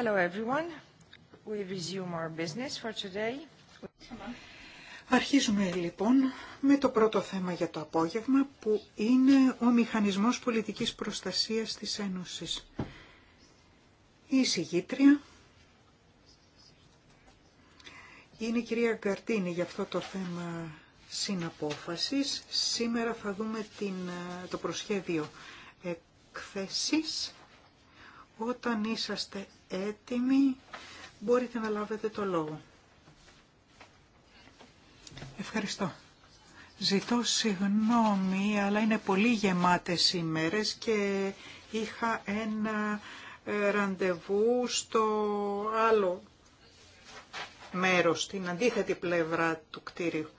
Hello everyone. We Αρχίζουμε λοιπόν με το πρώτο θέμα για το απόγευμα που είναι ο μηχανισμός πολιτικής προστασίας της Ένωσης. Η εισηγήτρια είναι η κυρία Γκαρτίνη για αυτό το θέμα συναπόφασης. Σήμερα θα δούμε την, το προσχέδιο εκθέσης όταν είσαστε έτοιμοι, μπορείτε να λάβετε το λόγο. Ευχαριστώ. Ζητώ συγγνώμη, αλλά είναι πολύ γεμάτες οι και είχα ένα ε, ραντεβού στο άλλο μέρος, στην αντίθετη πλευρά του κτίριου.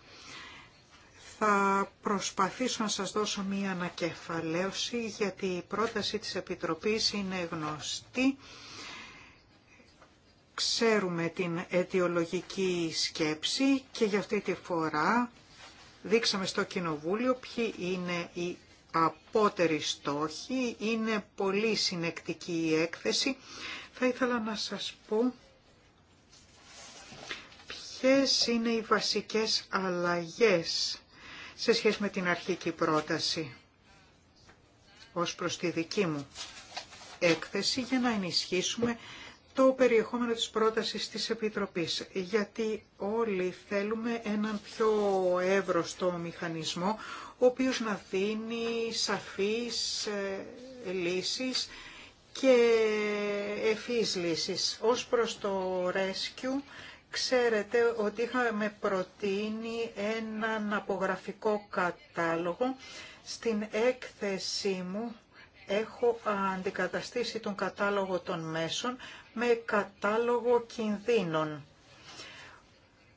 Θα προσπαθήσω να σας δώσω μία ανακεφαλαίωση γιατί η πρόταση της Επιτροπής είναι γνωστή. Ξέρουμε την αιτιολογική σκέψη και για αυτή τη φορά δείξαμε στο Κοινοβούλιο ποιοι είναι οι απότεροι στόχοι. Είναι πολύ συνεκτική η έκθεση. Θα ήθελα να σας πω ποιες είναι οι βασικές αλλαγές σε σχέση με την αρχική πρόταση ως προς τη δική μου έκθεση για να ενισχύσουμε το περιεχόμενο της πρότασης της Επιτροπής, γιατί όλοι θέλουμε έναν πιο εύρωστο μηχανισμό, ο οποίος να δίνει σαφείς ε, λύσεις και ευφύς λύσεις. Ως προς το Rescue, Ξέρετε ότι είχαμε προτείνει έναν απογραφικό κατάλογο. Στην έκθεσή μου έχω αντικαταστήσει τον κατάλογο των μέσων με κατάλογο κινδύνων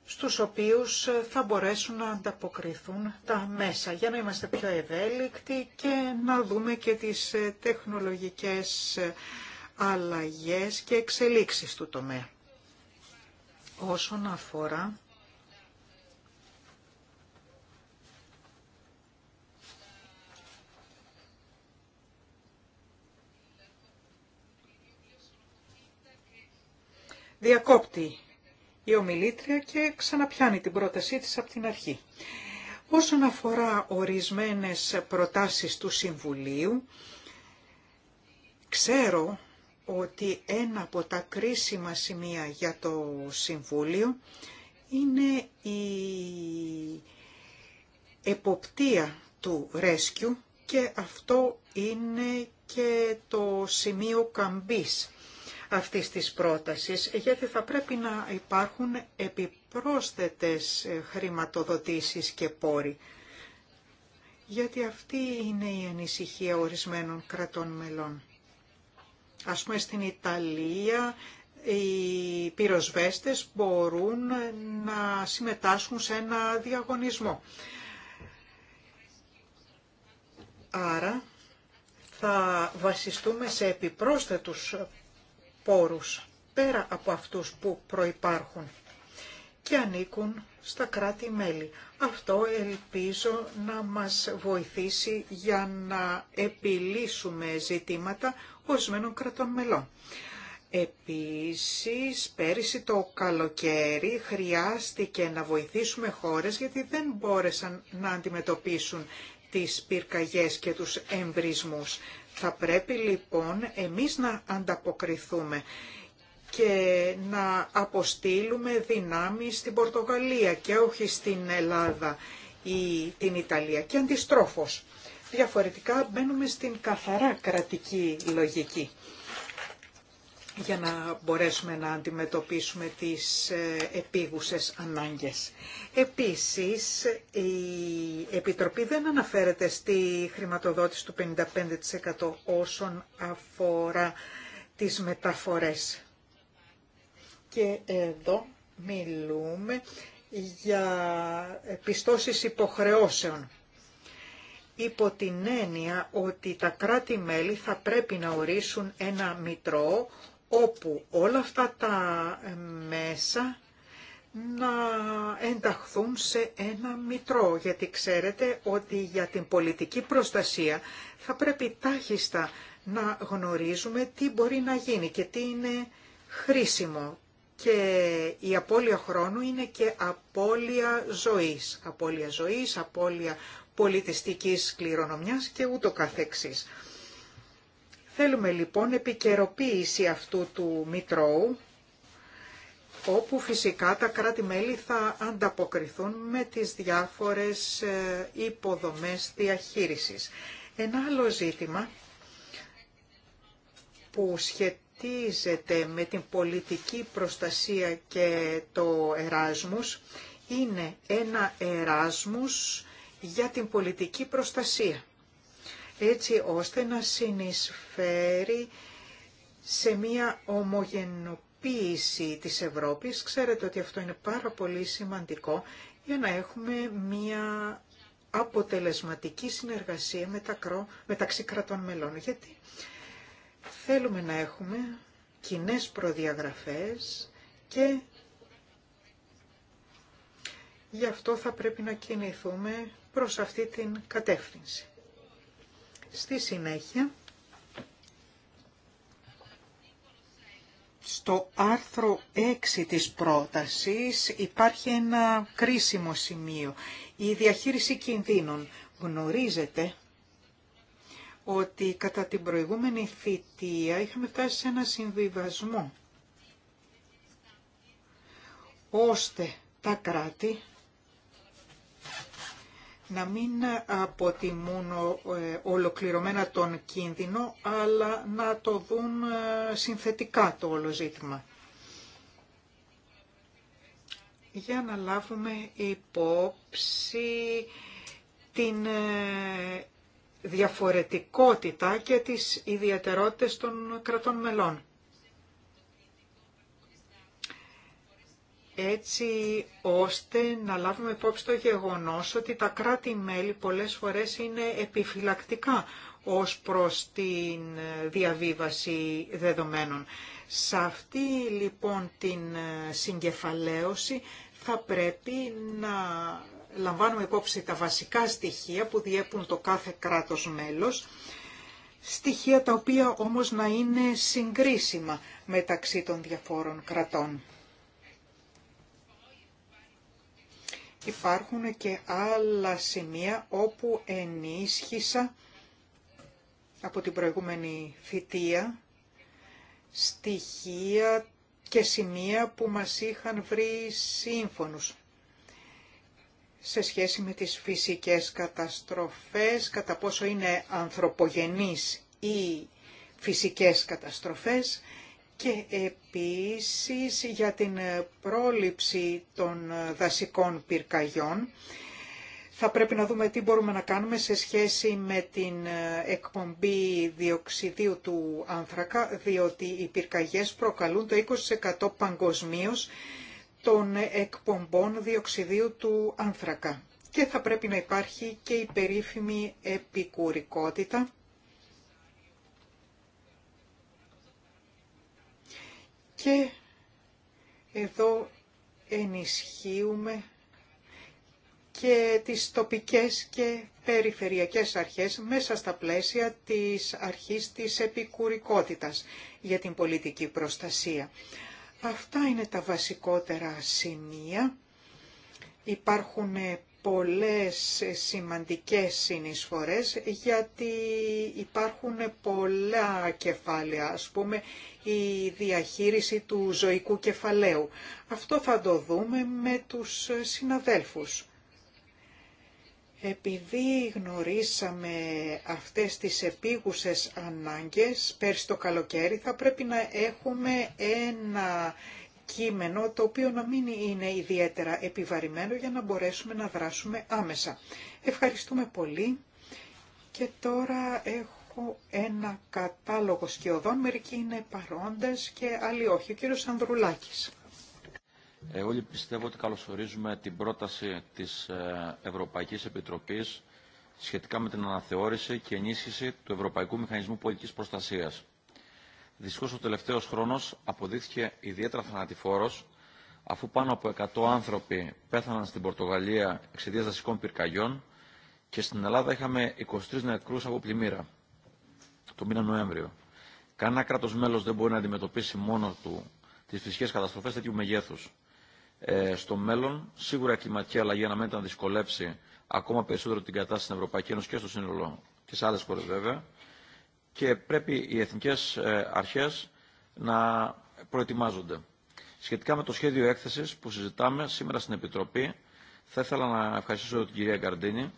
στους οποίους θα μπορέσουν να ανταποκριθούν τα μέσα για να είμαστε πιο ευέλικτοι και να δούμε και τις τεχνολογικές αλλαγές και εξελίξεις του τομέα όσον αφορά διακόπτει η ομιλήτρια και ξαναπιάνει την πρότασή της από την αρχή. Όσον αφορά ορισμένες προτάσεις του Συμβουλίου, ξέρω ότι ένα από τα κρίσιμα σημεία για το Συμβούλιο είναι η εποπτεία του ρέσκιου και αυτό είναι και το σημείο καμπής αυτής της πρότασης, γιατί θα πρέπει να υπάρχουν επιπρόσθετες χρηματοδοτήσεις και πόροι. Γιατί αυτή είναι η ανησυχία ορισμένων κρατών μελών. Ας πούμε στην Ιταλία οι πυροσβέστες μπορούν να συμμετάσχουν σε ένα διαγωνισμό. Άρα θα βασιστούμε σε επιπρόσθετους πόρους πέρα από αυτούς που προϋπάρχουν και ανήκουν στα κράτη-μέλη. Αυτό ελπίζω να μας βοηθήσει για να επιλύσουμε ζητήματα ορισμένων κρατών Επίσης, πέρυσι το καλοκαίρι χρειάστηκε να βοηθήσουμε χώρες γιατί δεν μπόρεσαν να αντιμετωπίσουν τις πυρκαγιές και τους εμβρισμούς. Θα πρέπει λοιπόν εμείς να ανταποκριθούμε και να αποστείλουμε δυνάμεις στην Πορτογαλία και όχι στην Ελλάδα ή την Ιταλία και αντιστρόφως. Διαφορετικά μπαίνουμε στην καθαρά κρατική λογική για να μπορέσουμε να αντιμετωπίσουμε τις ε, επίγουσες ανάγκες. Επίσης, η Επιτροπή δεν αναφέρεται στη χρηματοδότηση του 55% όσον αφορά τις μεταφορές. Και εδώ μιλούμε για πιστώσεις υποχρεώσεων υπό την έννοια ότι τα κράτη-μέλη θα πρέπει να ορίσουν ένα μητρό όπου όλα αυτά τα ε, μέσα να ενταχθούν σε ένα μητρό, γιατί ξέρετε ότι για την πολιτική προστασία θα πρέπει τάχιστα να γνωρίζουμε τι μπορεί να γίνει και τι είναι χρήσιμο. Και η απώλεια χρόνου είναι και απώλεια ζωής. Απώλεια ζωής, απώλεια πολιτιστικής κληρονομιάς και ούτω καθεξής. Θέλουμε λοιπόν επικαιροποίηση αυτού του Μητρώου, όπου φυσικά τα κράτη-μέλη θα ανταποκριθούν με τις διάφορες ε, υποδομές διαχείρισης. Ένα άλλο ζήτημα που σχετίζεται με την πολιτική προστασία και το Εράσμους είναι ένα Εράσμους για την πολιτική προστασία, έτσι ώστε να συνεισφέρει σε μια ομογενοποίηση της Ευρώπης. Ξέρετε ότι αυτό είναι πάρα πολύ σημαντικό για να έχουμε μια αποτελεσματική συνεργασία μεταξύ κρατών μελών. Γιατί θέλουμε να έχουμε κοινέ προδιαγραφές και γι' αυτό θα πρέπει να κινηθούμε προς αυτή την κατεύθυνση. Στη συνέχεια, στο άρθρο 6 της πρότασης υπάρχει ένα κρίσιμο σημείο, η διαχείριση κινδύνων. Γνωρίζετε ότι κατά την προηγούμενη θητεία είχαμε φτάσει σε ένα συμβιβασμό, ώστε τα κράτη να μην αποτιμούν ε, ολοκληρωμένα τον κίνδυνο, αλλά να το δουν ε, συνθετικά το όλο ζήτημα. Για να λάβουμε υπόψη την ε, διαφορετικότητα και τις ιδιαιτερότητες των κρατών μελών. έτσι ώστε να λάβουμε υπόψη το γεγονός ότι τα κράτη-μέλη πολλές φορές είναι επιφυλακτικά ως προς την διαβίβαση δεδομένων. Σε αυτή λοιπόν την ε, συγκεφαλαίωση θα πρέπει να λαμβάνουμε υπόψη τα βασικά στοιχεία που διέπουν το κάθε κράτος μέλος, στοιχεία τα οποία όμως να είναι συγκρίσιμα μεταξύ των διαφόρων κρατών. Υπάρχουν και άλλα σημεία όπου ενίσχυσα από την προηγούμενη φοιτεία στοιχεία και σημεία που μας είχαν βρει σύμφωνους σε σχέση με τις φυσικές καταστροφές, κατά πόσο είναι ανθρωπογενείς ή φυσικές καταστροφές και επίσης για την πρόληψη των δασικών πυρκαγιών. Θα πρέπει να δούμε τι μπορούμε να κάνουμε σε σχέση με την εκπομπή διοξιδίου του άνθρακα, διότι οι πυρκαγιές προκαλούν το 20% παγκοσμίως των εκπομπών διοξιδίου του άνθρακα. Και θα πρέπει να υπάρχει και η περίφημη επικουρικότητα Και εδώ ενισχύουμε και τις τοπικές και περιφερειακές αρχές μέσα στα πλαίσια της αρχής της επικουρικότητας για την πολιτική προστασία. Αυτά είναι τα βασικότερα σημεία. Υπάρχουν πολλές σημαντικές συνεισφορές γιατί υπάρχουν πολλά κεφάλαια, ας πούμε η διαχείριση του ζωικού κεφαλαίου. Αυτό θα το δούμε με τους συναδέλφους. Επειδή γνωρίσαμε αυτές τις επίγουσες ανάγκες πέρσι το καλοκαίρι, θα πρέπει να έχουμε ένα κείμενο το οποίο να μην είναι ιδιαίτερα επιβαρημένο για να μπορέσουμε να δράσουμε άμεσα. Ευχαριστούμε πολύ και τώρα έχω ένα κατάλογο σκιωδών. Μερικοί είναι παρόντες και άλλοι όχι. Ο κύριος Ανδρουλάκης. Ε, όλοι πιστεύω ότι καλωσορίζουμε την πρόταση της ε, Ευρωπαϊκής Επιτροπής σχετικά με την αναθεώρηση και ενίσχυση του Ευρωπαϊκού Μηχανισμού Πολιτικής Προστασίας Δυστυχώ ο τελευταίο χρόνο αποδείχθηκε ιδιαίτερα θανατηφόρο, αφού πάνω από 100 άνθρωποι πέθαναν στην Πορτογαλία εξαιτία δασικών πυρκαγιών και στην Ελλάδα είχαμε 23 νεκρού από πλημμύρα το μήνα Νοέμβριο. Κανένα κράτο μέλο δεν μπορεί να αντιμετωπίσει μόνο του τι φυσικέ καταστροφέ τέτοιου μεγέθου. Ε, στο μέλλον, σίγουρα η κλιματική αλλαγή αναμένεται να δυσκολέψει ακόμα περισσότερο την κατάσταση στην Ευρωπαϊκή Ένωση και στο σύνολο και σε άλλε χώρε βέβαια και πρέπει οι εθνικές ε, αρχές να προετοιμάζονται. Σχετικά με το σχέδιο έκθεσης που συζητάμε σήμερα στην Επιτροπή, θα ήθελα να ευχαριστήσω την κυρία Γκαρντίνη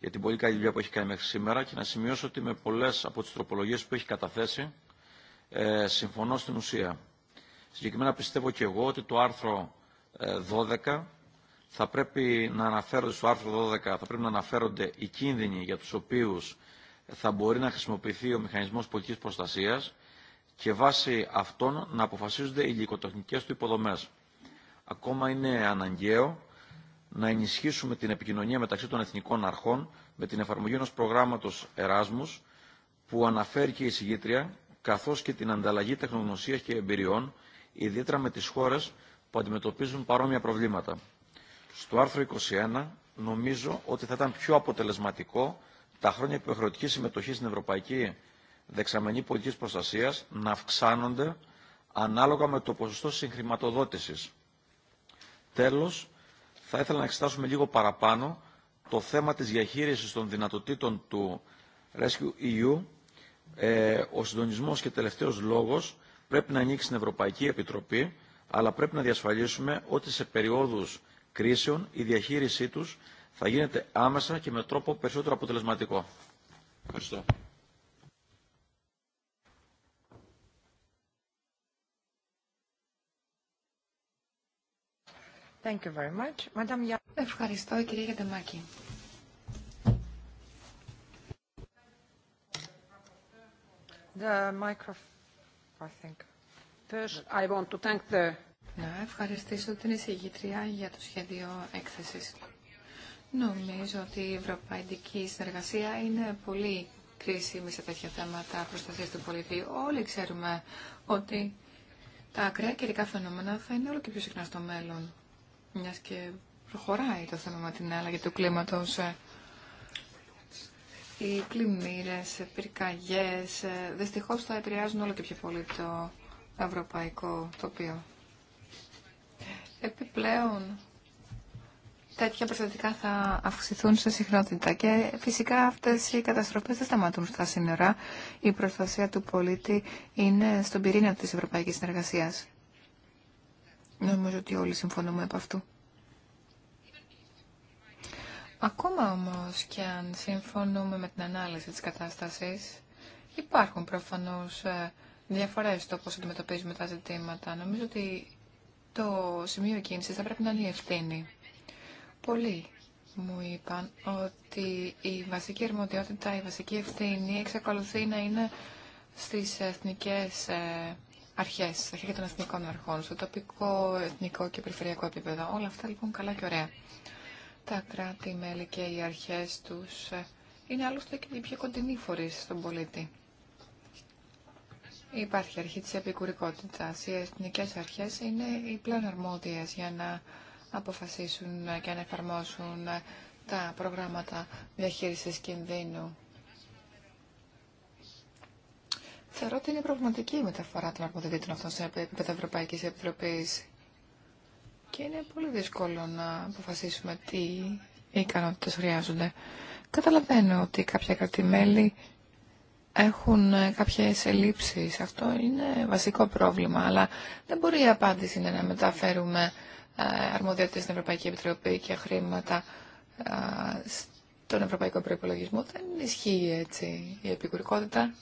για την πολύ καλή δουλειά που έχει κάνει μέχρι σήμερα και να σημειώσω ότι με πολλές από τις τροπολογίες που έχει καταθέσει ε, συμφωνώ στην ουσία. Συγκεκριμένα πιστεύω και εγώ ότι το άρθρο 12 ε, θα πρέπει να αναφέρονται στο άρθρο 12 θα πρέπει να αναφέρονται οι κίνδυνοι για τους οποίους θα μπορεί να χρησιμοποιηθεί ο μηχανισμός πολιτικής προστασίας και βάσει αυτών να αποφασίζονται οι υλικοτεχνικέ του υποδομές. Ακόμα είναι αναγκαίο να ενισχύσουμε την επικοινωνία μεταξύ των εθνικών αρχών με την εφαρμογή ενός προγράμματος Εράσμους που αναφέρει και η συγγήτρια καθώς και την ανταλλαγή τεχνογνωσίας και εμπειριών ιδιαίτερα με τις χώρες που αντιμετωπίζουν παρόμοια προβλήματα. Στο άρθρο 21 νομίζω ότι θα ήταν πιο αποτελεσματικό τα χρόνια υποχρεωτική συμμετοχή στην Ευρωπαϊκή Δεξαμενή Πολιτική Προστασία να αυξάνονται ανάλογα με το ποσοστό συγχρηματοδότηση. Τέλο, θα ήθελα να εξετάσουμε λίγο παραπάνω το θέμα της διαχείρισης των δυνατοτήτων του Rescue EU. Ε, ο συντονισμό και τελευταίος λόγος πρέπει να ανοίξει στην Ευρωπαϊκή Επιτροπή, αλλά πρέπει να διασφαλίσουμε ότι σε περιόδου κρίσεων η διαχείρισή τους θα γίνεται άμεσα και με τρόπο περισσότερο αποτελεσματικό. Ευχαριστώ. Thank you very much. Ευχαριστώ, κυρία Γεντεμάκη. The micro... I think. First, I want to thank the... Να ευχαριστήσω την εισηγήτρια για το σχέδιο έκθεσης. Νομίζω ότι η ευρωπαϊκή συνεργασία είναι πολύ κρίσιμη σε τέτοια θέματα προστασία του πολιτή. Όλοι ξέρουμε ότι τα ακραία καιρικά φαινόμενα θα είναι όλο και πιο συχνά στο μέλλον, Μια και προχωράει το θέμα με την άλλαγη του κλίματο. Οι οι πυρκαγιέ, Δυστυχώ θα επηρεάζουν όλο και πιο πολύ το ευρωπαϊκό τοπίο. Επιπλέον, τέτοια περιστατικά θα αυξηθούν σε συχνότητα και φυσικά αυτές οι καταστροφές δεν σταματούν στα σύνορα. Η προστασία του πολίτη είναι στον πυρήνα της Ευρωπαϊκής Συνεργασίας. Νομίζω ότι όλοι συμφωνούμε από αυτού. Ακόμα όμως και αν συμφωνούμε με την ανάλυση της κατάστασης, υπάρχουν προφανώς ε, διαφορές στο πώς αντιμετωπίζουμε τα ζητήματα. Νομίζω ότι το σημείο κίνησης θα πρέπει να είναι η ευθύνη. Πολλοί μου είπαν ότι η βασική αρμοδιότητα, η βασική ευθύνη εξακολουθεί να είναι στις εθνικές ε, αρχές, στα των εθνικών αρχών, στο τοπικό, εθνικό και περιφερειακό επίπεδο. Όλα αυτά λοιπόν καλά και ωραία. Τα κράτη, μέλη και οι αρχές τους ε, είναι άλλωστε και οι πιο κοντινοί φορείς στον πολίτη. Υπάρχει αρχή της επικουρικότητας. Οι εθνικές αρχές είναι οι πλέον αρμόδιες για να αποφασίσουν και να εφαρμόσουν τα προγράμματα διαχείρισης κινδύνου. Θεωρώ ότι είναι προβληματική η μεταφορά των αρμοδιοτήτων αυτών σε επίπεδο Ευρωπαϊκής Επιτροπής και είναι πολύ δύσκολο να αποφασίσουμε τι ικανότητε χρειάζονται. Καταλαβαίνω ότι κάποια κρατημέλη έχουν κάποιες ελλείψεις. Αυτό είναι βασικό πρόβλημα, αλλά δεν μπορεί η απάντηση να μεταφέρουμε ε, αρμοδιότητες στην Ευρωπαϊκή Επιτροπή και χρήματα ε, στον Ευρωπαϊκό Προπολογισμό. Δεν ισχύει έτσι η επικουρικότητα.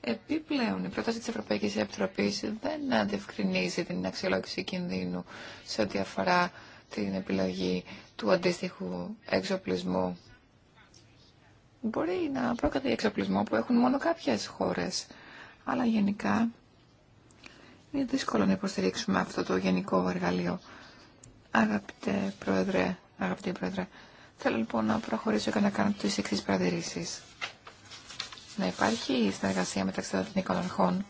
Επιπλέον, η πρόταση της Ευρωπαϊκής Επιτροπής δεν αντευκρινίζει την αξιολόγηση κινδύνου σε ό,τι αφορά την επιλογή του αντίστοιχου εξοπλισμού. Μπορεί να πρόκειται για εξοπλισμό που έχουν μόνο κάποιες χώρες, αλλά γενικά είναι δύσκολο να υποστηρίξουμε αυτό το γενικό εργαλείο Αγαπητέ Πρόεδρε, αγαπητή Πρόεδρε, θέλω λοιπόν να προχωρήσω και να κάνω τι εξή παρατηρήσει. Να υπάρχει συνεργασία μεταξύ των εθνικών αρχών.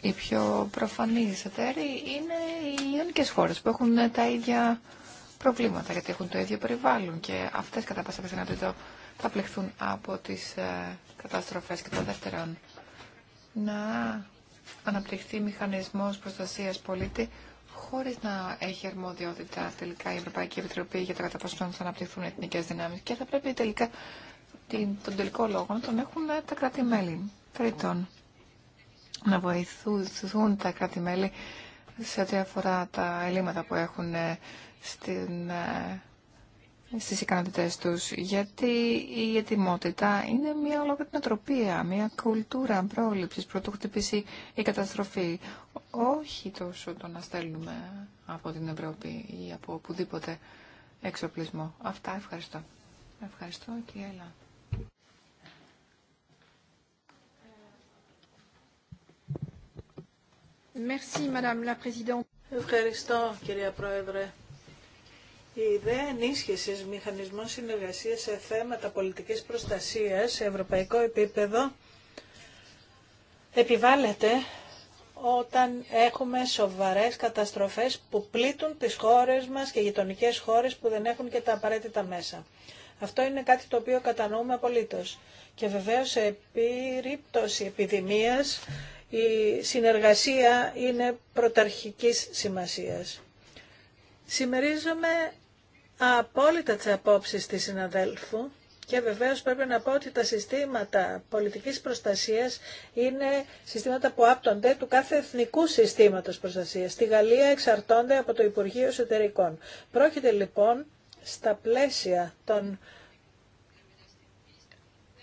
Οι πιο προφανεί εταίροι είναι οι ιονικές χώρε που έχουν τα ίδια προβλήματα, γιατί έχουν το ίδιο περιβάλλον και αυτέ κατά πάσα πιθανότητα θα πλεχθούν από τις ε, καταστροφές και των δεύτερων. Να αναπτυχθεί μηχανισμό προστασία πολίτη χωρίς να έχει αρμοδιότητα τελικά η Ευρωπαϊκή Επιτροπή για το κατά πόσο θα αναπτυχθούν εθνικές δυνάμει, και θα πρέπει τελικά τον τελικό λόγο να τον έχουν τα κράτη-μέλη. Τρίτον, να βοηθούν τα κράτη-μέλη σε ό,τι αφορά τα ελλείμματα που έχουν στην ε, στις ικανότητες τους, γιατί η ετοιμότητα είναι μια ολόκληρη νοοτροπία, μια κουλτούρα πρόληψης, πρωτού χτυπήσει η καταστροφή. Όχι τόσο το να στέλνουμε από την Ευρώπη ή από οπουδήποτε εξοπλισμό. Αυτά ευχαριστώ. Ευχαριστώ και έλα. Merci, Madame la Présidente. Ευχαριστώ, κυρία Πρόεδρε. Η ιδέα ενίσχυση μηχανισμών συνεργασία σε θέματα πολιτική προστασία σε ευρωπαϊκό επίπεδο επιβάλλεται όταν έχουμε σοβαρές καταστροφές που πλήττουν τις χώρες μας και γειτονικέ χώρες που δεν έχουν και τα απαραίτητα μέσα. Αυτό είναι κάτι το οποίο κατανοούμε απολύτως. Και βεβαίως σε περίπτωση επιδημίας η συνεργασία είναι πρωταρχικής σημασίας. Σημερίζομαι απόλυτα τις απόψεις της συναδέλφου και βεβαίως πρέπει να πω ότι τα συστήματα πολιτικής προστασίας είναι συστήματα που άπτονται του κάθε εθνικού συστήματος προστασίας. Στη Γαλλία εξαρτώνται από το Υπουργείο Εσωτερικών. Πρόκειται λοιπόν στα πλαίσια των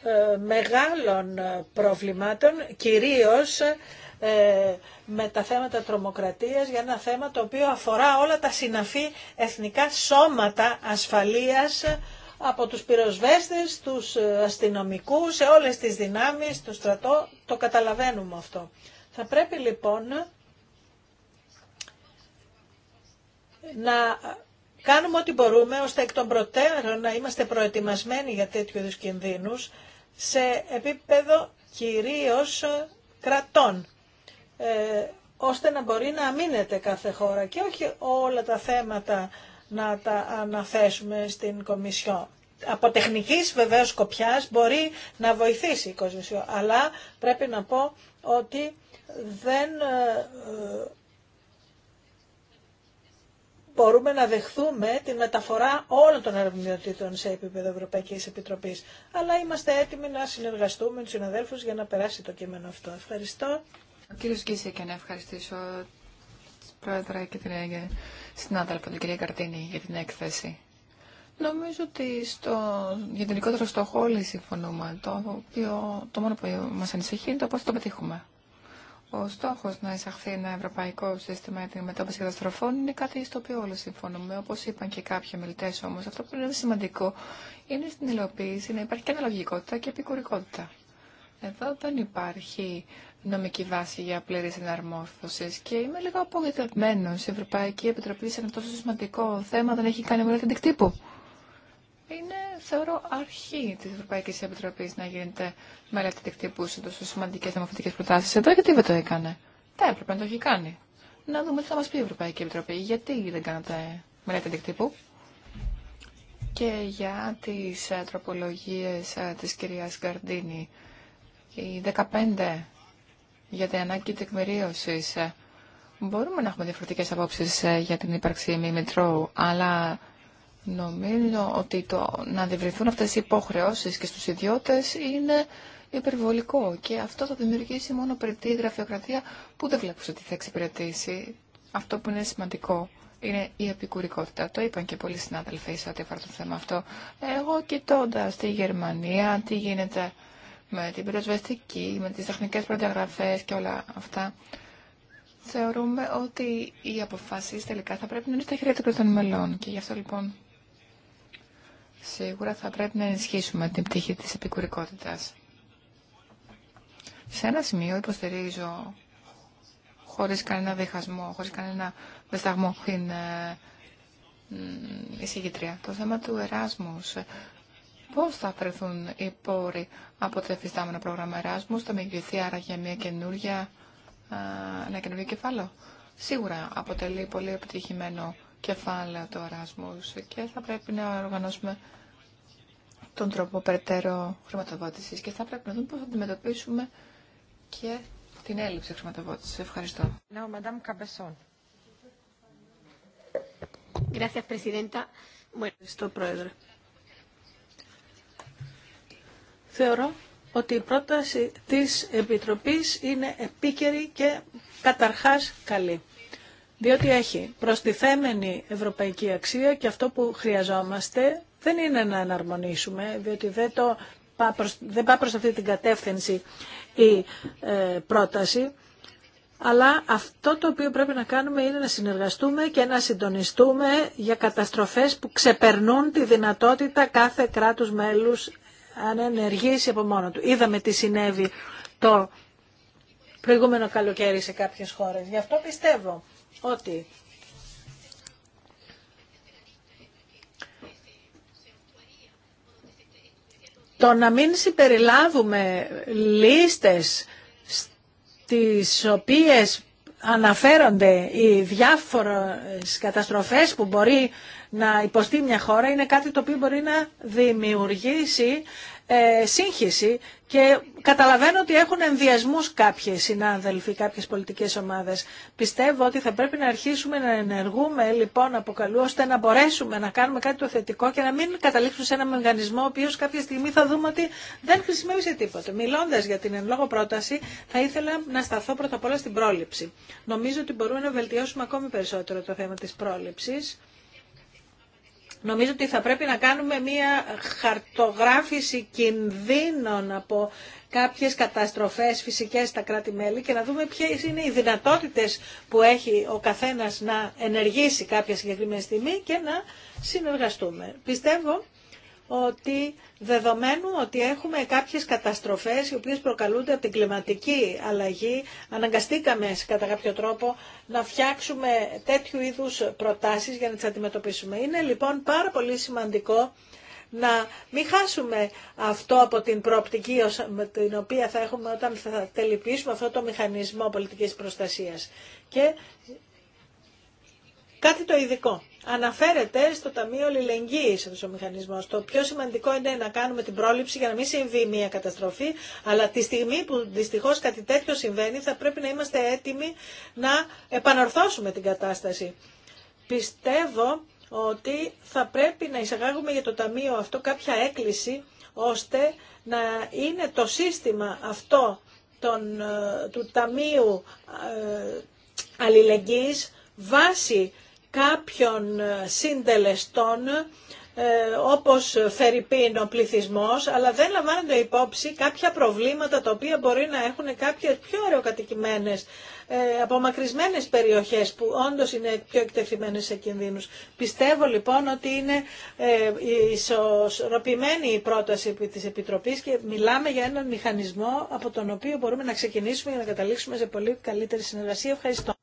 ε, μεγάλων ε, προβλημάτων, κυρίως ε, με τα θέματα τρομοκρατίας για ένα θέμα το οποίο αφορά όλα τα συναφή εθνικά σώματα ασφαλείας από τους πυροσβέστες, τους ε, αστυνομικούς, σε όλες τις δυνάμεις, το στρατό, το καταλαβαίνουμε αυτό. Θα πρέπει λοιπόν να κάνουμε ό,τι μπορούμε ώστε εκ των προτέρων να είμαστε προετοιμασμένοι για τέτοιου είδους κινδύνους σε επίπεδο κυρίως κρατών. Ε, ώστε να μπορεί να αμήνεται κάθε χώρα και όχι όλα τα θέματα να τα αναθέσουμε στην Κομισιό. Από τεχνικής βεβαίω κοπιάς μπορεί να βοηθήσει η Κομισιό, αλλά πρέπει να πω ότι δεν ε, μπορούμε να δεχθούμε τη μεταφορά όλων των αρμοδιοτήτων σε επίπεδο Ευρωπαϊκής Επιτροπής. Αλλά είμαστε έτοιμοι να συνεργαστούμε με τους συναδέλφους για να περάσει το κείμενο αυτό. Ευχαριστώ. Ο κύριος και να ευχαριστήσω την Πρόεδρε και την ε, συνάδελφα την κυρία Καρτίνη, για την έκθεση. Νομίζω ότι στο γενικότερο στόχο όλοι συμφωνούμε. Το, οποίο, το μόνο που μας ανησυχεί είναι το πώς το πετύχουμε. Ο στόχο να εισαχθεί ένα ευρωπαϊκό σύστημα για την μετάβαση καταστροφών είναι κάτι στο οποίο όλοι συμφωνούμε. Όπω είπαν και κάποιοι ομιλητέ όμω, αυτό που είναι σημαντικό είναι στην υλοποίηση να υπάρχει και αναλογικότητα και επικουρικότητα. Εδώ δεν υπάρχει νομική βάση για πλήρη εναρμόρφωσης και είμαι λίγο απογοητευμένο. Η Ευρωπαϊκή Επιτροπή σε ένα τόσο σημαντικό θέμα δεν έχει κάνει μελέτη τύπου. Είναι, θεωρώ, αρχή τη Ευρωπαϊκή Επιτροπή να γίνεται μελέτη αντικτύπου σε τόσο σημαντικέ δημοφιτικέ προτάσει Εδώ γιατί δεν το έκανε. Τα έπρεπε να το έχει κάνει. Να δούμε τι θα μα πει η Ευρωπαϊκή Επιτροπή. Γιατί δεν κάνατε μελέτη αντικτύπου. Και για τι ε, τροπολογίε ε, τη κυρία Γκαρντίνη, οι 15 για την ανάγκη τεκμηρίωση. Μπορούμε να έχουμε διαφορετικέ απόψει ε, για την ύπαρξη μη μητρώου, αλλά νομίζω ότι το να αντιβρεθούν αυτέ οι υποχρεώσει και στου ιδιώτε είναι υπερβολικό και αυτό θα δημιουργήσει μόνο περιττή γραφειοκρατία που δεν βλέπω ότι θα εξυπηρετήσει. Αυτό που είναι σημαντικό είναι η επικουρικότητα. Το είπαν και πολλοί συνάδελφοι σε ό,τι αφορά το θέμα αυτό. Εγώ κοιτώντα τη Γερμανία, τι γίνεται με την πυροσβεστική, με τις τεχνικές προδιαγραφές και όλα αυτά, θεωρούμε ότι οι αποφάσεις τελικά θα πρέπει να είναι στα χέρια των κρατών μελών. Και γι' αυτό λοιπόν σίγουρα θα πρέπει να ενισχύσουμε την πτυχή της επικουρικότητας. Σε ένα σημείο υποστηρίζω χωρίς κανένα διχασμό, χωρίς κανένα δισταγμό την ε, εισηγητρία. Το θέμα του εράσμου πώς θα αφαιρεθούν οι πόροι από το εφιστάμενο πρόγραμμα Εράσμου, θα μειωθεί άρα για μια καινούργια, ένα καινούργιο κεφάλαιο. Σίγουρα αποτελεί πολύ επιτυχημένο κεφάλαιο το έράσμου. και θα πρέπει να οργανώσουμε τον τρόπο περαιτέρω χρηματοδότηση και θα πρέπει να δούμε πώς θα αντιμετωπίσουμε και την έλλειψη χρηματοδότηση. Ευχαριστώ. Θεωρώ ότι η πρόταση της Επιτροπής είναι επίκαιρη και καταρχάς καλή. Διότι έχει προστιθέμενη ευρωπαϊκή αξία και αυτό που χρειαζόμαστε δεν είναι να εναρμονίσουμε, διότι δεν, το, δεν πάει προς αυτή την κατεύθυνση η ε, πρόταση, αλλά αυτό το οποίο πρέπει να κάνουμε είναι να συνεργαστούμε και να συντονιστούμε για καταστροφές που ξεπερνούν τη δυνατότητα κάθε κράτους μέλους αν ενεργήσει από μόνο του. Είδαμε τι συνέβη το προηγούμενο καλοκαίρι σε κάποιες χώρες. Γι' αυτό πιστεύω ότι το να μην συμπεριλάβουμε λίστες στις οποίες αναφέρονται οι διάφορες καταστροφές που μπορεί να υποστεί μια χώρα είναι κάτι το οποίο μπορεί να δημιουργήσει ε, σύγχυση και καταλαβαίνω ότι έχουν ενδιασμού κάποιοι συνάδελφοι, κάποιε πολιτικέ ομάδε. Πιστεύω ότι θα πρέπει να αρχίσουμε να ενεργούμε λοιπόν από καλού ώστε να μπορέσουμε να κάνουμε κάτι το θετικό και να μην καταλήξουμε σε ένα μηχανισμό ο οποίο κάποια στιγμή θα δούμε ότι δεν χρησιμεύει σε τίποτα. Μιλώντας για την εν λόγω πρόταση θα ήθελα να σταθώ πρώτα απ' όλα στην πρόληψη. Νομίζω ότι μπορούμε να βελτιώσουμε ακόμη περισσότερο το θέμα τη πρόληψη. Νομίζω ότι θα πρέπει να κάνουμε μία χαρτογράφηση κινδύνων από κάποιες καταστροφές φυσικές στα κράτη-μέλη και να δούμε ποιες είναι οι δυνατότητες που έχει ο καθένας να ενεργήσει κάποια συγκεκριμένη στιγμή και να συνεργαστούμε. Πιστεύω ότι δεδομένου ότι έχουμε κάποιες καταστροφές οι οποίες προκαλούνται από την κλιματική αλλαγή, αναγκαστήκαμε κατά κάποιο τρόπο να φτιάξουμε τέτοιου είδους προτάσεις για να τις αντιμετωπίσουμε. Είναι λοιπόν πάρα πολύ σημαντικό να μην χάσουμε αυτό από την προοπτική την οποία θα έχουμε όταν θα τελειπίσουμε αυτό το μηχανισμό πολιτικής προστασίας. Και κάτι το ειδικό αναφέρεται στο Ταμείο Λιλεγγύη αυτό ο μηχανισμό. Το πιο σημαντικό είναι να κάνουμε την πρόληψη για να μην συμβεί μια καταστροφή, αλλά τη στιγμή που δυστυχώ κάτι τέτοιο συμβαίνει θα πρέπει να είμαστε έτοιμοι να επανορθώσουμε την κατάσταση. Πιστεύω ότι θα πρέπει να εισαγάγουμε για το Ταμείο αυτό κάποια έκκληση ώστε να είναι το σύστημα αυτό ε, του Ταμείου ε, Αλληλεγγύης βάση κάποιων ε, συντελεστών ε, όπως φερειπίν ο πληθυσμός, αλλά δεν λαμβάνονται υπόψη κάποια προβλήματα τα οποία μπορεί να έχουν κάποιες πιο αεροκατοικημένες, ε, απομακρυσμένες περιοχές που όντως είναι πιο εκτεθειμένες σε κινδύνους. Πιστεύω λοιπόν ότι είναι ισορροπημένη η πρόταση της Επιτροπής και μιλάμε για έναν μηχανισμό από τον οποίο μπορούμε να ξεκινήσουμε για να καταλήξουμε σε πολύ καλύτερη συνεργασία. Ευχαριστώ.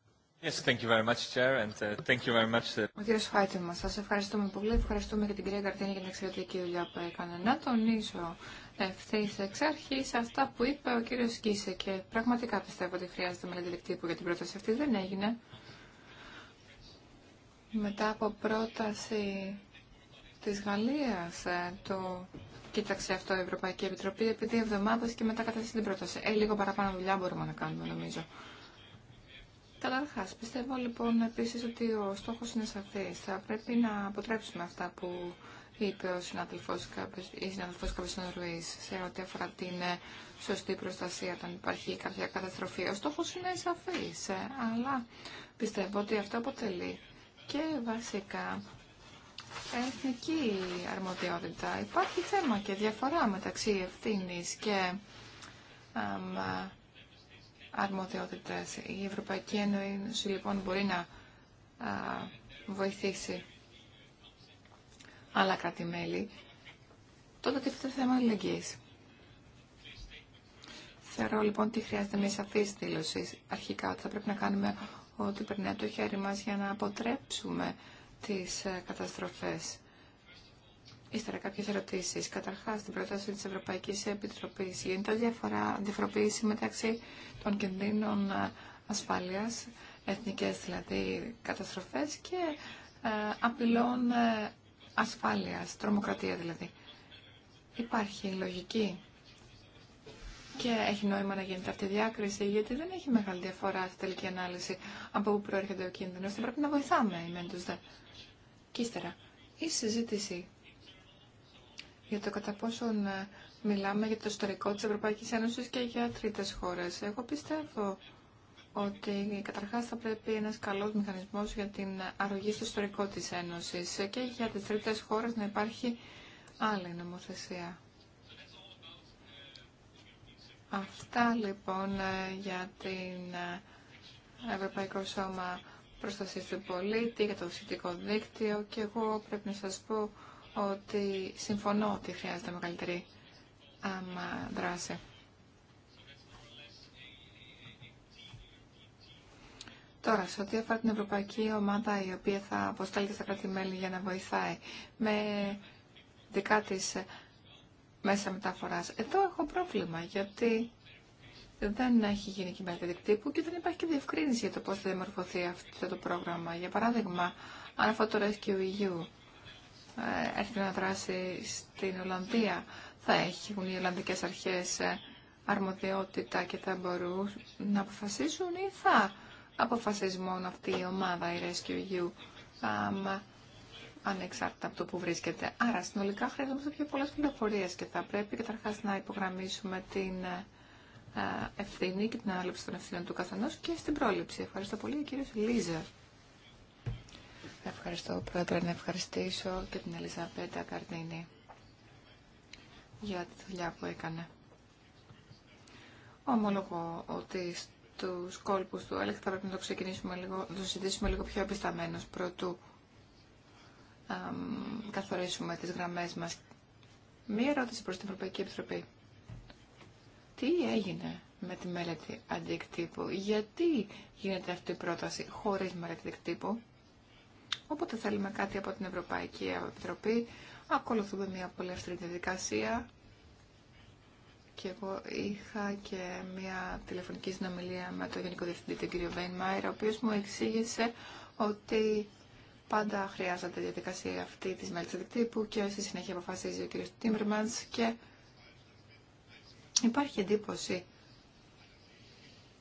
Yes, thank you very much, Chair, and uh, thank you very much. Uh, ο κύριος Φάιτεμα, σας ευχαριστούμε πολύ. Ευχαριστούμε και την κυρία Καρτίνη για την εξαιρετική δουλειά που έκανε. Να τονίσω ευθύ εξ αρχή αυτά που είπε ο κύριο Κίσε και πραγματικά πιστεύω ότι χρειάζεται μελέτη δικτύπου για την πρόταση αυτή. Δεν έγινε. Μετά από πρόταση της Γαλλίας ε, το κοίταξε αυτό η Ευρωπαϊκή Επιτροπή επειδή δύο εβδομάδες και μετά κατέθεσε την πρόταση. Ε, λίγο παραπάνω δουλειά μπορούμε να κάνουμε νομίζω. Καταρχά, πιστεύω λοιπόν επίση ότι ο στόχο είναι σαφή. Θα πρέπει να αποτρέψουμε αυτά που είπε ο συναδελφό η σε ό,τι αφορά την ε, σωστή προστασία όταν υπάρχει κάποια καταστροφή. Ο στόχος είναι σαφής, ε, αλλά πιστεύω ότι αυτό αποτελεί και βασικά εθνική αρμοδιότητα. Υπάρχει θέμα και διαφορά μεταξύ ευθύνη και αρμοδιότητες. Η Ευρωπαϊκή Ένωση λοιπόν μπορεί να βοηθήσει άλλα κράτη-μέλη. Τότε τίθεται θέμα αλληλεγγύης. Θεωρώ λοιπόν ότι χρειάζεται μια σαφή δήλωση αρχικά ότι θα πρέπει να κάνουμε ό,τι περνάει το χέρι μας για να αποτρέψουμε τις ε, καταστροφές. Ύστερα κάποιες ερωτήσεις. Καταρχάς, την πρόταση της Ευρωπαϊκής Επιτροπής. Γίνεται διαφορά, διαφοροποίηση μεταξύ των κινδύνων ε, ασφάλειας, εθνικές δηλαδή καταστροφές και ε, απειλών ε, ασφάλειας, τρομοκρατία δηλαδή. Υπάρχει λογική και έχει νόημα να γίνεται αυτή η διάκριση, γιατί δεν έχει μεγάλη διαφορά στη τελική ανάλυση από πού προέρχεται ο κίνδυνο. Θα πρέπει να βοηθάμε οι μεν δε. Και ύστερα, η συζήτηση για το κατά πόσον ε, μιλάμε για το ιστορικό της Ευρωπαϊκής Ένωσης και για τρίτες χώρες. Εγώ πιστεύω ότι καταρχάς θα πρέπει ένας καλός μηχανισμός για την αρρωγή στο ιστορικό της Ένωσης και για τις τρίτες χώρες να υπάρχει άλλη νομοθεσία. Αυτά λοιπόν ε, για την ε, Ευρωπαϊκό Σώμα Προστασίας του Πολίτη, για το φυσικό δίκτυο και εγώ πρέπει να σας πω ότι συμφωνώ ότι χρειάζεται μεγαλύτερη άμα, δράση. Τώρα, σε ό,τι αφορά την Ευρωπαϊκή Ομάδα η οποία θα αποστέλλεται στα κράτη-μέλη για να βοηθάει με δικά της ε, μέσα μεταφοράς. Εδώ έχω πρόβλημα γιατί δεν έχει γίνει κυβέρνηση τύπου και δεν υπάρχει και διευκρίνηση για το πώς θα διαμορφωθεί αυτό το πρόγραμμα. Για παράδειγμα, αν αυτό το Rescue EU ε, έρθει να δράσει στην Ολλανδία, θα έχουν οι Ολλανδικές αρχές ε, αρμοδιότητα και θα μπορούν να αποφασίσουν ή θα αποφασίζει μόνο αυτή η ομάδα, η Rescue U ανεξάρτητα από το που βρίσκεται. Άρα συνολικά χρειαζόμαστε πιο πολλές πληροφορίε και θα πρέπει καταρχά να υπογραμμίσουμε την ε, ευθύνη και την ανάληψη των ευθύνων του καθενός και στην πρόληψη. Ευχαριστώ πολύ, κύριε Λίζα. Ευχαριστώ, Πρόεδρε, να ευχαριστήσω και την Ελισαβέτα Καρδίνη για τη δουλειά που έκανε. Ομολογώ ότι στους κόλπους του έλεγχα θα πρέπει να το ξεκινήσουμε λίγο, να συζητήσουμε λίγο πιο επισταμένος πρωτού καθορίσουμε τις γραμμές μας. Μία ερώτηση προς την Ευρωπαϊκή Επιτροπή. Τι έγινε με τη μελέτη αντικτύπου, γιατί γίνεται αυτή η πρόταση χωρίς μελέτη αντικτύπου. Όποτε θέλουμε κάτι από την Ευρωπαϊκή Επιτροπή, ακολουθούμε μια πολύ αυστηρή διαδικασία. Και εγώ είχα και μια τηλεφωνική συνομιλία με τον Γενικό Διευθυντή, τον κύριο Βέινμαϊρ, ο οποίο μου εξήγησε ότι πάντα χρειάζεται η διαδικασία αυτή της τη και στη συνέχεια αποφασίζει ο κύριο Τίμερμαντς και υπάρχει εντύπωση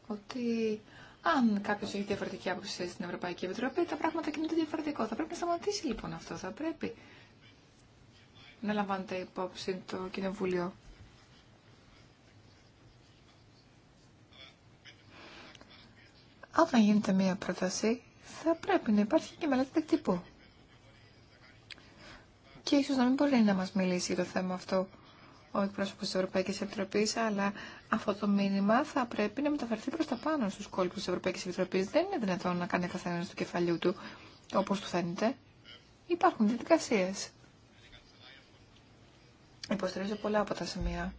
ότι αν κάποιο έχει διαφορετική άποψη στην Ευρωπαϊκή Επιτροπή, τα πράγματα κινούνται διαφορετικό. Θα πρέπει να σταματήσει λοιπόν αυτό. Θα πρέπει να λαμβάνεται υπόψη το Κοινοβούλιο. Όταν γίνεται μία πρόταση, θα πρέπει να υπάρχει και μελέτη τύπου. Και ίσως να μην μπορεί να μας μιλήσει για το θέμα αυτό ο εκπρόσωπος της Ευρωπαϊκής Επιτροπής, αλλά αυτό το μήνυμα θα πρέπει να μεταφερθεί προς τα πάνω στους κόλπους της Ευρωπαϊκής Επιτροπής. Δεν είναι δυνατόν να κάνει καθένα του κεφαλιού του, όπως του φαίνεται. Υπάρχουν διαδικασίε. Υποστηρίζω πολλά από τα σημεία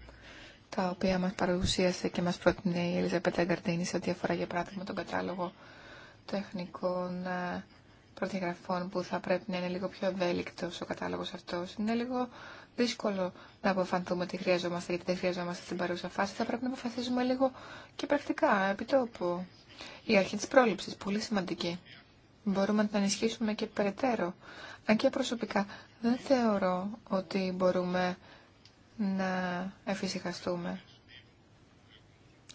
τα οποία μας παρουσίασε και μας πρότεινε η Ελίζα Πεταγκαρντίνη σε ό,τι αφορά για παράδειγμα τον κατάλογο τεχνικών ε, προδιαγραφών που θα πρέπει να είναι λίγο πιο ευέλικτος ο κατάλογος αυτός. Είναι λίγο δύσκολο να αποφανθούμε τι χρειαζόμαστε γιατί δεν χρειαζόμαστε στην παρούσα φάση. Θα πρέπει να αποφασίζουμε λίγο και πρακτικά, επί τόπου. Η αρχή της πρόληψης, πολύ σημαντική. Μπορούμε να την ενισχύσουμε και περαιτέρω. Αν και προσωπικά δεν θεωρώ ότι μπορούμε να εφησυχαστούμε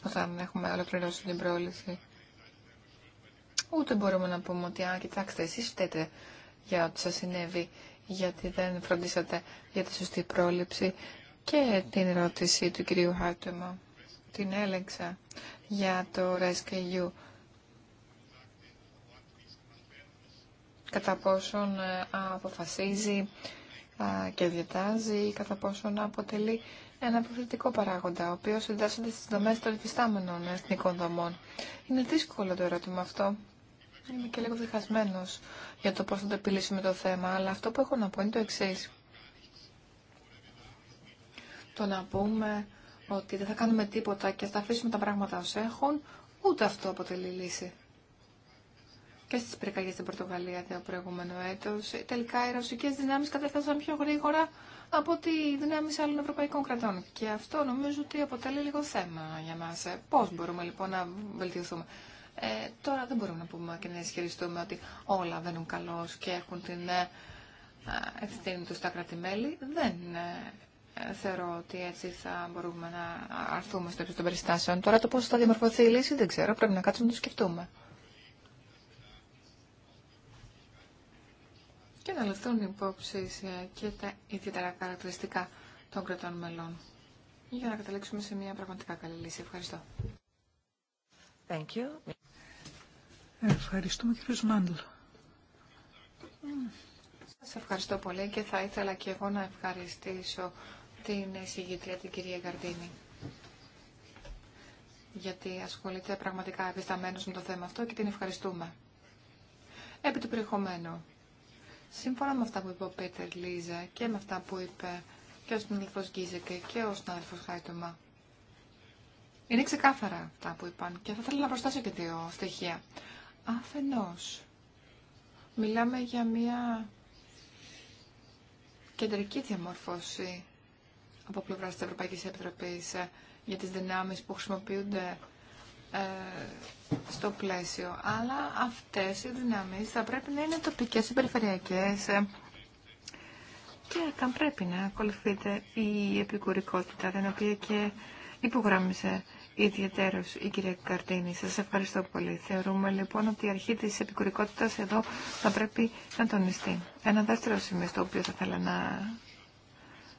όταν έχουμε ολοκληρώσει την πρόληψη. Ούτε μπορούμε να πούμε ότι, α, κοιτάξτε, εσείς φταίτε για ό,τι σας συνέβη γιατί δεν φροντίσατε για τη σωστή πρόληψη και την ερώτηση του κυρίου Χάρτεμα. Την έλεγξα για το RESCU. Κατά πόσον ε, αποφασίζει και διατάζει, κατά πόσον αποτελεί ένα προφητικό παράγοντα, ο οποίος εντάσσεται στις δομές των υφιστάμενων εθνικών δομών. Είναι δύσκολο το ερώτημα αυτό. Είμαι και λίγο διχασμένο για το πώ θα το επιλύσουμε το θέμα, αλλά αυτό που έχω να πω είναι το εξή. Το να πούμε ότι δεν θα κάνουμε τίποτα και θα αφήσουμε τα πράγματα ως έχουν, ούτε αυτό αποτελεί λύση. Και στις πυρκαγιές στην Πορτογαλία το προηγούμενο έτος, τελικά οι ρωσικές δυνάμεις κατέφτασαν πιο γρήγορα από ότι οι δυνάμεις άλλων ευρωπαϊκών κρατών. Και αυτό νομίζω ότι αποτελεί λίγο θέμα για μας. Ε, πώς μπορούμε λοιπόν να βελτιωθούμε. Ε, τώρα δεν μπορούμε να πούμε και να ισχυριστούμε ότι όλα βαίνουν καλώ και έχουν την ε, ευθύνη του στα μελη Δεν ε, θεωρώ ότι έτσι θα μπορούμε να αρθούμε στο ύψο των περιστάσεων. Τώρα το πώ θα διαμορφωθεί η λύση δεν ξέρω, πρέπει να κάτσουμε να το σκεφτούμε. Και να λεφθούν υπόψη και τα ιδιαίτερα χαρακτηριστικά των κρατών μελών. Για να καταλήξουμε σε μια πραγματικά καλή λύση. Ευχαριστώ. Thank you. Ευχαριστούμε κύριε Μάντλ. Σας ευχαριστώ πολύ και θα ήθελα και εγώ να ευχαριστήσω την συγγήτρια την κυρία καρτίνη, γιατί ασχολείται πραγματικά επισταμένος με το θέμα αυτό και την ευχαριστούμε. Επί του περιεχομένου, σύμφωνα με αυτά που είπε ο Πέτερ Λίζα και με αυτά που είπε και ο συνάδελφος Γκίζεκε και ο συνάδελφος Χάιτομα, είναι ξεκάθαρα αυτά που είπαν και θα ήθελα να προστάσω και δύο στοιχεία. Αφενός, μιλάμε για μια κεντρική διαμορφώση από πλευρά της Ευρωπαϊκής Επιτροπής ε, για τις δυνάμεις που χρησιμοποιούνται ε, στο πλαίσιο. Αλλά αυτές οι δυνάμεις θα πρέπει να είναι τοπικές ή περιφερειακές ε, και θα πρέπει να ακολουθείται η επικουρικότητα, την οποία και υπογράμμισε ιδιαίτερο η κυρία Καρτίνη. σα ευχαριστώ πολύ. Θεωρούμε λοιπόν ότι η αρχή τη επικουρικότητα εδώ θα πρέπει να τονιστεί. Ένα δεύτερο σημείο στο οποίο θα ήθελα να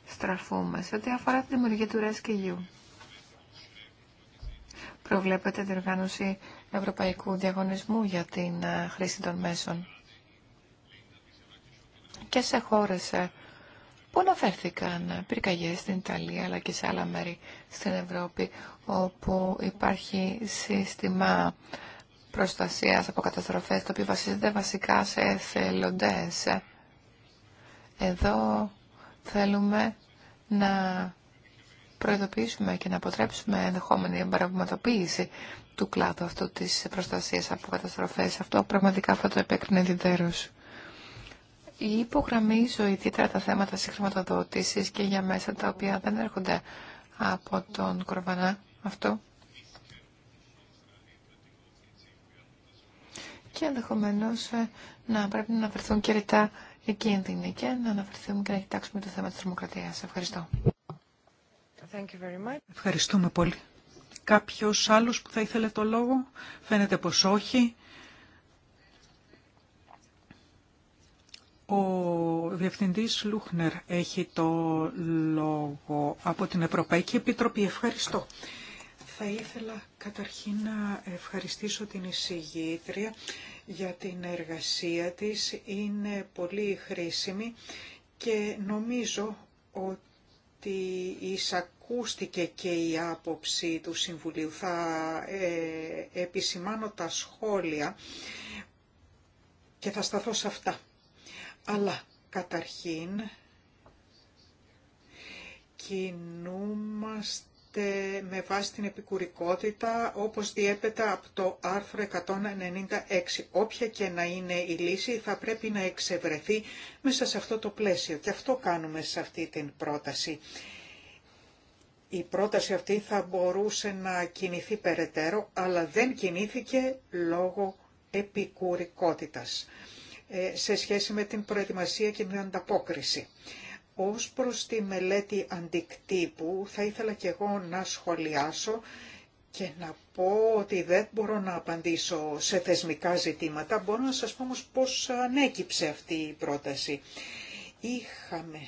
στραφούμε σε ό,τι αφορά τη δημιουργία του ΡΕΣΚΙΓΙΟΥ. Προβλέπεται την οργάνωση ευρωπαϊκού διαγωνισμού για την ε, χρήση των μέσων. Και σε χώρες ε, που αναφέρθηκαν πυρκαγιές στην Ιταλία αλλά και σε άλλα μέρη στην Ευρώπη όπου υπάρχει σύστημα προστασίας από καταστροφές το οποίο βασίζεται βασικά σε εθελοντές. Εδώ θέλουμε να προειδοποιήσουμε και να αποτρέψουμε ενδεχόμενη εμπαραγματοποίηση του κλάδου αυτού της προστασίας από καταστροφές. Αυτό πραγματικά θα το επέκρινε διδέρως υπογραμμίζω ιδιαίτερα τα θέματα συγχρηματοδότησης και για μέσα τα οποία δεν έρχονται από τον κορβανά αυτό. Και ενδεχομένω ε, να πρέπει να αναφερθούν και ρητά οι κίνδυνοι και να αναφερθούμε και να κοιτάξουμε το θέμα της δημοκρατίας. Ευχαριστώ. Ευχαριστούμε πολύ. Κάποιος άλλος που θα ήθελε το λόγο. Φαίνεται πως όχι. Ο Διευθυντής Λούχνερ έχει το λόγο από την Ευρωπαϊκή Επιτροπή. Ευχαριστώ. Θα ήθελα καταρχήν να ευχαριστήσω την εισηγήτρια για την εργασία της. Είναι πολύ χρήσιμη και νομίζω ότι εισακούστηκε και η άποψη του Συμβουλίου. Θα ε, επισημάνω τα σχόλια και θα σταθώ σε αυτά. Αλλά καταρχήν κινούμαστε με βάση την επικουρικότητα όπως διέπεται από το άρθρο 196. Όποια και να είναι η λύση θα πρέπει να εξευρεθεί μέσα σε αυτό το πλαίσιο και αυτό κάνουμε σε αυτή την πρόταση. Η πρόταση αυτή θα μπορούσε να κινηθεί περαιτέρω αλλά δεν κινήθηκε λόγω επικουρικότητας. Ε, σε σχέση με την προετοιμασία και την ανταπόκριση. Ως προς τη μελέτη αντικτύπου θα ήθελα και εγώ να σχολιάσω και να πω ότι δεν μπορώ να απαντήσω σε θεσμικά ζητήματα. Μπορώ να σας πω όμως πώς ανέκυψε αυτή η πρόταση. Είχαμε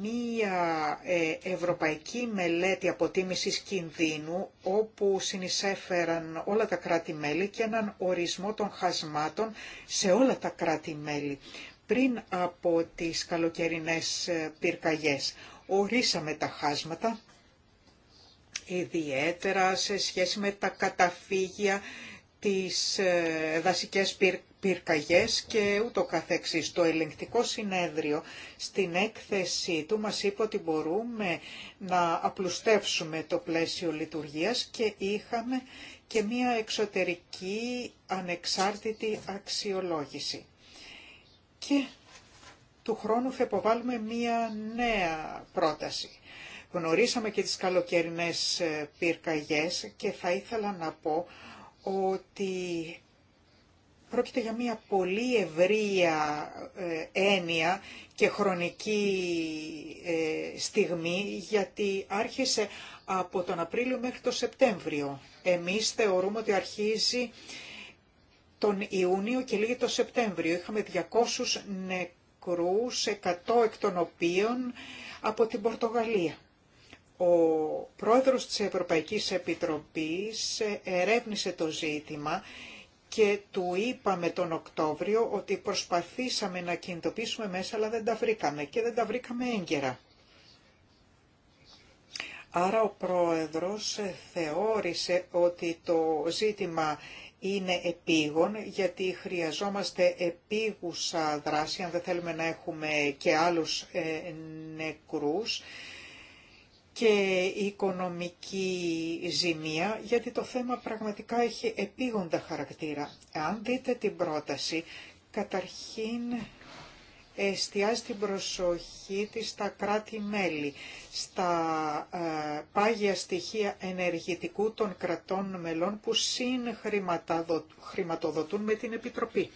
μία ε, ευρωπαϊκή μελέτη αποτίμησης κινδύνου όπου συνεισέφεραν όλα τα κράτη-μέλη και έναν ορισμό των χασμάτων σε όλα τα κράτη-μέλη πριν από τις καλοκαιρινές ε, πυρκαγιές. Ορίσαμε τα χάσματα, ιδιαίτερα σε σχέση με τα καταφύγια, της ε, δασικές πυρκαγιές πυρκαγιές και ούτω καθεξής. Το ελεγκτικό συνέδριο στην έκθεσή του μας είπε ότι μπορούμε να απλουστεύσουμε το πλαίσιο λειτουργίας και είχαμε και μία εξωτερική ανεξάρτητη αξιολόγηση. Και του χρόνου θα υποβάλουμε μία νέα πρόταση. Γνωρίσαμε και τις καλοκαιρινές ε, πυρκαγιές και θα ήθελα να πω ότι Πρόκειται για μια πολύ ευρία ε, έννοια και χρονική ε, στιγμή γιατί άρχισε από τον Απρίλιο μέχρι τον Σεπτέμβριο. Εμείς θεωρούμε ότι αρχίζει τον Ιούνιο και λίγη τον Σεπτέμβριο. Είχαμε 200 νεκρούς, 100 εκ των οποίων από την Πορτογαλία. Ο πρόεδρος της Ευρωπαϊκής Επιτροπής ε, ερεύνησε το ζήτημα και του είπαμε τον Οκτώβριο ότι προσπαθήσαμε να κινητοποιήσουμε μέσα αλλά δεν τα βρήκαμε και δεν τα βρήκαμε έγκαιρα. Άρα ο Πρόεδρος θεώρησε ότι το ζήτημα είναι επίγον γιατί χρειαζόμαστε επίγουσα δράση αν δεν θέλουμε να έχουμε και άλλους ε, νεκρούς και οικονομική ζημία, γιατί το θέμα πραγματικά έχει επίγοντα χαρακτήρα. Αν δείτε την πρόταση, καταρχήν εστιάζει την προσοχή της στα κράτη-μέλη, στα ε, πάγια στοιχεία ενεργητικού των κρατών μελών που συγχρηματοδοτούν με την Επιτροπή.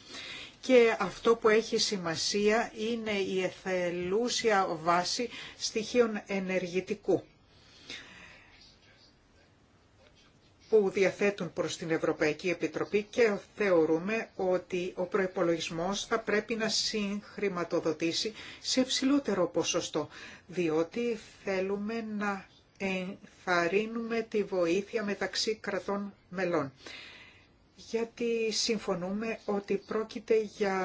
Και αυτό που έχει σημασία είναι η εθελούσια βάση στοιχείων ενεργητικού. που διαθέτουν προς την Ευρωπαϊκή Επιτροπή και θεωρούμε ότι ο προϋπολογισμός θα πρέπει να συγχρηματοδοτήσει σε υψηλότερο ποσοστό, διότι θέλουμε να ενθαρρύνουμε τη βοήθεια μεταξύ κρατών μελών. Γιατί συμφωνούμε ότι πρόκειται για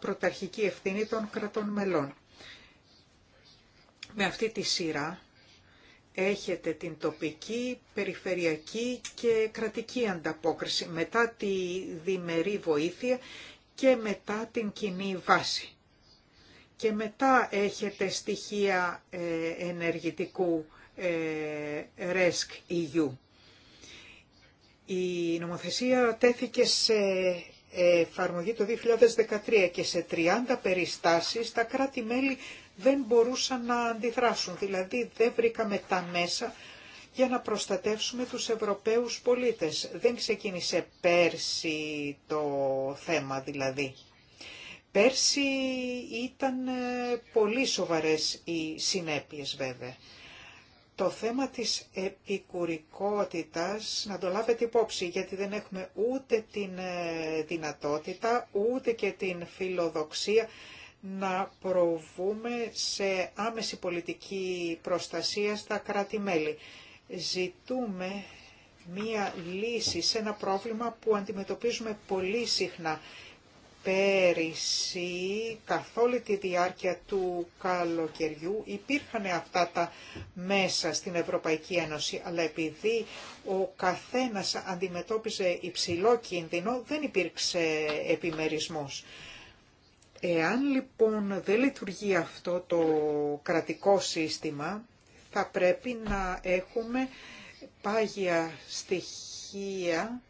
πρωταρχική ευθύνη των κρατών μελών. Με αυτή τη σειρά έχετε την τοπική, περιφερειακή και κρατική ανταπόκριση μετά τη διμερή βοήθεια και μετά την κοινή βάση. Και μετά έχετε στοιχεία ε, ενεργητικού RESC-EU. Ε, Η νομοθεσία τέθηκε σε εφαρμογή το 2013 και σε 30 περιστάσεις τα κράτη-μέλη δεν μπορούσαν να αντιδράσουν, δηλαδή δεν βρήκαμε τα μέσα για να προστατεύσουμε τους Ευρωπαίους πολίτες. Δεν ξεκίνησε πέρσι το θέμα δηλαδή. Πέρσι ήταν ε, πολύ σοβαρές οι συνέπειες βέβαια. Το θέμα της επικουρικότητας να το λάβετε υπόψη γιατί δεν έχουμε ούτε την ε, δυνατότητα ούτε και την φιλοδοξία να προβούμε σε άμεση πολιτική προστασία στα κράτη-μέλη. Ζητούμε μία λύση σε ένα πρόβλημα που αντιμετωπίζουμε πολύ συχνά. Πέρυσι, καθ' όλη τη διάρκεια του καλοκαιριού, υπήρχαν αυτά τα μέσα στην Ευρωπαϊκή Ένωση, αλλά επειδή ο καθένας αντιμετώπιζε υψηλό κίνδυνο, δεν υπήρξε επιμερισμός. Εάν λοιπόν δεν λειτουργεί αυτό το κρατικό σύστημα, θα πρέπει να έχουμε πάγια στοιχεία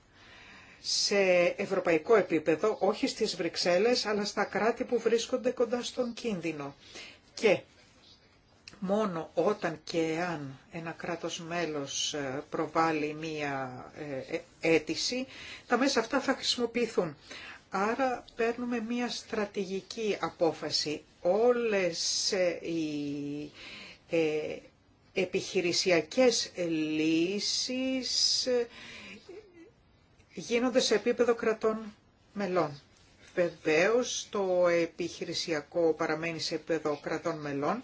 σε ευρωπαϊκό επίπεδο, όχι στις Βρυξέλλες, αλλά στα κράτη που βρίσκονται κοντά στον κίνδυνο. Και μόνο όταν και εάν ένα κράτος μέλος ε, προβάλλει μία ε, ε, αίτηση, τα μέσα αυτά θα χρησιμοποιηθούν. Άρα παίρνουμε μία στρατηγική απόφαση. Όλες ε, οι ε, επιχειρησιακές λύσεις ε, γίνονται σε επίπεδο κρατών μελών. Βεβαίως το επιχειρησιακό παραμένει σε επίπεδο κρατών μελών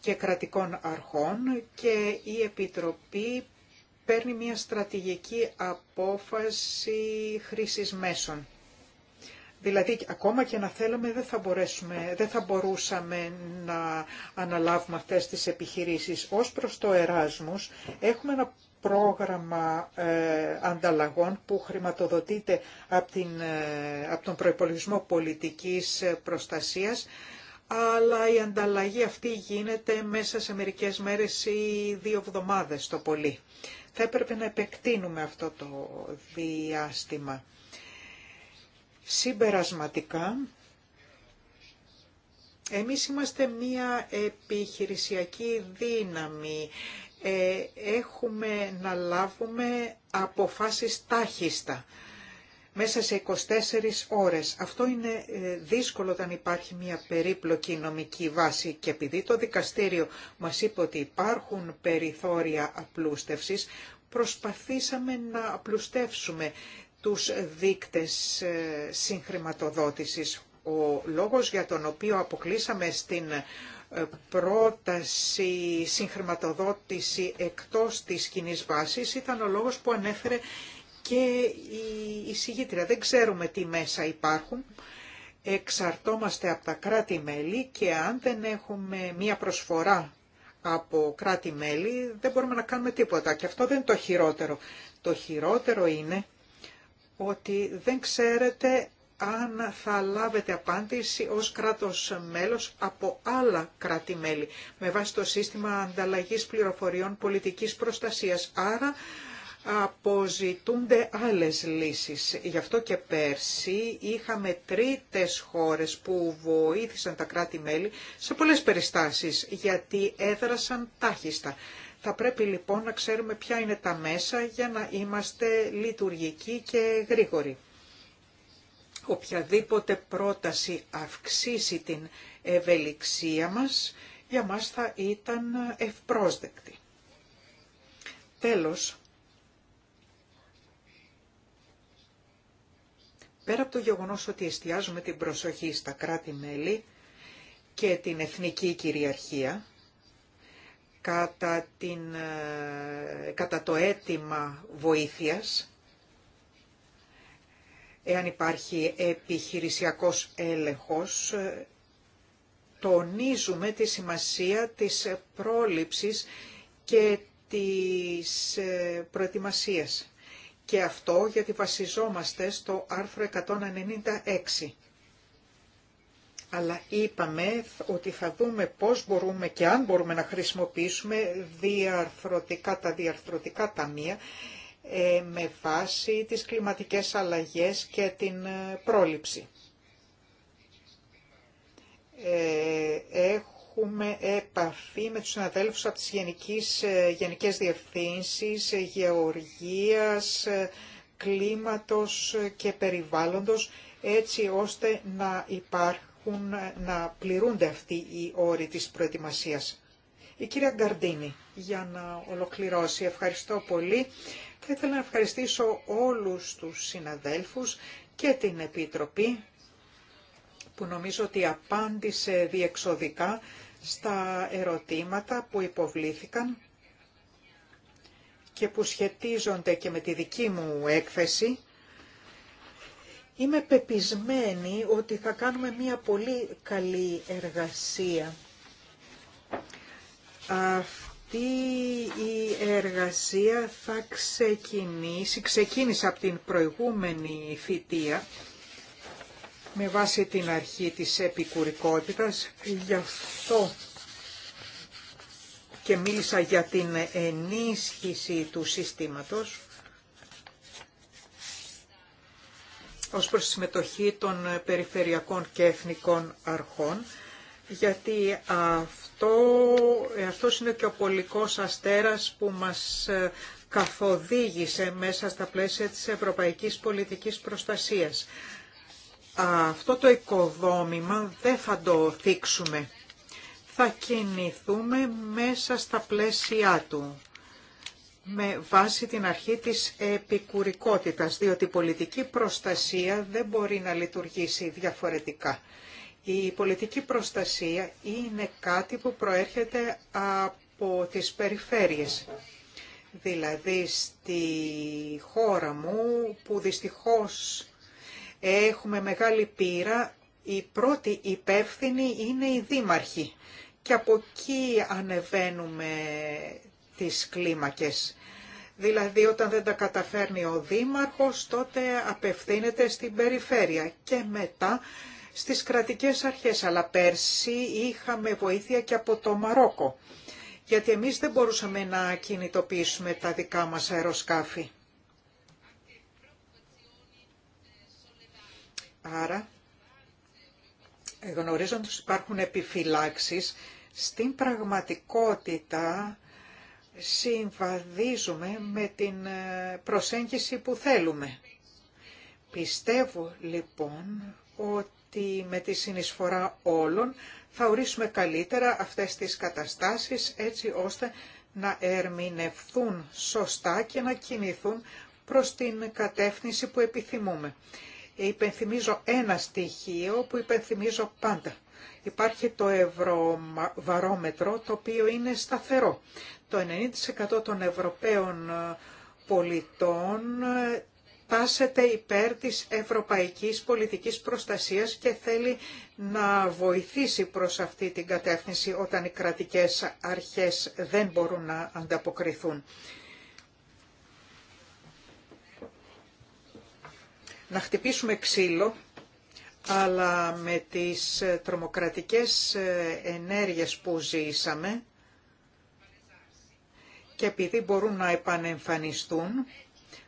και κρατικών αρχών και η Επιτροπή παίρνει μια στρατηγική απόφαση χρήσης μέσων. Δηλαδή ακόμα και να θέλαμε δεν θα, μπορέσουμε, δεν θα μπορούσαμε να αναλάβουμε αυτές τις επιχειρήσεις. Ως προς το Εράσμους έχουμε ένα πρόγραμμα ε, ανταλλαγών που χρηματοδοτείται από, την, ε, από τον προϋπολογισμό πολιτικής ε, προστασίας αλλά η ανταλλαγή αυτή γίνεται μέσα σε μερικές μέρες ή δύο εβδομάδες το πολύ. Θα έπρεπε να επεκτείνουμε αυτό το διάστημα. Συμπερασματικά, εμείς είμαστε μία επιχειρησιακή δύναμη. Ε, έχουμε να λάβουμε αποφάσεις τάχιστα μέσα σε 24 ώρες. Αυτό είναι ε, δύσκολο όταν υπάρχει μια περίπλοκη νομική βάση και επειδή το δικαστήριο μας είπε ότι υπάρχουν περιθώρια απλούστευσης, προσπαθήσαμε να απλουστεύσουμε τους δείκτες ε, συγχρηματοδότησης. Ο λόγος για τον οποίο αποκλείσαμε στην ε, πρόταση συγχρηματοδότηση εκτός της κοινή βάσης ήταν ο λόγος που ανέφερε και η εισηγήτρια. Δεν ξέρουμε τι μέσα υπάρχουν. Εξαρτόμαστε από τα κράτη-μέλη και αν δεν έχουμε μία προσφορά από κράτη-μέλη δεν μπορούμε να κάνουμε τίποτα. Και αυτό δεν είναι το χειρότερο. Το χειρότερο είναι ότι δεν ξέρετε αν θα λάβετε απάντηση ως κράτος μέλος από άλλα κράτη-μέλη με βάση το σύστημα ανταλλαγής πληροφοριών πολιτικής προστασίας. Άρα αποζητούνται άλλες λύσεις. Γι' αυτό και πέρσι είχαμε τρίτες χώρες που βοήθησαν τα κράτη-μέλη σε πολλές περιστάσεις γιατί έδρασαν τάχιστα. Θα πρέπει λοιπόν να ξέρουμε ποια είναι τα μέσα για να είμαστε λειτουργικοί και γρήγοροι. Οποιαδήποτε πρόταση αυξήσει την ευελιξία μας, για μας θα ήταν ευπρόσδεκτη. Τέλος, πέρα από το γεγονός ότι εστιάζουμε την προσοχή στα κράτη-μέλη και την εθνική κυριαρχία, κατά, την, ε, κατά το αίτημα βοήθειας, εάν υπάρχει επιχειρησιακός έλεγχος, ε, τονίζουμε τη σημασία της πρόληψης και της ε, προετοιμασίας. Και αυτό γιατί βασιζόμαστε στο άρθρο 196 αλλά είπαμε ότι θα δούμε πώς μπορούμε και αν μπορούμε να χρησιμοποιήσουμε διαρθρωτικά, τα διαρθρωτικά ταμεία ε, με βάση τις κλιματικές αλλαγές και την ε, πρόληψη. Ε, έχουμε επαφή με τους συναδέλφους από τις γενικές, ε, γενικές διευθύνσεις γεωργίας, κλίματος και περιβάλλοντος έτσι ώστε να υπάρχουν να πληρούνται αυτοί οι όροι της προετοιμασίας. Η κυρία Γκαρντίνη, για να ολοκληρώσει. Ευχαριστώ πολύ. Θα ήθελα να ευχαριστήσω όλους τους συναδέλφους και την Επιτροπή που νομίζω ότι απάντησε διεξοδικά στα ερωτήματα που υποβλήθηκαν και που σχετίζονται και με τη δική μου έκθεση Είμαι πεπισμένη ότι θα κάνουμε μια πολύ καλή εργασία. Αυτή η εργασία θα ξεκινήσει, ξεκίνησε από την προηγούμενη φοιτεία, με βάση την αρχή της επικουρικότητας, γι' αυτό και μίλησα για την ενίσχυση του συστήματος ως προς συμμετοχή των περιφερειακών και εθνικών αρχών, γιατί αυτό, αυτός είναι και ο πολικός αστέρας που μας ε, καθοδήγησε μέσα στα πλαίσια της ευρωπαϊκής πολιτικής προστασίας. Αυτό το οικοδόμημα δεν θα το θίξουμε. Θα κινηθούμε μέσα στα πλαίσια του με βάση την αρχή της επικουρικότητας, διότι η πολιτική προστασία δεν μπορεί να λειτουργήσει διαφορετικά. Η πολιτική προστασία είναι κάτι που προέρχεται από τις περιφέρειες. Δηλαδή στη χώρα μου που δυστυχώς έχουμε μεγάλη πείρα, η πρώτη υπεύθυνη είναι η δήμαρχη. Και από εκεί ανεβαίνουμε τις κλίμακες. Δηλαδή όταν δεν τα καταφέρνει ο Δήμαρχος τότε απευθύνεται στην περιφέρεια και μετά στις κρατικές αρχές. Αλλά πέρσι είχαμε βοήθεια και από το Μαρόκο γιατί εμείς δεν μπορούσαμε να κινητοποιήσουμε τα δικά μας αεροσκάφη. Άρα, γνωρίζοντας ότι υπάρχουν επιφυλάξεις, στην πραγματικότητα συμβαδίζουμε με την ε, προσέγγιση που θέλουμε. Πιστεύω λοιπόν ότι με τη συνεισφορά όλων θα ορίσουμε καλύτερα αυτές τις καταστάσεις έτσι ώστε να ερμηνευθούν σωστά και να κινηθούν προς την κατεύθυνση που επιθυμούμε. Υπενθυμίζω ένα στοιχείο που υπενθυμίζω πάντα. Υπάρχει το ευρωβαρόμετρο το οποίο είναι σταθερό. Το 90% των Ευρωπαίων ε, πολιτών ε, τάσεται υπέρ της ευρωπαϊκής πολιτικής προστασίας και θέλει να βοηθήσει προς αυτή την κατεύθυνση όταν οι κρατικές αρχές δεν μπορούν να ανταποκριθούν. Να χτυπήσουμε ξύλο αλλά με τις ε, τρομοκρατικές ε, ενέργειες που ζήσαμε και επειδή μπορούν να επανεμφανιστούν,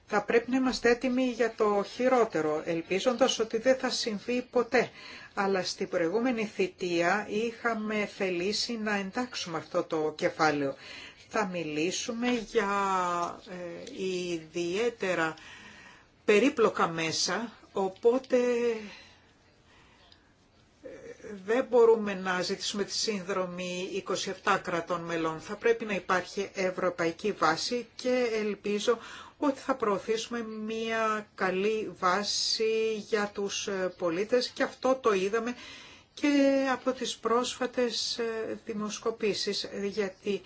θα πρέπει να είμαστε έτοιμοι για το χειρότερο, ελπίζοντας ότι δεν θα συμβεί ποτέ. Αλλά στην προηγούμενη θητεία είχαμε θελήσει να εντάξουμε αυτό το κεφάλαιο. Θα μιλήσουμε για ε, ιδιαίτερα περίπλοκα μέσα, οπότε δεν μπορούμε να ζητήσουμε τη σύνδρομη 27 κρατών μελών. Θα πρέπει να υπάρχει ευρωπαϊκή βάση και ελπίζω ότι θα προωθήσουμε μια καλή βάση για τους ε, πολίτες και αυτό το είδαμε και από τις πρόσφατες ε, δημοσκοπήσεις, γιατί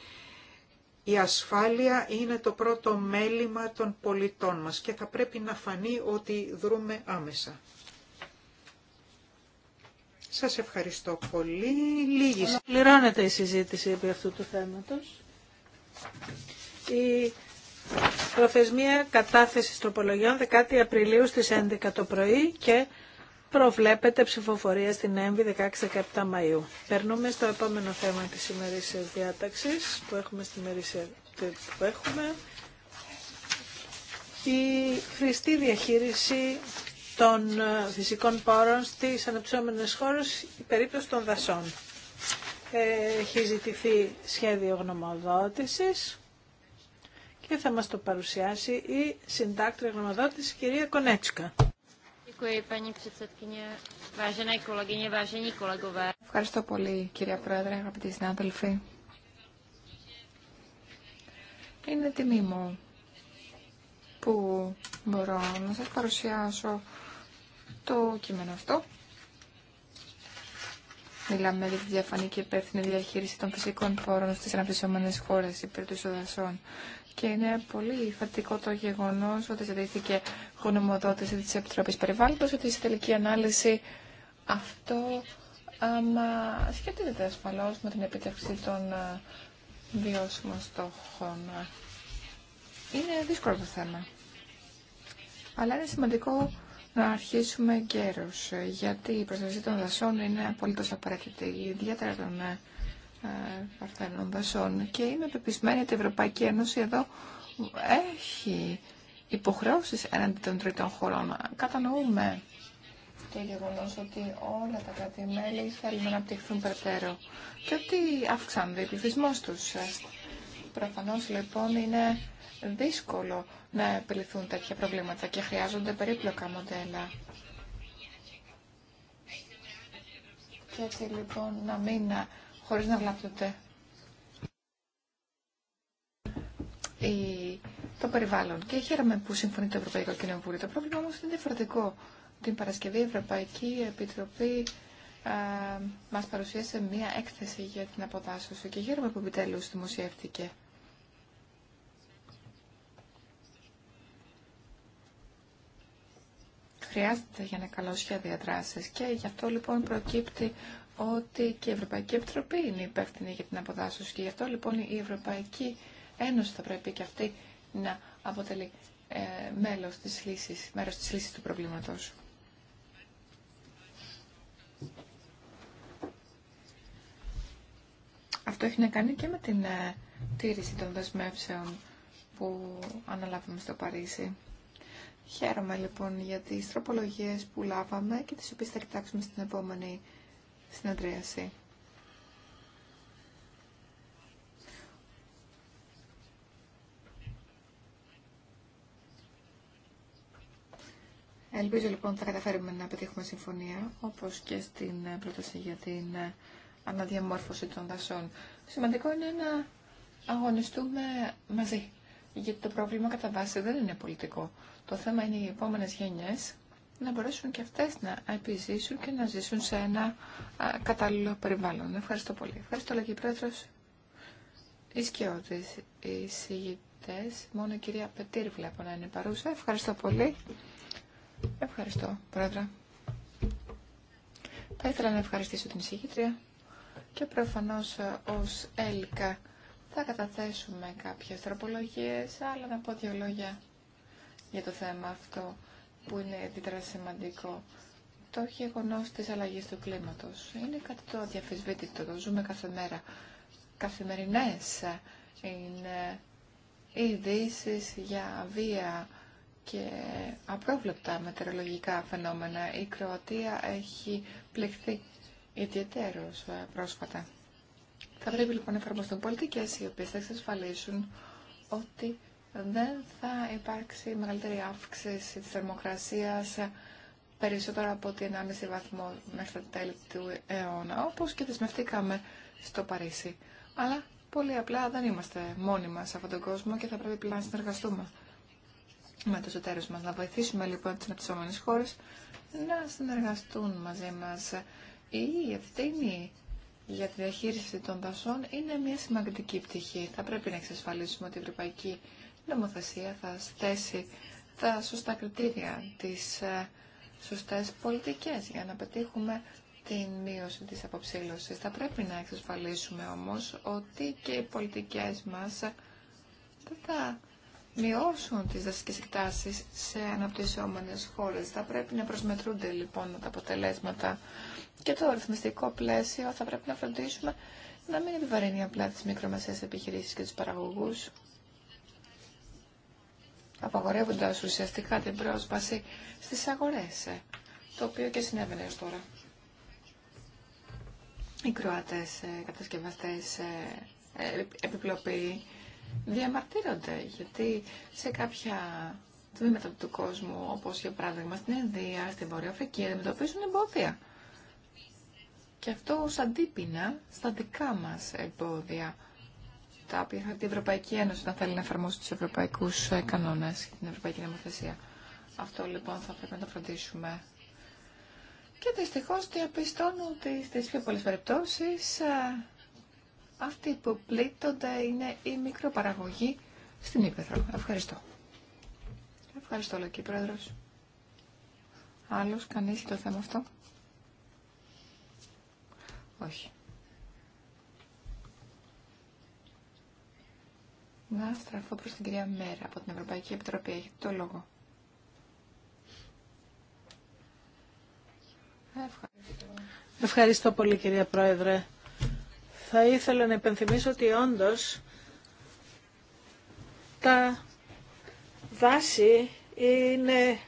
η ασφάλεια είναι το πρώτο μέλημα των πολιτών μας και θα πρέπει να φανεί ότι δρούμε άμεσα. Σας ευχαριστώ πολύ. Λίγη. Πληρώνεται η συζήτηση επί αυτού του θέματος. Η προθεσμία κατάθεσης τροπολογιών 10 Απριλίου στις 11 το πρωί και προβλέπεται ψηφοφορία στην ΕΜΒΗ 16-17 Μαΐου. Περνούμε στο επόμενο θέμα της ημερήσιας διάταξης που έχουμε στη ημερήσια που έχουμε. Η χρηστή διαχείριση των ε, φυσικών πόρων στις αναπτυσσόμενες χώρες, η περίπτωση των δασών. Ε, έχει ζητηθεί σχέδιο γνωμοδότησης και θα μας το παρουσιάσει η συντάκτρια γνωμοδότηση, κυρία Κονέτσκα. Ευχαριστώ πολύ, κυρία Πρόεδρε, αγαπητοί συνάδελφοι. Είναι τιμή μου που μπορώ να σας παρουσιάσω το κείμενο αυτό. Μιλάμε για τη διαφανή και υπεύθυνη διαχείριση των φυσικών πόρων στις αναπτυσσόμενες χώρες υπέρ του Ισοδασών. Και είναι πολύ φατικό το γεγονός ότι ζητήθηκε γνωμοδότηση της Επιτροπής Περιβάλλοντος, ότι στη τελική ανάλυση αυτό άμα σχετίζεται ασφαλώς με την επίτευξη των βιώσιμων στόχων. Είναι δύσκολο το θέμα. Αλλά είναι σημαντικό να αρχίσουμε καιρός, γιατί η προστασία των δασών είναι απολύτως απαραίτητη, ιδιαίτερα των ε, παρθένων δασών και είμαι πεπισμένη ότι η Ευρωπαϊκή Ένωση εδώ έχει υποχρεώσεις έναντι των τρίτων χωρών. Κατανοούμε το γεγονό ότι όλα τα κράτη-μέλη θέλουν να αναπτυχθούν περαιτέρω και ότι αυξάνεται ο πληθυσμό του. Προφανώ λοιπόν είναι δύσκολο να επιληθούν τέτοια προβλήματα και χρειάζονται περίπλοκα μοντέλα. Και έτσι λοιπόν να μην, χωρίς να βλάπτονται το περιβάλλον. Και χαίρομαι που συμφωνεί το Ευρωπαϊκό Κοινοβούλιο. Το πρόβλημα όμως είναι διαφορετικό. Την Παρασκευή η Ευρωπαϊκή Επιτροπή α, μας παρουσίασε μία έκθεση για την αποδάσωση και χαίρομαι που επιτέλους δημοσιεύτηκε. χρειάζεται για ένα καλό σχέδιο δράση. και γι' αυτό λοιπόν προκύπτει ότι και η Ευρωπαϊκή Επιτροπή είναι υπεύθυνη για την αποδάσωση και γι' αυτό λοιπόν η Ευρωπαϊκή Ένωση θα πρέπει και αυτή να αποτελεί ε, μέλος της λύσης, μέρος της λύσης του προβλήματος. Αυτό έχει να κάνει και με την ε, τήρηση των δεσμεύσεων που αναλάβουμε στο Παρίσι. Χαίρομαι λοιπόν για τις τροπολογίες που λάβαμε και τις οποίες θα κοιτάξουμε στην επόμενη συνεδρίαση. Ελπίζω λοιπόν θα καταφέρουμε να πετύχουμε συμφωνία, όπως και στην πρόταση για την αναδιαμόρφωση των δασών. Σημαντικό είναι να αγωνιστούμε μαζί, γιατί το πρόβλημα κατά βάση δεν είναι πολιτικό. Το θέμα είναι οι επόμενες γενιές να μπορέσουν και αυτές να επιζήσουν και να ζήσουν σε ένα κατάλληλο περιβάλλον. Ευχαριστώ πολύ. Ευχαριστώ, πρόεδρο Πρόεδρος. Ισκαιώτης, οι συγητές, μόνο η κυρία Πετήρ βλέπω να είναι παρούσα. Ευχαριστώ πολύ. Ευχαριστώ, πρόεδρα. Θα ήθελα να ευχαριστήσω την εισηγήτρια και προφανώς ε, ως ΕΛΚΑ θα καταθέσουμε κάποιες τροπολογίες, αλλά να πω δύο λόγια για το θέμα αυτό που είναι ιδιαίτερα σημαντικό. Το γεγονό τη αλλαγή του κλίματο είναι κάτι το αδιαφεσβήτητο, το ζούμε κάθε μέρα. Καθημερινέ είναι ειδήσει για βία και απρόβλεπτα μετεωρολογικά φαινόμενα. Η Κροατία έχει πληχθεί ιδιαίτερω ε, πρόσφατα. Θα πρέπει λοιπόν να εφαρμοστούν πολιτικέ οι οποίε θα εξασφαλίσουν ότι δεν θα υπάρξει μεγαλύτερη αύξηση της θερμοκρασίας περισσότερο από ότι 1,5 βαθμό μέχρι τα τέλη του αιώνα, όπως και δεσμευτήκαμε στο Παρίσι. Αλλά πολύ απλά δεν είμαστε μόνοι μας σε αυτόν τον κόσμο και θα πρέπει πλέον να συνεργαστούμε με τους εταίρους μας. Να βοηθήσουμε λοιπόν τις αναπτυσσόμενες χώρες να συνεργαστούν μαζί μας. Η ευθύνη για τη διαχείριση των δασών είναι μια σημαντική πτυχή. Θα πρέπει να εξασφαλίσουμε ότι η Ευρωπαϊκή νομοθεσία θα στέσει τα σωστά κριτήρια, τις ε, σωστές πολιτικές για να πετύχουμε την μείωση της αποψήλωσης. Θα πρέπει να εξασφαλίσουμε όμως ότι και οι πολιτικές μας θα μειώσουν τις δασικές εκτάσεις σε αναπτυσσόμενες χώρες. Θα πρέπει να προσμετρούνται λοιπόν τα αποτελέσματα και το ρυθμιστικό πλαίσιο θα πρέπει να φροντίσουμε να μην επιβαρύνει απλά τις μικρομεσαίες επιχειρήσεις και τους παραγωγούς, Απαγορεύοντα ουσιαστικά την πρόσβαση στις αγορέ, ε, το οποίο και συνέβαινε έως τώρα. Οι Κροάτε ε, κατασκευαστές ε, επιπλοποί διαμαρτύρονται, γιατί σε κάποια τμήματα του κόσμου, όπως για παράδειγμα στην Ινδία, στην Βόρεια Αφρική, αντιμετωπίζουν εμπόδια. Και αυτό ως αντίπεινα στα δικά μας εμπόδια τα οποία την Ευρωπαϊκή Ένωση να θέλει να εφαρμόσει τους ευρωπαϊκούς ε, κανόνες και την ευρωπαϊκή νομοθεσία. Αυτό λοιπόν θα πρέπει να το φροντίσουμε. Και δυστυχώ διαπιστώνω ότι στις πιο πολλές περιπτώσεις ε, αυτοί που πλήττονται είναι η μικροπαραγωγή στην Ήπεθρο. Ευχαριστώ. Ευχαριστώ, Λεκή Πρόεδρος. Άλλος, κανείς το θέμα αυτό. Όχι. να στραφώ προς την κυρία Μέρα από την Ευρωπαϊκή Επιτροπή. Έχετε το λόγο. Ευχαριστώ. πολύ κυρία Πρόεδρε. Θα ήθελα να υπενθυμίσω ότι όντως τα βάση είναι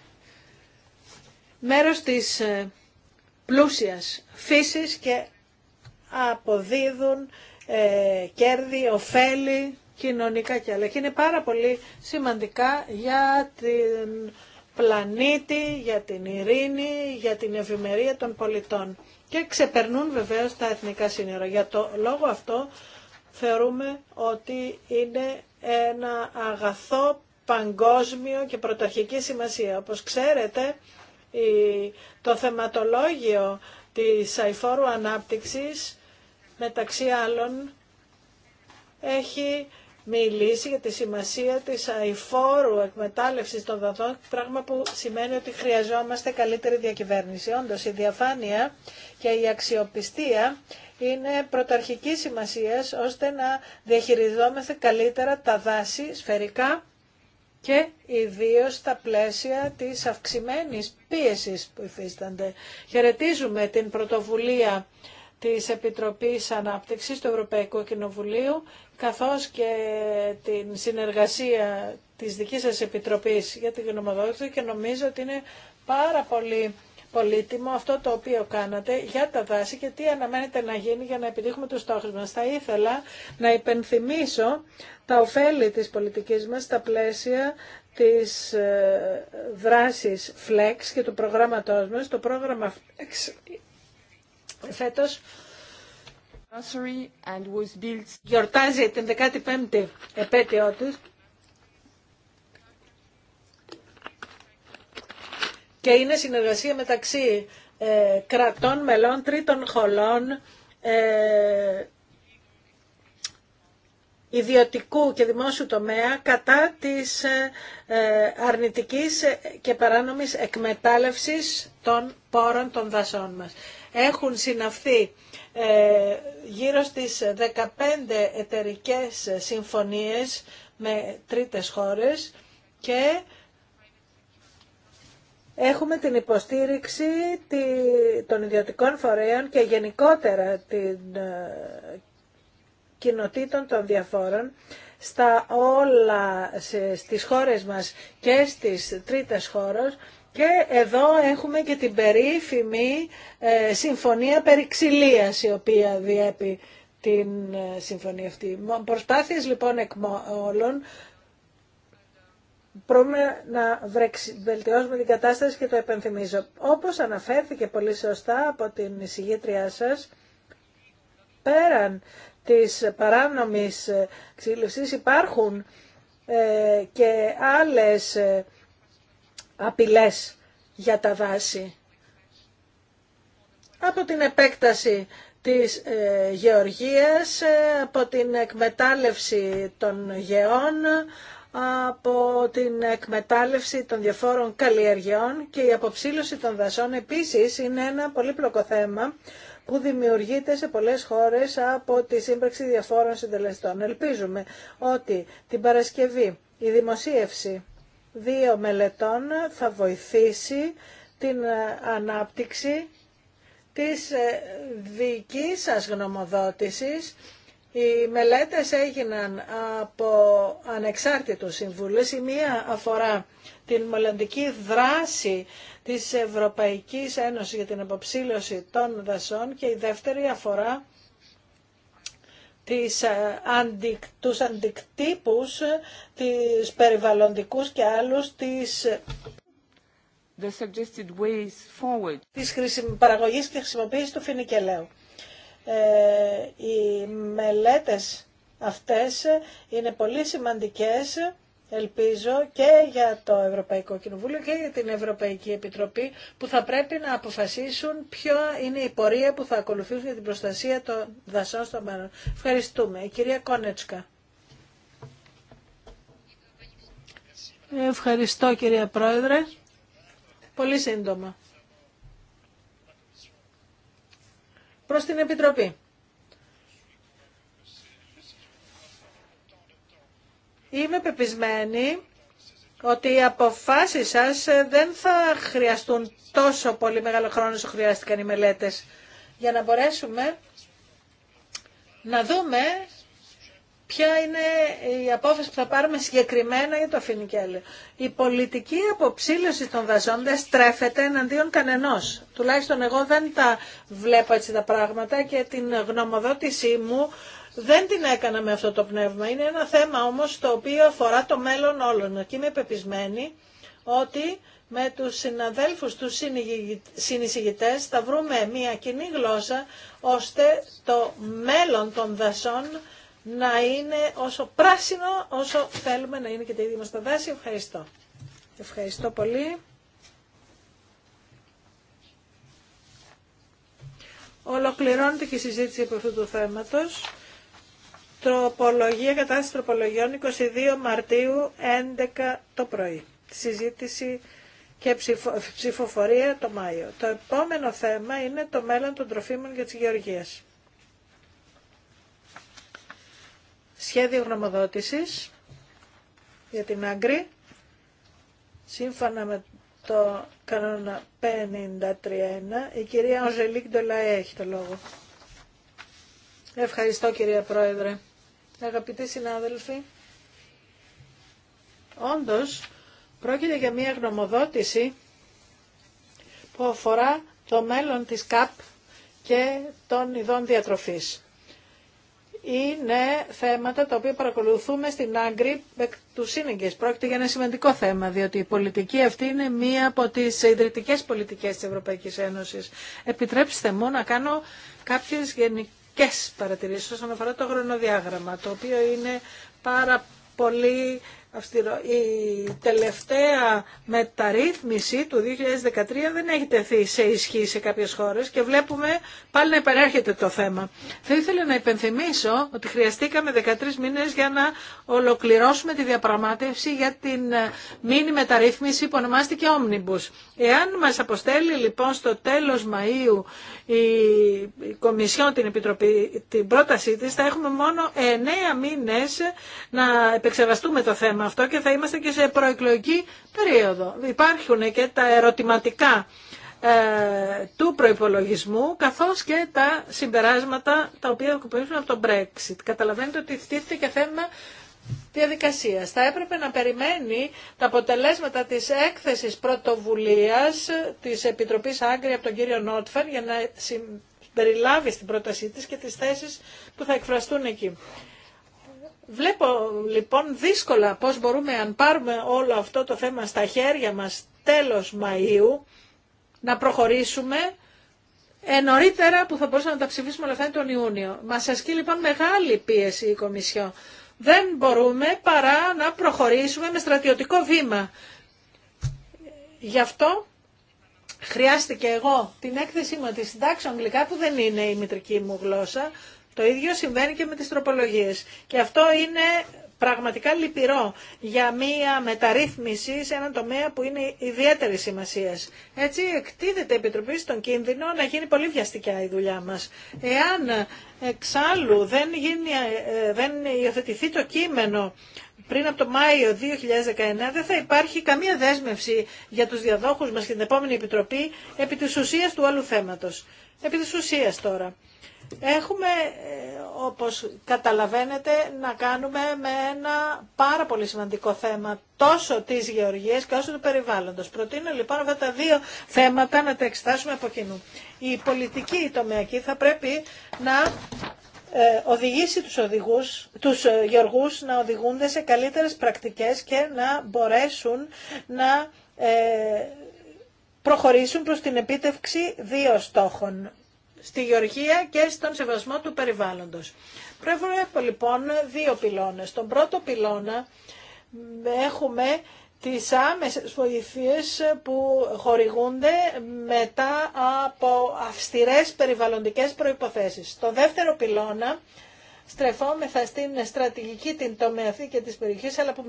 μέρος της ε, πλούσιας φύσης και αποδίδουν ε, κέρδη, ωφέλη κοινωνικά και άλλα. Και είναι πάρα πολύ σημαντικά για την πλανήτη, για την ειρήνη, για την ευημερία των πολιτών. Και ξεπερνούν βεβαίως τα εθνικά σύνορα. Για το λόγο αυτό θεωρούμε ότι είναι ένα αγαθό παγκόσμιο και πρωταρχική σημασία. Όπως ξέρετε, το θεματολόγιο της αηφόρου ανάπτυξης, μεταξύ άλλων, έχει μιλήσει για τη σημασία της αηφόρου εκμετάλλευσης των δαθών, πράγμα που σημαίνει ότι χρειαζόμαστε καλύτερη διακυβέρνηση. Όντως, η διαφάνεια και η αξιοπιστία είναι πρωταρχική σημασίας ώστε να διαχειριζόμαστε καλύτερα τα δάση σφαιρικά και ιδίω στα πλαίσια της αυξημένης πίεσης που υφίστανται. Χαιρετίζουμε την πρωτοβουλία της Επιτροπής Ανάπτυξης του Ευρωπαϊκού Κοινοβουλίου, καθώς και την συνεργασία της δικής σας Επιτροπής για την γνωμοδότηση και νομίζω ότι είναι πάρα πολύ πολύτιμο αυτό το οποίο κάνατε για τα δάση και τι αναμένετε να γίνει για να επιτύχουμε τους στόχους μας. Θα ήθελα να υπενθυμίσω τα ωφέλη της πολιτικής μας στα πλαίσια της ε, δράσης FLEX και του προγράμματός μας. Το πρόγραμμα FLEX φέτος γιορτάζει την 15η επέτειό του και είναι συνεργασία μεταξύ ε, κρατών, μελών, τρίτων χολών, ε, ιδιωτικού και δημόσιου τομέα κατά της ε, αρνητικής και παράνομης εκμετάλλευσης των πόρων των δασών μας έχουν συναυθεί ε, γύρω στις 15 εταιρικές συμφωνίες με τρίτες χώρες και Έχουμε την υποστήριξη των ιδιωτικών φορέων και γενικότερα την ε, κοινοτήτων των διαφόρων στα όλα στις χώρες μας και στις τρίτες χώρες και εδώ έχουμε και την περίφημη ε, συμφωνία περιξηλίας η οποία διέπει την ε, συμφωνία αυτή. Προσπάθειες λοιπόν εκ όλων Πρόβλημα να βελτιώσουμε την κατάσταση και το επενθυμίζω. Όπως αναφέρθηκε πολύ σωστά από την εισηγήτριά σας, πέραν της παράνομης ε, ξύλωσης υπάρχουν και άλλες απειλές για τα δάση. Από την επέκταση της ε, γεωργίας, ε, από την εκμετάλλευση των γεών, από την εκμετάλλευση των διαφόρων καλλιεργειών και η αποψήλωση των δασών επίσης είναι ένα πολύπλοκο θέμα που δημιουργείται σε πολλές χώρες από τη σύμπραξη διαφόρων συντελεστών. Ελπίζουμε ότι την Παρασκευή η δημοσίευση δύο μελετών θα βοηθήσει την ε, ανάπτυξη της ε, δικής σας γνωμοδότησης. Οι μελέτες έγιναν από ανεξάρτητους συμβούλες. Η μία αφορά την μελλοντική δράση της Ευρωπαϊκής Ένωσης για την αποψήλωση των δασών και η δεύτερη αφορά τις, ε, αντικ, τους αντικτύπους, ε, τις περιβαλλοντικούς και άλλους, τις ε, The της παραγωγής και χρησιμοποίησης του φινικελαίου. Ε, οι μελέτες αυτές είναι πολύ σημαντικές ελπίζω και για το Ευρωπαϊκό Κοινοβούλιο και για την Ευρωπαϊκή Επιτροπή που θα πρέπει να αποφασίσουν ποια είναι η πορεία που θα ακολουθήσουν για την προστασία των δασών στο μέλλον. Ευχαριστούμε. κυρία Κόνετσκα. Ευχαριστώ κυρία Πρόεδρε. Πολύ σύντομα. Προς την Επιτροπή. Είμαι πεπισμένη ότι οι αποφάσεις σας ε, δεν θα χρειαστούν τόσο πολύ μεγάλο χρόνο όσο χρειάστηκαν οι μελέτες για να μπορέσουμε να δούμε ποια είναι η απόφαση που θα πάρουμε συγκεκριμένα για το φινικέλ. Η πολιτική αποψήλωση των δασών δεν στρέφεται εναντίον κανενός. Τουλάχιστον εγώ δεν τα βλέπω έτσι τα πράγματα και την γνωμοδότησή μου δεν την έκανα με αυτό το πνεύμα. Είναι ένα θέμα όμως το οποίο αφορά το μέλλον όλων. Και είμαι πεπισμένη ότι με τους συναδέλφους, τους συνεισηγητές θα βρούμε μια κοινή γλώσσα ώστε το μέλλον των δασών να είναι όσο πράσινο όσο θέλουμε να είναι και τα ίδια μας τα δάση. Ευχαριστώ. Ευχαριστώ πολύ. Ολοκληρώνεται και η συζήτηση από αυτού του θέματος. Τροπολογία κατάσταση τροπολογιών 22 Μαρτίου 11 το πρωί. Συζήτηση και ψηφοφορία το Μάιο. Το επόμενο θέμα είναι το μέλλον των τροφίμων και τη γεωργίας. Σχέδιο γνωμοδότησης για την άγκρη. Σύμφωνα με το κανόνα 53.1, η κυρία Ωζελίκ Ντολαέ έχει το λόγο. Ευχαριστώ κυρία Πρόεδρε αγαπητοί συνάδελφοι, όντως πρόκειται για μια γνωμοδότηση που αφορά το μέλλον της ΚΑΠ και των ειδών διατροφής. Είναι θέματα τα οποία παρακολουθούμε στην Άγκρη του Σύνεγγες. Πρόκειται για ένα σημαντικό θέμα, διότι η πολιτική αυτή είναι μία από τις ιδρυτικές πολιτικές της Ευρωπαϊκής Ένωσης. Επιτρέψτε μου να κάνω κάποιες γενικές θετικές παρατηρήσεις όσον αφορά το χρονοδιάγραμμα, το οποίο είναι πάρα πολύ αυστηρό. Η τελευταία μεταρρύθμιση του 2013 δεν έχει τεθεί σε ισχύ σε κάποιες χώρες και βλέπουμε πάλι να επανέρχεται το θέμα. Θα ήθελα να υπενθυμίσω ότι χρειαστήκαμε 13 μήνες για να ολοκληρώσουμε τη διαπραγμάτευση για την ε, μήνυ μεταρρύθμιση που ονομάστηκε Omnibus. Εάν μας αποστέλει λοιπόν στο τέλος Μαΐου η Κομισιόν την, Επιτροπή, την πρότασή της, θα έχουμε μόνο 9 μήνες να επεξεργαστούμε το θέμα αυτό και θα είμαστε και σε προεκλογική περίοδο. Υπάρχουν και τα ερωτηματικά ε, του προϋπολογισμού καθώς και τα συμπεράσματα τα οποία ακολουθούν από το Brexit. Καταλαβαίνετε ότι θίθεται και θέμα διαδικασίας. Θα έπρεπε να περιμένει τα αποτελέσματα της έκθεσης πρωτοβουλίας της Επιτροπής Άγκρη από τον κύριο Νότφερ για να συμπεριλάβει στην πρότασή της και τις θέσεις που θα εκφραστούν εκεί. Βλέπω λοιπόν δύσκολα πώς μπορούμε αν πάρουμε όλο αυτό το θέμα στα χέρια μας τέλος Μαΐου να προχωρήσουμε ε, που θα μπορούσαμε να τα ψηφίσουμε όλα αυτά τον Ιούνιο. Μας ασκεί λοιπόν μεγάλη πίεση η Κομισιό. Δεν μπορούμε παρά να προχωρήσουμε με στρατιωτικό βήμα. Γι' αυτό χρειάστηκε εγώ την έκθεσή μου τη συντάξω αγγλικά που δεν είναι η μητρική μου γλώσσα το ίδιο συμβαίνει και με τις τροπολογίες. Και αυτό είναι πραγματικά λυπηρό για μία μεταρρύθμιση σε έναν τομέα που είναι ιδιαίτερη σημασία. Έτσι εκτίθεται η Επιτροπή στον κίνδυνο να γίνει πολύ βιαστικά η δουλειά μας. Εάν εξάλλου δεν, γίνει, ε, δεν υιοθετηθεί το κείμενο πριν από το Μάιο 2019 δεν θα υπάρχει καμία δέσμευση για τους διαδόχους μας και την επόμενη Επιτροπή επί της ουσίας του άλλου θέματος. Επί της ουσίας τώρα. Έχουμε, ε, όπως καταλαβαίνετε, να κάνουμε με ένα πάρα πολύ σημαντικό θέμα τόσο της γεωργίας και όσο του περιβάλλοντος. Προτείνω λοιπόν αυτά τα δύο θέματα να τα εξετάσουμε από κοινού. Η πολιτική η τομεακή θα πρέπει να ε, οδηγήσει τους, οδηγούς, τους ε, γεωργούς να οδηγούνται σε καλύτερες πρακτικές και να μπορέσουν να προχωρήσουν προς την επίτευξη δύο στόχων στη γεωργία και στον σεβασμό του περιβάλλοντος. έχουμε λοιπόν δύο πυλώνες. Στον πρώτο πυλώνα έχουμε τις άμεσες βοηθείες που χορηγούνται μετά από αυστηρές περιβαλλοντικές προϋποθέσεις. Στο δεύτερο πυλώνα στρεφόμεθα στην στρατηγική την τομεαθή και της περιοχής, αλλά που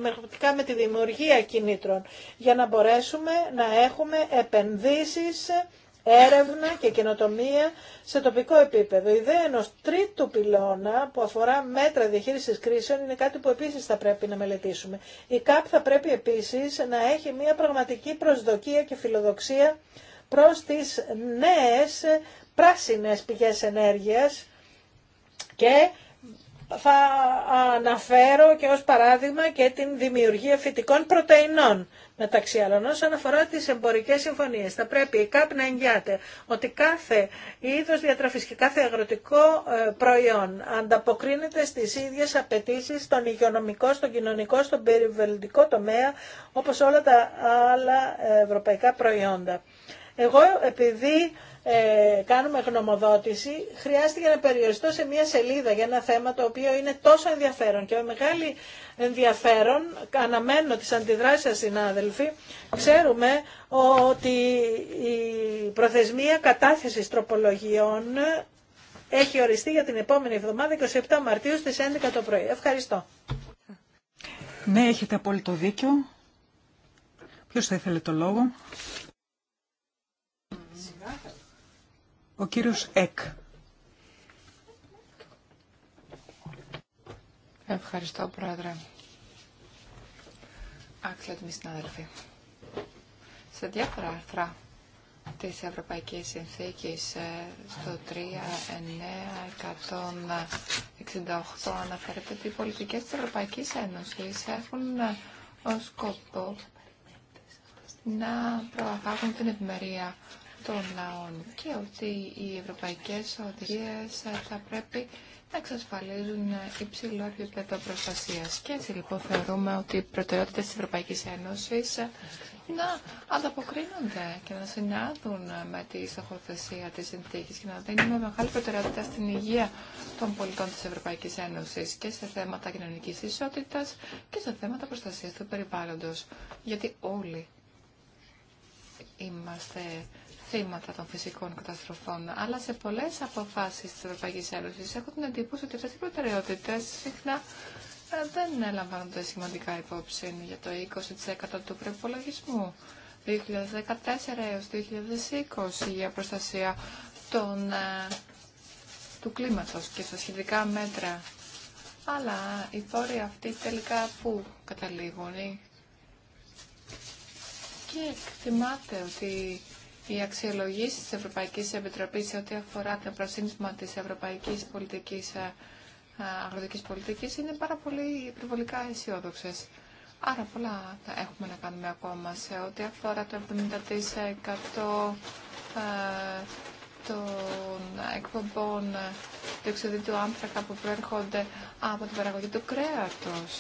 με τη δημιουργία κινήτρων, για να μπορέσουμε να έχουμε επενδύσεις έρευνα και καινοτομία σε τοπικό επίπεδο. Η ιδέα ενός τρίτου πυλώνα που αφορά μέτρα διαχείρισης κρίσεων είναι κάτι που επίσης θα πρέπει να μελετήσουμε. Η ΚΑΠ θα πρέπει επίσης να έχει μια πραγματική προσδοκία και φιλοδοξία προς τις νέες πράσινες πηγές ενέργειας και θα αναφέρω και ως παράδειγμα και την δημιουργία φυτικών πρωτεϊνών μεταξύ άλλων. Όσον αφορά τι εμπορικέ συμφωνίε, θα πρέπει η ΚΑΠ να εγγυάται ότι κάθε είδο διατροφή και κάθε αγροτικό ε, προϊόν ανταποκρίνεται στι ίδιε απαιτήσει στον υγειονομικό, στον κοινωνικό, στον περιβαλλοντικό τομέα, όπω όλα τα άλλα ε, ευρωπαϊκά προϊόντα. Εγώ επειδή ε, κάνουμε γνωμοδότηση, χρειάστηκε να περιοριστώ σε μία σελίδα για ένα θέμα το οποίο είναι τόσο ενδιαφέρον και με μεγάλη ενδιαφέρον, αναμένω τις αντιδράσεις σας συνάδελφοι, ξέρουμε ότι η προθεσμία κατάθεσης τροπολογιών έχει οριστεί για την επόμενη εβδομάδα 27 Μαρτίου στις 11 το πρωί. Ευχαριστώ. Ναι, έχετε απόλυτο δίκιο. Ποιος θα ήθελε το λόγο. Ο κύριος Εκ. Ευχαριστώ, Πρόεδρε. Άξιοι συνάδελφοι. Σε διάφορα άρθρα της Ευρωπαϊκής Συνθήκης ε, στο 3.9.168 αναφέρεται ότι οι πολιτικές της Ευρωπαϊκής Ένωσης έχουν ε, ως σκοπό να προαγάγουν την ευημερία των λαών και ότι οι ευρωπαϊκές οδηγίες θα πρέπει να εξασφαλίζουν υψηλό επίπεδο προστασία. Και έτσι λοιπόν θεωρούμε ότι οι προτεραιότητε τη Ευρωπαϊκή Ένωση να ανταποκρίνονται και να συνάδουν με τη στοχοθεσία τη συνθήκη και να δίνουμε μεγάλη προτεραιότητα στην υγεία των πολιτών τη Ευρωπαϊκή Ένωση και σε θέματα κοινωνική ισότητα και σε θέματα προστασία του περιβάλλοντο. Γιατί όλοι είμαστε θύματα των φυσικών καταστροφών, αλλά σε πολλέ αποφάσει τη Ευρωπαϊκή Ένωση έχω την εντύπωση ότι αυτέ οι προτεραιότητε συχνά ε, δεν λαμβάνονται σημαντικά υπόψη για το 20% του προπολογισμού 2014 έως 2020 για προστασία των, ε, του κλίματος και στα σχετικά μέτρα. Αλλά οι πόροι αυτοί τελικά πού καταλήγουν. Και εκτιμάται ότι οι αξιολογήσει τη Ευρωπαϊκή Επιτροπή σε ό,τι αφορά το προσύνισμα τη ευρωπαϊκή πολιτική ε, ε, αγροτική πολιτική είναι πάρα πολύ υπερβολικά αισιόδοξε. Άρα πολλά έχουμε να κάνουμε ακόμα σε ό,τι αφορά το 70% ε, των εκπομπών του του άνθρακα που προέρχονται από την παραγωγή του κρέατος.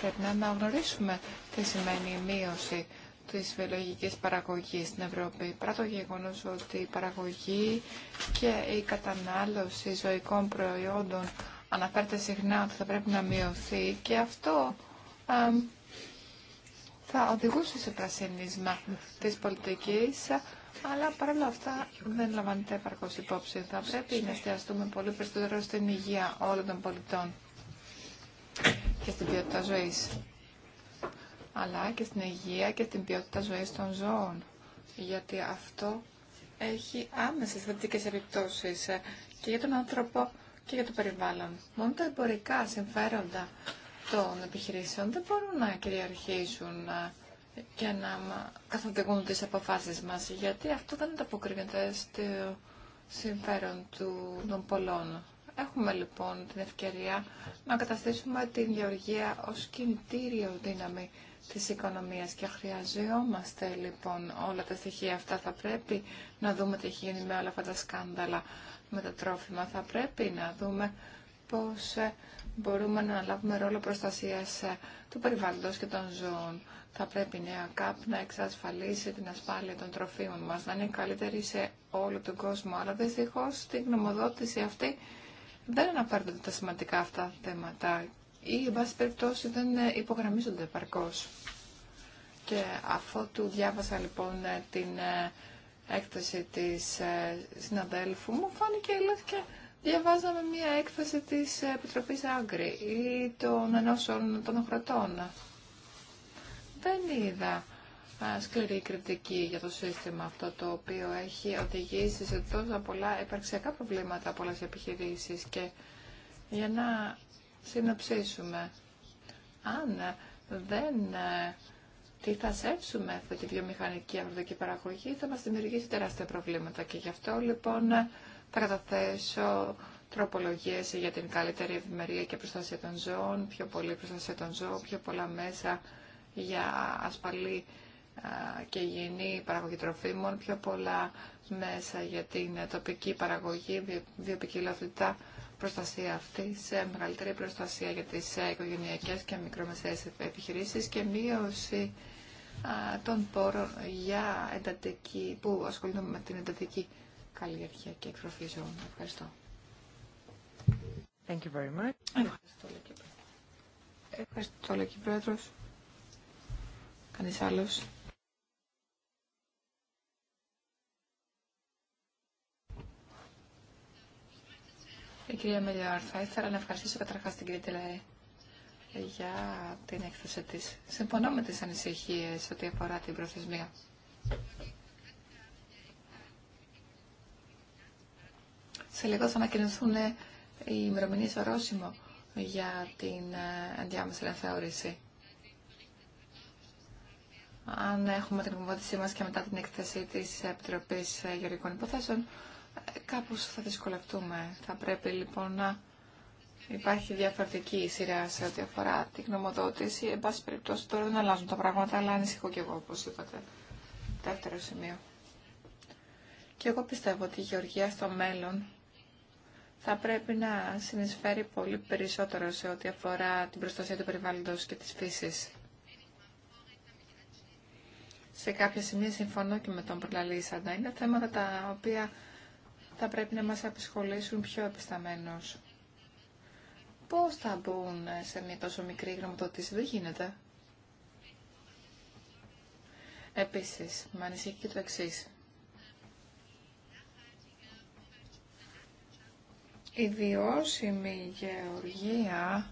Πρέπει να αναγνωρίσουμε τι σημαίνει η μείωση της βιολογικής παραγωγής στην Ευρώπη, πράγμα το γεγονός ότι η παραγωγή και η κατανάλωση ζωικών προϊόντων αναφέρεται συχνά ότι θα πρέπει να μειωθεί και αυτό θα οδηγούσε σε πρασινίσμα της πολιτικής, αλλά παρόλα αυτά δεν λαμβάνεται επαρκώς υπόψη. Θα πρέπει να εστιαστούμε πολύ περισσότερο στην υγεία όλων των πολιτών και στην ποιότητα ζωής αλλά και στην υγεία και την ποιότητα ζωής των ζώων. Γιατί αυτό έχει άμεσες θετικέ επιπτώσεις ε, και για τον άνθρωπο και για το περιβάλλον. Μόνο τα εμπορικά συμφέροντα των επιχειρήσεων δεν μπορούν να κυριαρχήσουν ε, και να καθοδηγούν τις αποφάσεις μας, γιατί αυτό δεν ανταποκρίνεται στο συμφέρον του, των πολλών. Έχουμε λοιπόν την ευκαιρία να καταστήσουμε την γεωργία ως κινητήριο δύναμη της οικονομίας και χρειαζόμαστε λοιπόν όλα τα στοιχεία αυτά. Θα πρέπει να δούμε τι έχει γίνει με όλα αυτά τα σκάνδαλα με τα τρόφιμα. Θα πρέπει να δούμε πώς ε, μπορούμε να λάβουμε ρόλο προστασίας ε, του περιβάλλοντος και των ζώων. Θα πρέπει η νέα ΚΑΠ να εξασφαλίσει την ασφάλεια των τροφίμων μας, να είναι καλύτερη σε όλο τον κόσμο. Αλλά δυστυχώ στην γνωμοδότηση αυτή δεν αναφέρονται τα σημαντικά αυτά θέματα ή, εν πάση περιπτώσει, δεν ε, υπογραμμίζονται επαρκώς. Και αφού του διάβασα, λοιπόν, ε, την ε, έκθεση της συναδέλφου μου, φάνηκε, λες, και διαβάζαμε μία έκθεση της Επιτροπής Άγκρη ή των ενώσεων των χρετών. Δεν είδα σκληρή κριτική για το σύστημα αυτό το οποίο έχει οδηγήσει σε τόσα πολλά υπαρξιακά προβλήματα πολλές επιχειρήσεις και για να συνοψίσουμε. Αν δεν ε, τι θα σέψουμε αυτή τη βιομηχανική αγροτική παραγωγή θα μας δημιουργήσει τεράστια προβλήματα και γι' αυτό λοιπόν θα καταθέσω τροπολογίες για την καλύτερη ευημερία και προστασία των ζώων, πιο πολύ προστασία των ζώων, πιο πολλά μέσα για ασφαλή ε, και υγιεινή παραγωγή τροφίμων, πιο πολλά μέσα για την τοπική παραγωγή, βιοπικιλότητα, προστασία αυτή, σε μεγαλύτερη προστασία για τις ε, οικογενειακές και μικρομεσαίες επιχειρήσεις και μείωση των πόρων για που ασχολούνται με την εντατική καλλιέργεια και εκτροφή ζώων. Ευχαριστώ. Thank you very much. Ευχαριστώ, Λεκύπρο. Ευχαριστώ, Λεκύπρο. Κανείς άλλος. Η ε, κυρία Μελιόρθα, θα ήθελα να ευχαριστήσω καταρχάς την κυρία Τελαέ για την έκθεση της. Συμφωνώ με τις ανησυχίες ό,τι αφορά την προθεσμία. Σε λίγο θα ανακοινωθούν οι ημερομηνίες ορόσημο για την ε, ενδιάμεση αναθεώρηση. Αν έχουμε την γνωμότησή μας και μετά την έκθεση της Επιτροπής ε, Γεωργικών Υποθέσεων, κάπως θα δυσκολευτούμε. Θα πρέπει λοιπόν να υπάρχει διαφορετική σειρά σε ό,τι αφορά τη γνωμοδότηση. Εν πάση περιπτώσει τώρα δεν αλλάζουν τα πράγματα, αλλά ανησυχώ και εγώ όπως είπατε. Δεύτερο σημείο. Και εγώ πιστεύω ότι η Γεωργία στο μέλλον θα πρέπει να συνεισφέρει πολύ περισσότερο σε ό,τι αφορά την προστασία του περιβάλλοντος και της φύσης. Σε κάποια σημεία συμφωνώ και με τον Προλαλήσαντα. Είναι θέματα τα οποία θα πρέπει να μας απασχολήσουν πιο επισταμένως. Πώς θα μπουν σε μια τόσο μικρή γραμματότηση δεν γίνεται. Επίσης, με ανησυχεί και το εξή. Η βιώσιμη γεωργία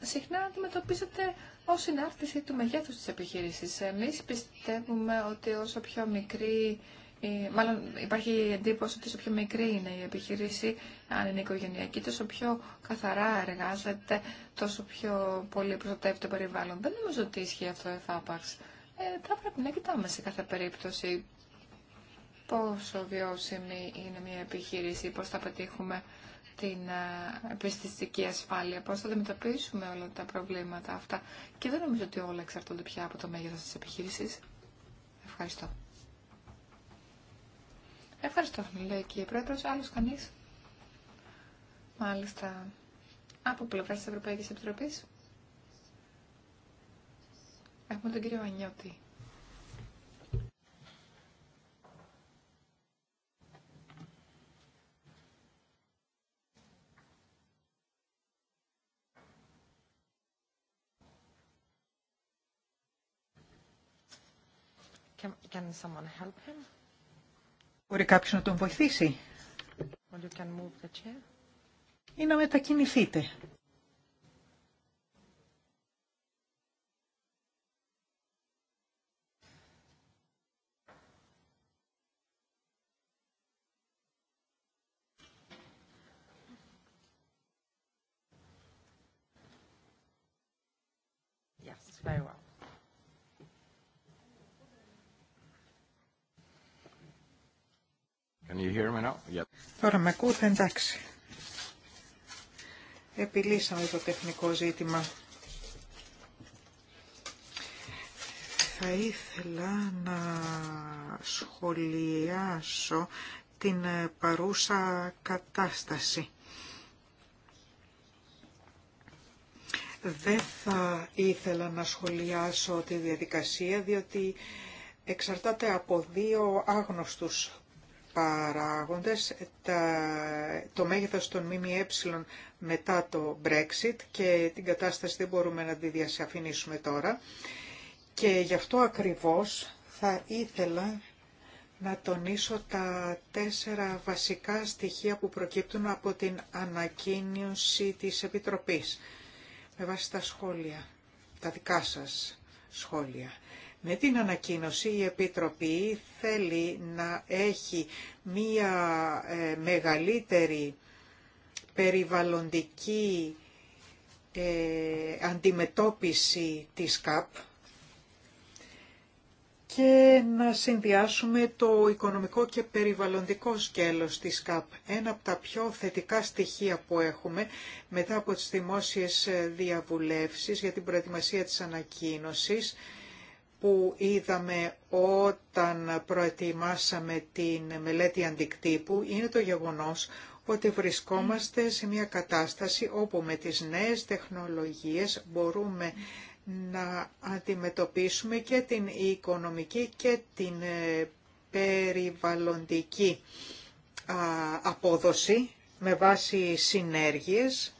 συχνά αντιμετωπίζεται ω συνάρτηση του μεγέθους της επιχείρησης. Εμείς πιστεύουμε ότι όσο πιο μικρή ε, μάλλον υπάρχει η εντύπωση ότι όσο πιο μικρή είναι η επιχείρηση, αν είναι οικογενειακή, τόσο πιο καθαρά εργάζεται, τόσο πιο πολύ προστατεύει το περιβάλλον. Δεν νομίζω ότι ισχύει αυτό εφάπαξ. Ε, θα πρέπει να κοιτάμε σε κάθε περίπτωση πόσο βιώσιμη είναι μια επιχείρηση, πώς θα πετύχουμε την επιστηστική ασφάλεια, πώς θα αντιμετωπίσουμε όλα τα προβλήματα αυτά. Και δεν νομίζω ότι όλα εξαρτώνται πια από το μέγεθος της επιχείρησης. Ευχαριστώ. Ευχαριστώ, λέει και η πρόεδρο. Άλλο κανεί. Μάλιστα. Από πλευρά τη Ευρωπαϊκή Επιτροπή. Έχουμε τον κύριο Ανιώτη. Can, can someone help him? Μπορεί κάποιος να τον βοηθήσει. Ή να μετακινηθείτε. Yes, very well. Τώρα με ακούτε, εντάξει. Επιλύσαμε το τεχνικό ζήτημα. Θα ήθελα να σχολιάσω την παρούσα κατάσταση. Δεν θα ήθελα να σχολιάσω τη διαδικασία, διότι εξαρτάται από δύο άγνωστους παράγοντες, το μέγεθος των ΜΜΕ μετά το Brexit και την κατάσταση δεν μπορούμε να τη διασαφηνίσουμε τώρα. Και γι' αυτό ακριβώς θα ήθελα να τονίσω τα τέσσερα βασικά στοιχεία που προκύπτουν από την ανακοίνωση της Επιτροπής. Με βάση τα σχόλια, τα δικά σας σχόλια. Με την ανακοίνωση η Επιτροπή θέλει να έχει μία ε, μεγαλύτερη περιβαλλοντική ε, αντιμετώπιση της ΚΑΠ και να συνδυάσουμε το οικονομικό και περιβαλλοντικό σκέλος της ΚΑΠ. Ένα από τα πιο θετικά στοιχεία που έχουμε μετά από τις δημόσιες ε, διαβουλεύσεις για την προετοιμασία της ανακοίνωσης που είδαμε όταν προετοιμάσαμε την μελέτη αντικτύπου είναι το γεγονός ότι βρισκόμαστε σε μια κατάσταση όπου με τις νέες τεχνολογίες μπορούμε να αντιμετωπίσουμε και την οικονομική και την ε, περιβαλλοντική απόδοση με βάση συνέργειες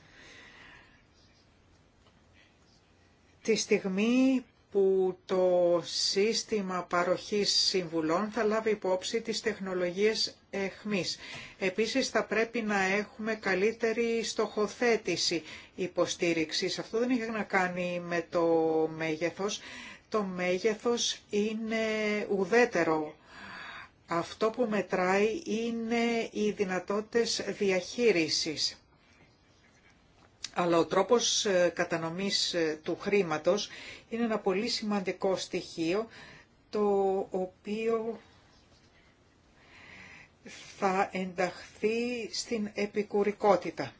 τη στιγμή που το σύστημα παροχής συμβουλών θα λάβει υπόψη τις τεχνολογίες εχμής. Επίσης θα πρέπει να έχουμε καλύτερη στοχοθέτηση υποστήριξης. Αυτό δεν έχει να κάνει με το μέγεθος. Το μέγεθος είναι ουδέτερο. Αυτό που μετράει είναι οι δυνατότητες διαχείρισης αλλά ο τρόπος ε, κατανομής ε, του χρήματος είναι ένα πολύ σημαντικό στοιχείο το οποίο θα ενταχθεί στην επικουρικότητα.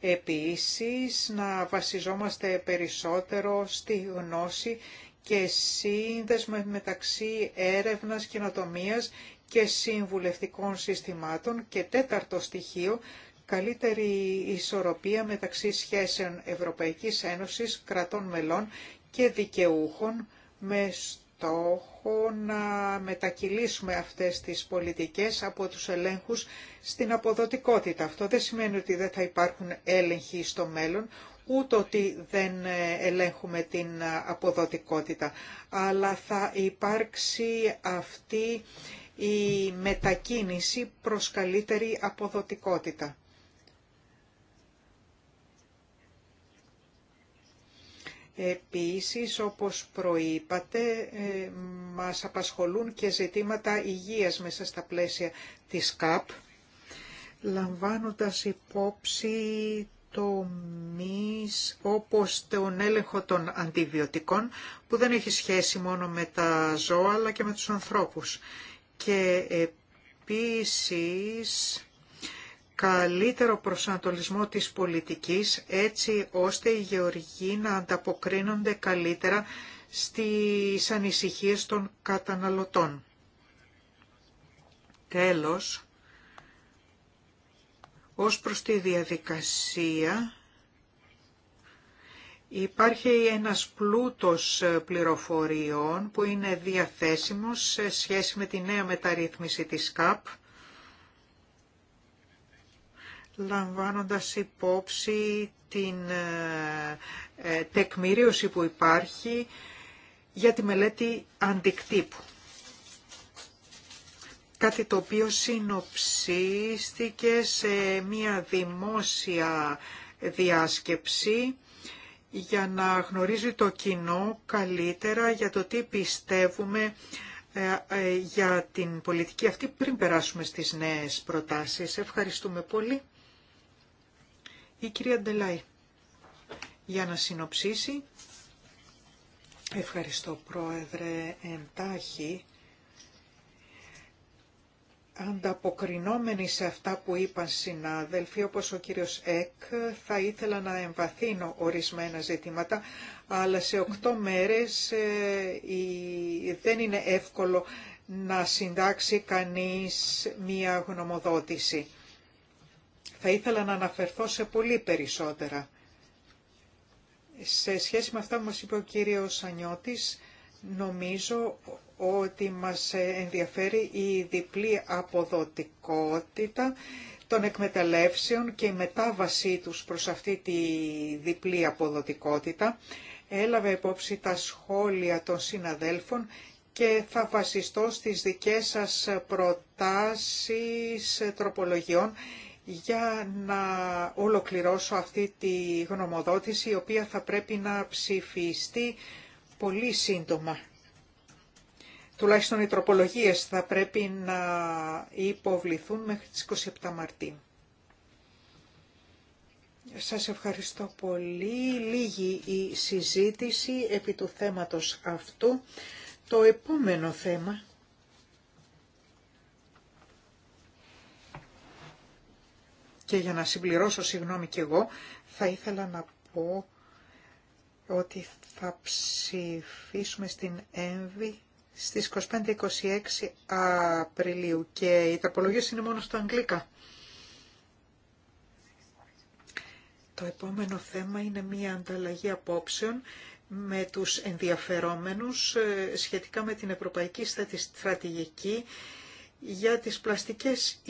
Επίσης, να βασιζόμαστε περισσότερο στη γνώση και σύνδεσμα μεταξύ έρευνας, καινοτομίας και συμβουλευτικών συστημάτων και τέταρτο στοιχείο καλύτερη ισορροπία μεταξύ σχέσεων Ευρωπαϊκής Ένωσης, κρατών μελών και δικαιούχων με στόχο να μετακυλήσουμε αυτές τις πολιτικές από τους ελέγχους στην αποδοτικότητα. Αυτό δεν σημαίνει ότι δεν θα υπάρχουν έλεγχοι στο μέλλον, ούτε ότι δεν ελέγχουμε την αποδοτικότητα, αλλά θα υπάρξει αυτή η μετακίνηση προς καλύτερη αποδοτικότητα. Επίσης, όπως προείπατε, ε, μας απασχολούν και ζητήματα υγείας μέσα στα πλαίσια της ΚΑΠ, λαμβάνοντας υπόψη το μυς, όπως τον έλεγχο των αντιβιωτικών που δεν έχει σχέση μόνο με τα ζώα αλλά και με τους ανθρώπους. Και επίσης καλύτερο προσανατολισμό της πολιτικής έτσι ώστε οι γεωργοί να ανταποκρίνονται καλύτερα στις ανησυχίες των καταναλωτών. Τέλος, ως προς τη διαδικασία υπάρχει ένας πλούτος πληροφοριών που είναι διαθέσιμος σε σχέση με τη νέα μεταρρύθμιση της ΚΑΠ λαμβάνοντας υπόψη την ε, ε, τεκμηρίωση που υπάρχει για τη μελέτη αντικτύπου. Κάτι το οποίο συνοψίστηκε σε μία δημόσια διάσκεψη για να γνωρίζει το κοινό καλύτερα για το τι πιστεύουμε ε, για την πολιτική αυτή πριν περάσουμε στις νέες προτάσεις. Ευχαριστούμε πολύ η κυρία Ντελάη για να συνοψίσει. Ευχαριστώ πρόεδρε εντάχει. Ανταποκρινόμενοι σε αυτά που είπαν συνάδελφοι, όπως ο κύριος Εκ, θα ήθελα να εμβαθύνω ορισμένα ζητήματα, αλλά σε οκτώ μέρες ε, δεν είναι εύκολο να συντάξει κανείς μία γνωμοδότηση. Θα ήθελα να αναφερθώ σε πολύ περισσότερα. Σε σχέση με αυτά που μας είπε ο κύριος Ανιώτης, νομίζω ότι μας ενδιαφέρει η διπλή αποδοτικότητα των εκμεταλλεύσεων και η μετάβασή τους προς αυτή τη διπλή αποδοτικότητα. Έλαβε υπόψη τα σχόλια των συναδέλφων και θα βασιστώ στις δικές σας προτάσεις τροπολογιών για να ολοκληρώσω αυτή τη γνωμοδότηση η οποία θα πρέπει να ψηφιστεί πολύ σύντομα. Τουλάχιστον οι τροπολογίες θα πρέπει να υποβληθούν μέχρι τις 27 Μαρτίου. Σας ευχαριστώ πολύ. Λίγη η συζήτηση επί του θέματος αυτού. Το επόμενο θέμα Και για να συμπληρώσω, συγγνώμη και εγώ, θα ήθελα να πω ότι θα ψηφίσουμε στην ΕΜΒΗ στις 25-26 Απριλίου και η τροπολογία είναι μόνο στα Αγγλίκα. Το επόμενο θέμα είναι μία ανταλλαγή απόψεων με τους ενδιαφερόμενους ε, σχετικά με την Ευρωπαϊκή Στρατηγική για τις πλαστικές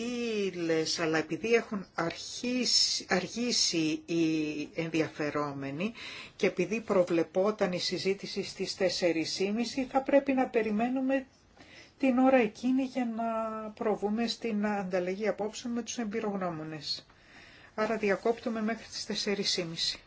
ύλες, αλλά επειδή έχουν αρχίσει, αργήσει οι ενδιαφερόμενοι και επειδή προβλεπόταν η συζήτηση στις 4.30 θα πρέπει να περιμένουμε την ώρα εκείνη για να προβούμε στην ανταλλαγή απόψεων με τους εμπειρογνώμονες. Άρα διακόπτουμε μέχρι τις 4.30.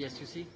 Yes, you see?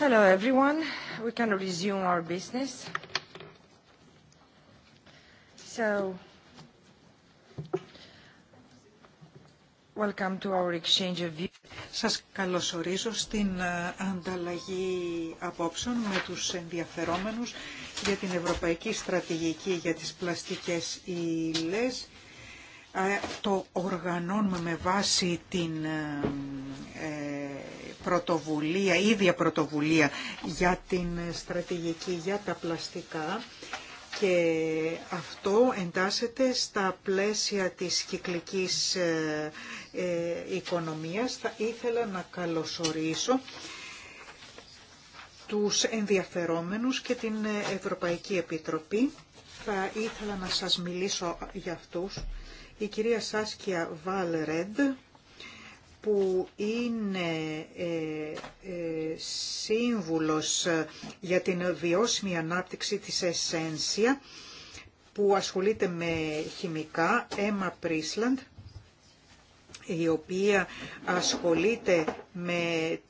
Hello, Σας καλωσορίζω στην ε, ανταλλαγή απόψεων με τους ενδιαφερόμενους για την Ευρωπαϊκή Στρατηγική για τις Πλαστικές Ύλες. Ε, το οργανώνουμε με βάση την ε, πρωτοβουλία, ίδια πρωτοβουλία για την στρατηγική για τα πλαστικά και αυτό εντάσσεται στα πλαίσια της κυκλικής ε, ε, οικονομίας. Θα ήθελα να καλωσορίσω τους ενδιαφερόμενους και την Ευρωπαϊκή Επιτροπή. Θα ήθελα να σας μιλήσω για αυτούς. Η κυρία Σάσκια Βάλρεντ που είναι ε, ε, σύμβουλος για την βιώσιμη ανάπτυξη της Εσένσια που ασχολείται με χημικά, Emma Prisland, η οποία ασχολείται με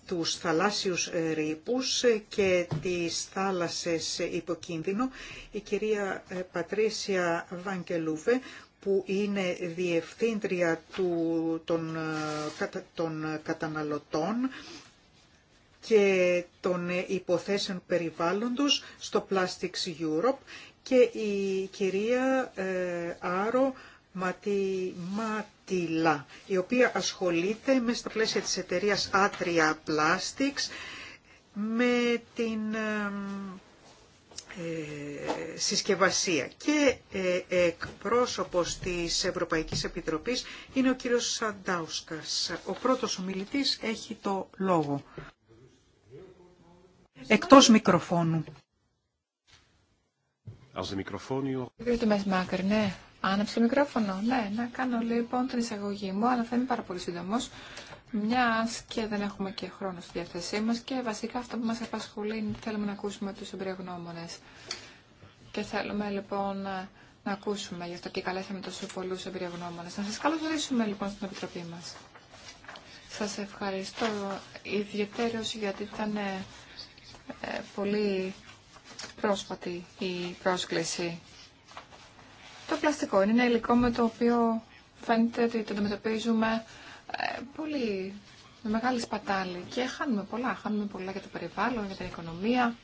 τους θαλάσσιους ρήπους και τις θάλασσες υποκίνδυνο, η κυρία ε, Πατρίσια Βανκελούβε που είναι διευθύντρια του, των, ε, των καταναλωτών και των υποθέσεων περιβάλλοντος στο Plastics Europe και η κυρία ε, Άρο Ματιλά, η οποία ασχολείται με στα πλαίσια της εταιρείας Atria Plastics με την ε, ε, συσκευασία. Και ε, εκπρόσωπος της Ευρωπαϊκής Επιτροπής είναι ο κύριος Σαντάουσκας. Ο πρώτος ομιλητής έχει το λόγο. Εκτός μικροφώνου. Το ναι, άναψε το μικρόφωνο. Ναι, να κάνω λοιπόν την εισαγωγή μου, αλλά θα είμαι πάρα πολύ σύντομος. Μια και δεν έχουμε και χρόνο στη διάθεσή μα και βασικά αυτό που μα απασχολεί είναι θέλουμε να ακούσουμε του εμπειρογνώμονε. Και θέλουμε λοιπόν να ακούσουμε, γι' αυτό και καλέσαμε τόσο πολλού εμπειρογνώμονε. Να σα καλωσορίσουμε λοιπόν στην Επιτροπή μα. Σα ευχαριστώ ιδιαίτερω γιατί ήταν ε, ε, πολύ πρόσφατη η πρόσκληση. Το πλαστικό είναι ένα υλικό με το οποίο φαίνεται ότι το αντιμετωπίζουμε ε, πολύ με μεγάλη σπατάλη και χάνουμε πολλά. Χάνουμε πολλά για το περιβάλλον, για την οικονομία.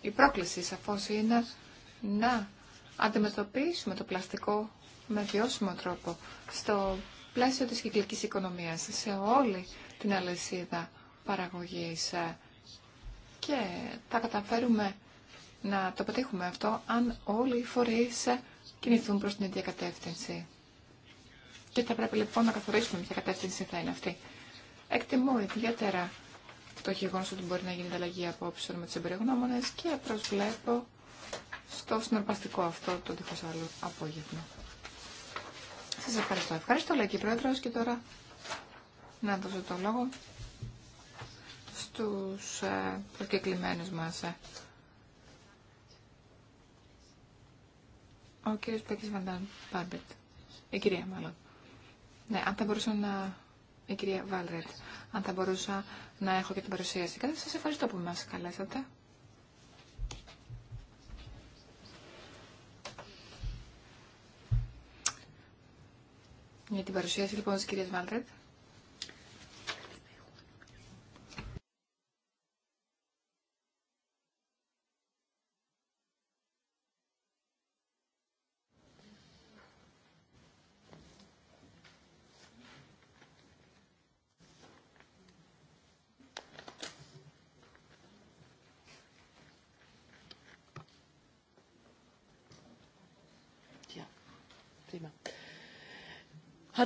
Η πρόκληση σαφώς είναι να αντιμετωπίσουμε το πλαστικό με βιώσιμο τρόπο στο πλαίσιο της κυκλικής οικονομίας, σε όλη την αλυσίδα παραγωγής. Ε, και θα καταφέρουμε να το πετύχουμε αυτό αν όλοι οι φορείς ε, κινηθούν προς την ίδια κατεύθυνση. Και θα πρέπει λοιπόν να καθορίσουμε ποια κατεύθυνση θα είναι αυτή. Εκτιμώ ιδιαίτερα το γεγονό ότι μπορεί να γίνει ανταλλαγή απόψεων με τι εμπειρογνώμονε και προσβλέπω στο συναρπαστικό αυτό το δίχω άλλο απόγευμα. Σα ευχαριστώ. Ευχαριστώ, λέει και πρόεδρο, και τώρα να δώσω το λόγο στου ε, προκεκλημένου μα. Ε. Ο κύριος Πέκης Βαντάν Μπάρμπετ. Η κυρία μάλλον. Ναι, αν θα μπορούσα να... Η κυρία Βάλρετ, αν θα μπορούσα να έχω και την παρουσίαση. Κατά σας ευχαριστώ που μας καλέσατε. Για την παρουσίαση λοιπόν της κυρίας Βάλρετ.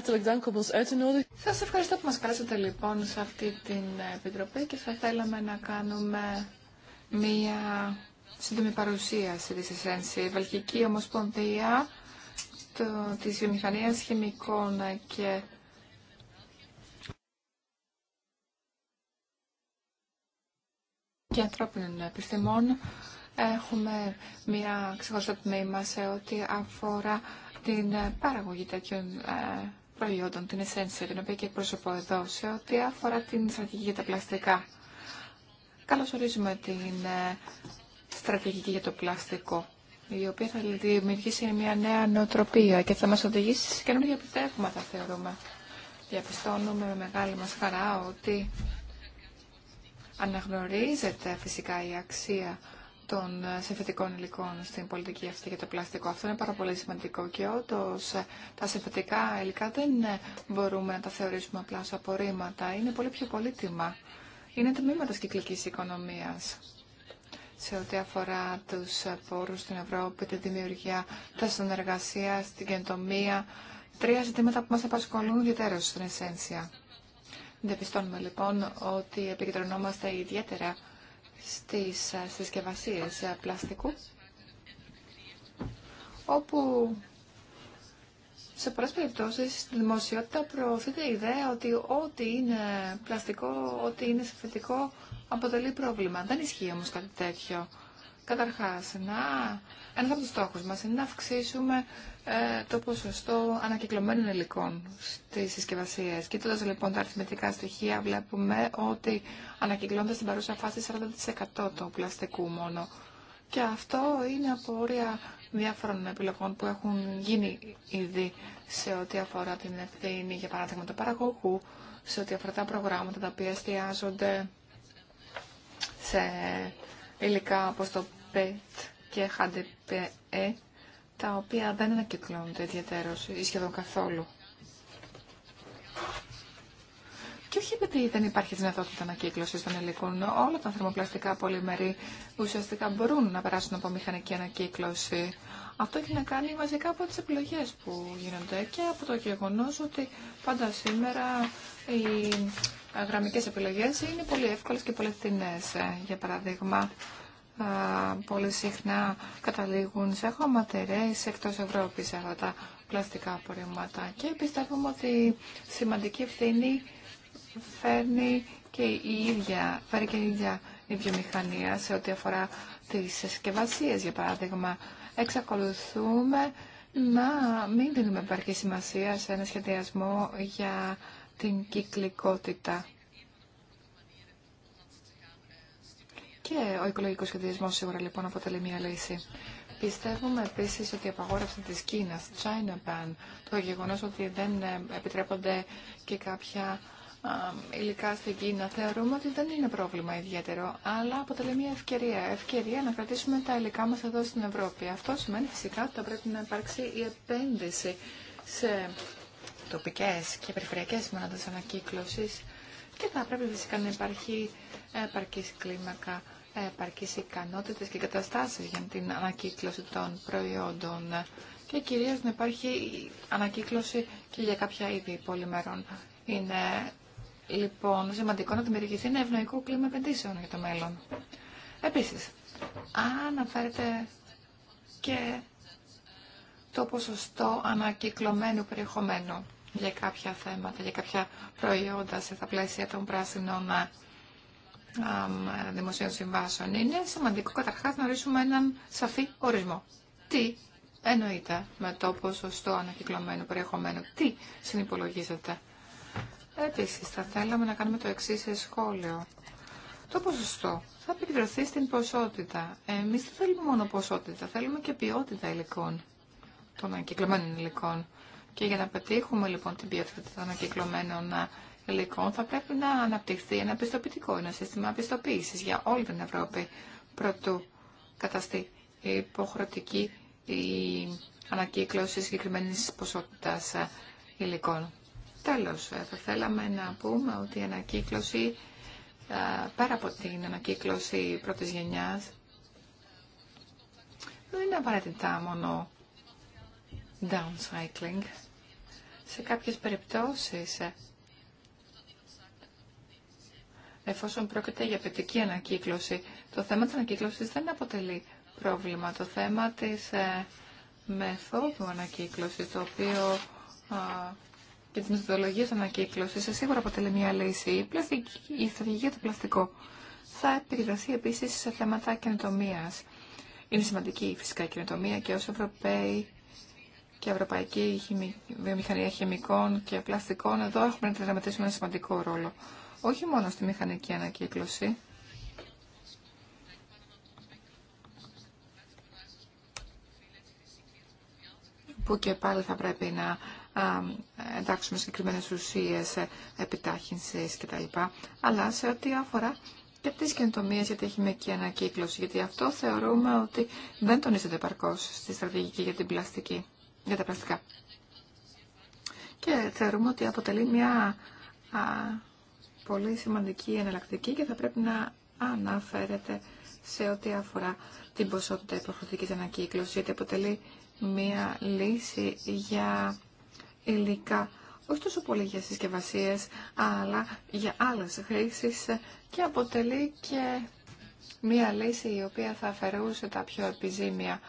Σα ευχαριστώ που μας καλέσατε λοιπόν σε αυτή την επιτροπή και θα θέλαμε να κάνουμε μία σύντομη παρουσίαση τη ΕΣΕΝΣΗ. Η Βαλκική Ομοσπονδία τη της Χημικών και και ανθρώπινων επιστημών έχουμε μια ξεχωριστό τμήμα σε ό,τι αφορά την παραγωγή τέτοιων ε, προϊόντων, την Essential, την οποία και εκπροσωπώ εδώ, σε ό,τι αφορά την στρατηγική για τα πλαστικά. Καλωσορίζουμε ορίζουμε την ε, στρατηγική για το πλαστικό, η οποία θα δημιουργήσει μια νέα νοοτροπία και θα μας οδηγήσει σε καινούργια επιτεύγματα, θεωρούμε. Διαπιστώνουμε με μεγάλη μας χαρά ότι αναγνωρίζεται φυσικά η αξία των ε, συμφετικών υλικών στην πολιτική αυτή για το πλαστικό. Αυτό είναι πάρα πολύ σημαντικό και όντω ε, τα συμφετικά υλικά δεν ε, μπορούμε να τα θεωρήσουμε απλά ως απορρίμματα. Είναι πολύ πιο πολύτιμα. Είναι τμήματα της κυκλικής οικονομίας σε ό,τι αφορά τους πόρους στην Ευρώπη, τη δημιουργία της εργασία, την καινοτομία. Τρία ζητήματα που μας απασχολούν ιδιαίτερα στην εσένσια. πιστώνουμε λοιπόν ότι επικεντρωνόμαστε ιδιαίτερα στις ε, συσκευασίες ε, πλαστικού, όπου σε πολλές περιπτώσεις στη δημοσιότητα προωθείται η ιδέα ότι ό,τι είναι πλαστικό, ό,τι είναι συμφετικό αποτελεί πρόβλημα. Δεν ισχύει όμως κάτι τέτοιο. Καταρχάς, να... ένας από τους στόχους μας είναι να αυξήσουμε ε, το ποσοστό ανακυκλωμένων υλικών στις συσκευασίες. Κοιτώντας λοιπόν τα αριθμητικά στοιχεία βλέπουμε ότι ανακυκλώνται στην παρούσα φάση 40% του πλαστικού μόνο. Και αυτό είναι από όρια διάφορων επιλογών που έχουν γίνει ήδη σε ό,τι αφορά την ευθύνη, για παράδειγμα, του παραγωγού, σε ό,τι αφορά τα προγράμματα τα οποία εστιάζονται σε υλικά όπως το PET και HDPE τα οποία δεν ανακυκλώνονται ιδιαίτερω ή σχεδόν καθόλου. Και όχι επειδή δεν υπάρχει δυνατότητα ανακύκλωση των υλικών. Όλα τα θερμοπλαστικά πολυμερή ουσιαστικά μπορούν να περάσουν από μηχανική ανακύκλωση. Αυτό έχει να κάνει μαζικά από τι επιλογέ που γίνονται και από το γεγονό ότι πάντα σήμερα οι γραμμικέ επιλογέ είναι πολύ εύκολε και πολύ φθηνέ. Για παράδειγμα, πολύ συχνά καταλήγουν σε χωματερές εκτός Ευρώπης αυτά τα πλαστικά απορρίμματα και πιστεύουμε ότι σημαντική ευθύνη φέρνει και η ίδια, φέρει και η ίδια η βιομηχανία σε ό,τι αφορά τις συσκευασίε, για παράδειγμα. Εξακολουθούμε να μην δίνουμε επαρκή σημασία σε ένα σχεδιασμό για την κυκλικότητα Και ο οικολογικό σχεδιασμό σίγουρα λοιπόν αποτελεί μια λύση. Πιστεύουμε επίση ότι η απαγόρευση τη Κίνα, China Ban, το γεγονό ότι δεν ε, επιτρέπονται και κάποια υλικά στην Κίνα θεωρούμε ότι δεν είναι πρόβλημα ιδιαίτερο, αλλά αποτελεί μια ευκαιρία. Ευκαιρία να κρατήσουμε τα υλικά μα εδώ στην Ευρώπη. Αυτό σημαίνει φυσικά ότι θα πρέπει να υπάρξει η επένδυση σε τοπικέ και περιφερειακές μονάδες ανακύκλωση και θα πρέπει φυσικά να υπάρχει επαρκή κλίμακα επαρκείς ικανότητες και καταστάσεις για την ανακύκλωση των προϊόντων και κυρίως να υπάρχει ανακύκλωση και για κάποια είδη πολυμερών. Είναι λοιπόν σημαντικό να δημιουργηθεί ένα ευνοϊκό κλίμα επενδύσεων για το μέλλον. Επίσης, αναφέρεται και το ποσοστό ανακυκλωμένου περιεχομένου για κάποια θέματα, για κάποια προϊόντα σε τα πλαίσια των πράσινων δημοσίων συμβάσεων. Είναι σημαντικό καταρχάς να ορίσουμε έναν σαφή ορισμό. Τι εννοείται με το ποσοστό ανακυκλωμένου περιεχομένου. Τι συνυπολογίζεται. Επίσης, θα θέλαμε να κάνουμε το εξής σχόλιο. Το ποσοστό θα επικεντρωθεί στην ποσότητα. Εμείς δεν θέλουμε μόνο ποσότητα, θέλουμε και ποιότητα υλικών, των ανακυκλωμένων υλικών. Και για να πετύχουμε λοιπόν την ποιότητα των ανακυκλωμένων υλικών θα πρέπει να αναπτυχθεί ένα πιστοποιητικό, ένα σύστημα πιστοποίηση για όλη την Ευρώπη πρωτού καταστεί υποχρεωτική η ανακύκλωση συγκεκριμένη ποσότητα ε, υλικών. Τέλος, ε, θα θέλαμε να πούμε ότι η ανακύκλωση, ε, πέρα από την ανακύκλωση πρώτη γενιά δεν είναι απαραίτητα μόνο downcycling. Σε κάποιες περιπτώσεις εφόσον πρόκειται για παιδική ανακύκλωση. Το θέμα της ανακύκλωσης δεν αποτελεί πρόβλημα. Το θέμα της ε, μεθόδου ανακύκλωσης, το οποίο ε, και της μεθοδολογίας ανακύκλωσης, σίγουρα αποτελεί μια λύση. Η, πλαστική, η στρατηγία του πλαστικού θα επιδραθεί επίσης σε θέματα καινοτομία. Είναι σημαντική φυσικά η καινοτομία και ως Ευρωπαίοι και Ευρωπαϊκή Βιομηχανία Χημικών και Πλαστικών εδώ έχουμε να δραματίσουμε ένα σημαντικό ρόλο όχι μόνο στη μηχανική ανακύκλωση, που και πάλι θα πρέπει να εντάξουμε συγκεκριμένες ουσίες ε, επιτάχυνσης κτλ. Αλλά σε ό,τι αφορά και τις καινοτομίες για τη χημική ανακύκλωση, γιατί αυτό θεωρούμε ότι δεν τονίζεται παρκώς στη στρατηγική για, την πλαστική, για τα πλαστικά. Και θεωρούμε ότι αποτελεί μια πολύ σημαντική εναλλακτική και θα πρέπει να αναφέρεται σε ό,τι αφορά την ποσότητα υποχρεωτικής ανακύκλωσης, γιατί αποτελεί μία λύση για υλικά, όχι τόσο πολύ για συσκευασίε, αλλά για άλλες χρήσεις και αποτελεί και μία λύση η οποία θα αφαιρούσε τα πιο επιζήμια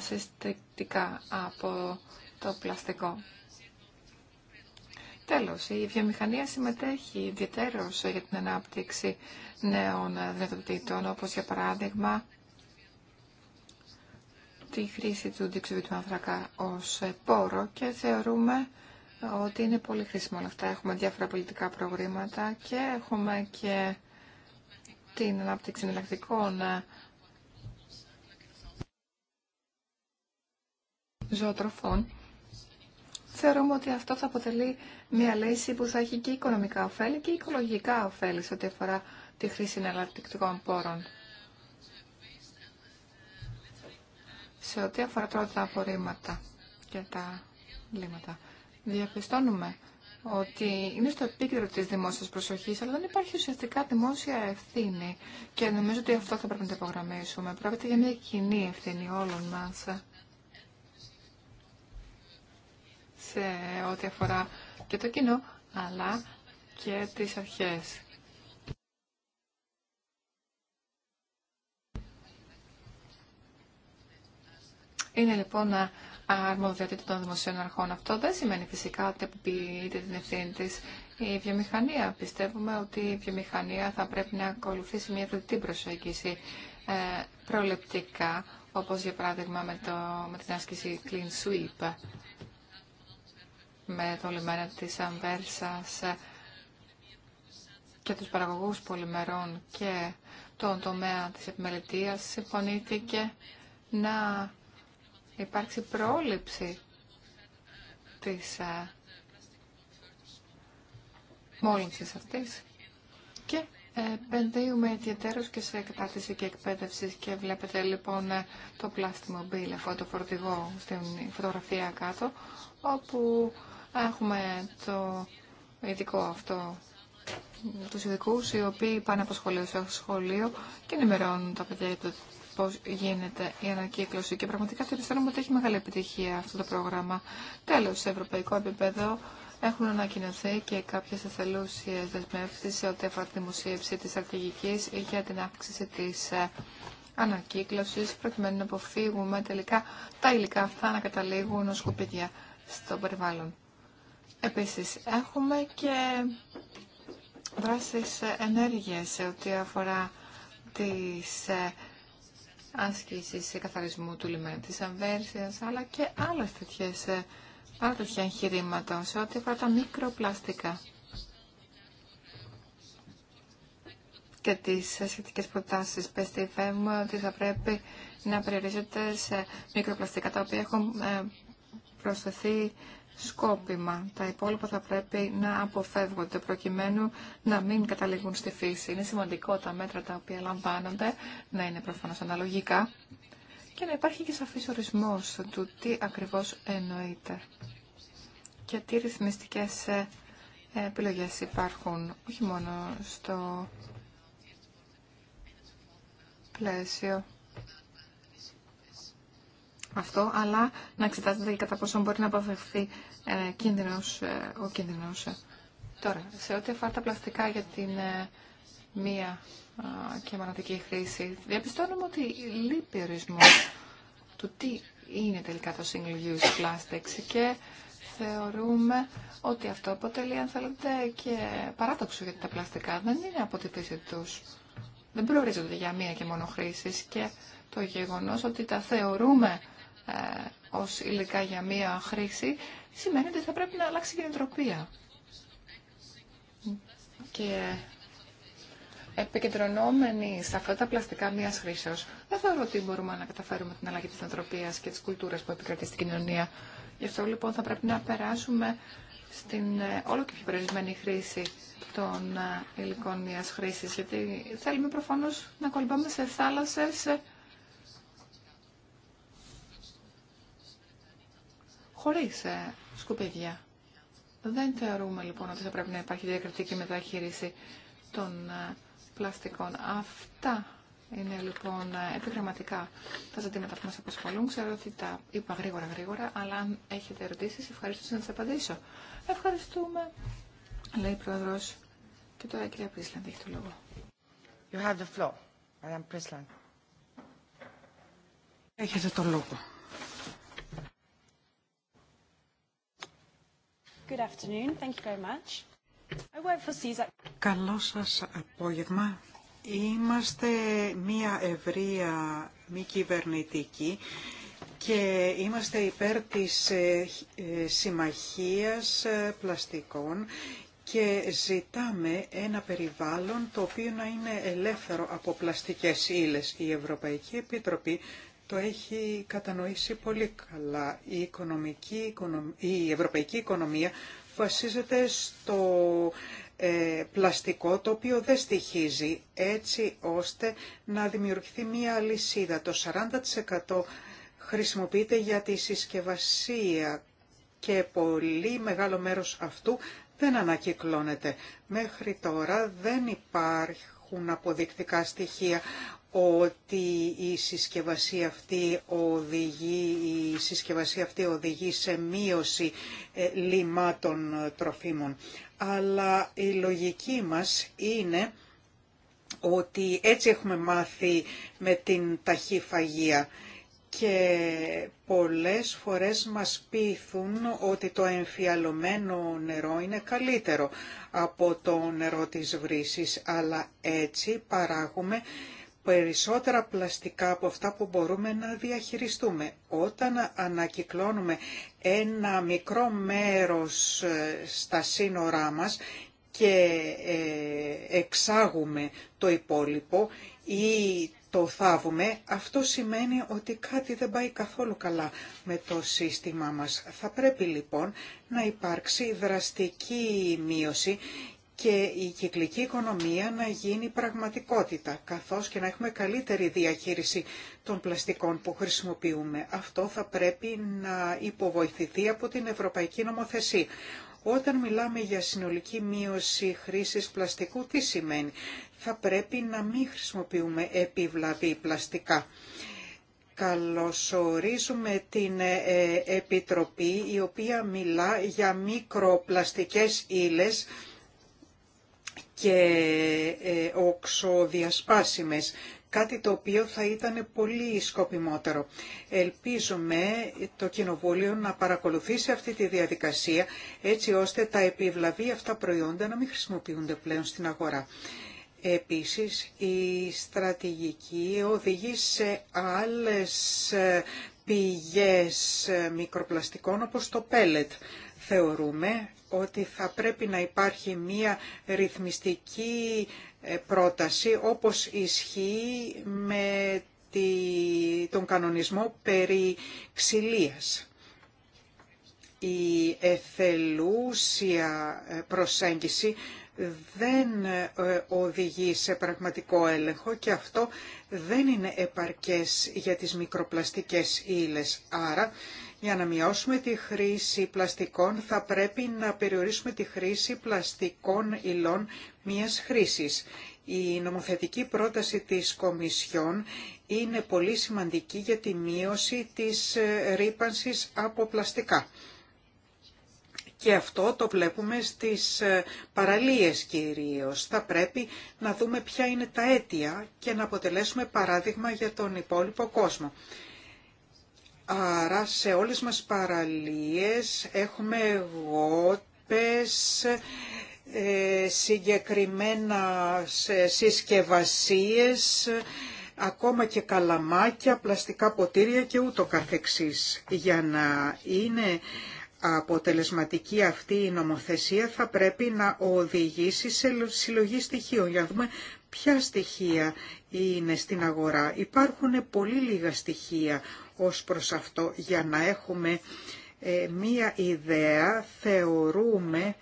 συστηκτικά από το πλαστικό. Τέλος, η βιομηχανία συμμετέχει ιδιαίτερως για την ανάπτυξη νέων δυνατοτήτων, όπως για παράδειγμα τη χρήση του διεξιδίου άνθρακα ως πόρο και θεωρούμε ότι είναι πολύ χρήσιμο όλα αυτά. Έχουμε διάφορα πολιτικά προγράμματα και έχουμε και την ανάπτυξη εναλλακτικών ζωοτροφών θεωρούμε ότι αυτό θα αποτελεί μια λύση που θα έχει και οικονομικά ωφέλη και οικολογικά ωφέλη σε ό,τι αφορά τη χρήση εναλλακτικών πόρων. Σε ό,τι αφορά τώρα τα απορρίμματα και τα λύματα. διαπιστώνουμε ότι είναι στο επίκεντρο της δημόσιας προσοχής, αλλά δεν υπάρχει ουσιαστικά δημόσια ευθύνη. Και νομίζω ότι αυτό θα πρέπει να το υπογραμμίσουμε. Πρόκειται για μια κοινή ευθύνη όλων μας. σε ό,τι αφορά και το κοινό, αλλά και τις αρχές. Είναι λοιπόν αρμοδιότητα των δημοσίων αρχών. Αυτό δεν σημαίνει φυσικά ότι αποποιείται την ευθύνη τη η βιομηχανία. Πιστεύουμε ότι η βιομηχανία θα πρέπει να ακολουθήσει μια θετική προσέγγιση ε, προληπτικά, όπως για παράδειγμα με, το, με την άσκηση Clean Sweep με το λιμένα της Αμβέρσας και τους παραγωγούς πολυμερών και τον τομέα της επιμελητίας συμφωνήθηκε να υπάρξει πρόληψη της ε, μόλυνσης αυτής και επενδύουμε ιδιαίτερως και σε κατάρτιση και εκπαίδευση και βλέπετε λοιπόν ε, το πλάστη μομπίλ αυτό το φορτηγό στην φωτογραφία κάτω, όπου Έχουμε το ειδικό αυτό, του ειδικού οι οποίοι πάνε από σχολείο σε σχολείο και ενημερώνουν τα παιδιά για το πώ γίνεται η ανακύκλωση και πραγματικά το πιστεύουμε ότι έχει μεγάλη επιτυχία αυτό το πρόγραμμα. Τέλο, σε ευρωπαϊκό επίπεδο έχουν ανακοινωθεί και κάποιε εθελούσιε δεσμεύσει σε ό,τι αφορά τη δημοσίευση τη στρατηγική για την αύξηση τη ε, ανακύκλωση, προκειμένου να αποφύγουμε τελικά τα υλικά αυτά να καταλήγουν ω σκουπίδια στο περιβάλλον. Επίσης, έχουμε και δράσεις ενέργειες σε ό,τι αφορά τις ε, άσκησεις καθαρισμού του λιμένου της Αμβέρσιας, αλλά και άλλες τέτοιες, ε, άλλα εγχειρήματα σε ό,τι αφορά τα μικροπλαστικά και τις ε, σχετικές προτάσεις. Πεστιφεύουμε ότι θα πρέπει να περιορίζεται σε μικροπλαστικά τα οποία έχουν προσθεθεί σκόπιμα. Τα υπόλοιπα θα πρέπει να αποφεύγονται προκειμένου να μην καταλήγουν στη φύση. Είναι σημαντικό τα μέτρα τα οποία λαμβάνονται να είναι προφανώς αναλογικά και να υπάρχει και σαφής ορισμός του τι ακριβώς εννοείται και τι ρυθμιστικές ε, επιλογές υπάρχουν, όχι μόνο στο πλαίσιο αυτό, αλλά να εξετάζεται και κατά πόσο μπορεί να αποφευθεί ε, κίνδυνος, ε, ο κίνδυνος. Τώρα, σε ό,τι αφορά τα πλαστικά για την ε, μία και μοναδική χρήση, διαπιστώνουμε ότι λείπει ορισμό του τι είναι τελικά το single use plastics και θεωρούμε ότι αυτό αποτελεί, αν θέλετε, και παράδοξο γιατί τα πλαστικά δεν είναι από τη τους. Δεν προορίζονται για μία και μόνο χρήση και το γεγονός ότι τα θεωρούμε ε, ως υλικά για μία χρήση, σημαίνει ότι θα πρέπει να αλλάξει και η νοοτροπία. Και επικεντρωνόμενοι σε αυτά τα πλαστικά μία χρήσεως, δεν θεωρώ ότι μπορούμε να καταφέρουμε την αλλαγή της νοοτροπία και της κουλτούρας που επικρατεί στην κοινωνία. Γι' αυτό λοιπόν θα πρέπει να περάσουμε στην ε, όλο και πιο περιορισμένη χρήση των ε, υλικών μίας χρήσης, γιατί θέλουμε προφανώς να κολυμπάμε σε θάλασσες χωρίς ε, σκουπίδια. Δεν θεωρούμε λοιπόν ότι θα πρέπει να υπάρχει διακριτική μεταχείριση των ε, πλαστικών. Αυτά είναι λοιπόν ε, επιγραμματικά τα ζητήματα που μας απασχολούν. Ξέρω ότι τα είπα γρήγορα γρήγορα, αλλά αν έχετε ερωτήσεις ευχαριστώ να τις απαντήσω. Ευχαριστούμε, λέει η Πρόεδρος. Και τώρα η κυρία Πρίσλαντ έχει το λόγο. Έχετε το λόγο. Good afternoon. Thank you very Καλό σας απόγευμα. Είμαστε μία ευρεία μη κυβερνητική και είμαστε υπέρ της ε, ε, συμμαχίας ε, πλαστικών και ζητάμε ένα περιβάλλον το οποίο να είναι ελεύθερο από πλαστικές ύλες. Η Ευρωπαϊκή Επιτροπή το έχει κατανοήσει πολύ καλά. Η, οικονομική, ευρωπαϊκή οικονομία βασίζεται στο ε, πλαστικό το οποίο δεν στοιχίζει έτσι ώστε να δημιουργηθεί μία αλυσίδα. Το 40% χρησιμοποιείται για τη συσκευασία και πολύ μεγάλο μέρος αυτού δεν ανακυκλώνεται. Μέχρι τώρα δεν υπάρχουν αποδεικτικά στοιχεία ότι η συσκευασία αυτή οδηγεί, η συσκευασία αυτή οδηγεί σε μείωση ε, λιμάτων ε, τροφίμων. Αλλά η λογική μας είναι ότι έτσι έχουμε μάθει με την ταχύφαγία και πολλές φορές μας πείθουν ότι το εμφιαλωμένο νερό είναι καλύτερο από το νερό της βρύσης, αλλά έτσι παράγουμε περισσότερα πλαστικά από αυτά που μπορούμε να διαχειριστούμε. Όταν ανακυκλώνουμε ένα μικρό μέρος ε, στα σύνορά μας και ε, εξάγουμε το υπόλοιπο ή το θάβουμε, αυτό σημαίνει ότι κάτι δεν πάει καθόλου καλά με το σύστημά μας. Θα πρέπει λοιπόν να υπάρξει δραστική μείωση και η κυκλική οικονομία να γίνει πραγματικότητα, καθώς και να έχουμε καλύτερη διαχείριση των πλαστικών που χρησιμοποιούμε. Αυτό θα πρέπει να υποβοηθηθεί από την Ευρωπαϊκή Νομοθεσία. Όταν μιλάμε για συνολική μείωση χρήσης πλαστικού, τι σημαίνει. Θα πρέπει να μην χρησιμοποιούμε επιβλαβή πλαστικά. Καλωσορίζουμε την ε, Επιτροπή η οποία μιλά για μικροπλαστικές ύλες και ε, οξοδιασπάσιμες, κάτι το οποίο θα ήταν πολύ σκοπιμότερο. Ελπίζουμε το Κοινοβούλιο να παρακολουθήσει αυτή τη διαδικασία έτσι ώστε τα επιβλαβή αυτά προϊόντα να μην χρησιμοποιούνται πλέον στην αγορά. Επίσης, η στρατηγική οδηγεί σε άλλες ε, πηγές ε, μικροπλαστικών όπως το πέλετ θεωρούμε ότι θα πρέπει να υπάρχει μία ρυθμιστική ε, πρόταση όπως ισχύει με τον κανονισμό περί ξυλίας. Η εθελούσια ε, προσέγγιση δεν ε, οδηγεί σε πραγματικό έλεγχο και αυτό δεν είναι επαρκές για τις μικροπλαστικές ύλες. Άρα για να μειώσουμε τη χρήση πλαστικών θα πρέπει να περιορίσουμε τη χρήση πλαστικών υλών μίας χρήσης. Η νομοθετική πρόταση της Κομισιόν είναι πολύ σημαντική για τη μείωση της ε, ρήπανσης από πλαστικά. Και αυτό το βλέπουμε στις ε, παραλίες κυρίως. Θα πρέπει να δούμε ποια είναι τα αίτια και να αποτελέσουμε παράδειγμα για τον υπόλοιπο κόσμο. Άρα σε όλες μας παραλίες έχουμε γόπες, ε, συγκεκριμένα συσκευασίες, ακόμα και καλαμάκια, πλαστικά ποτήρια και ούτω καθεξής. Για να είναι αποτελεσματική αυτή η νομοθεσία θα πρέπει να οδηγήσει σε συλλογή στοιχείων. Για να δούμε ποια στοιχεία είναι στην αγορά. Υπάρχουν πολύ λίγα στοιχεία ως προς αυτό για να έχουμε ε, μία ιδέα θεωρούμε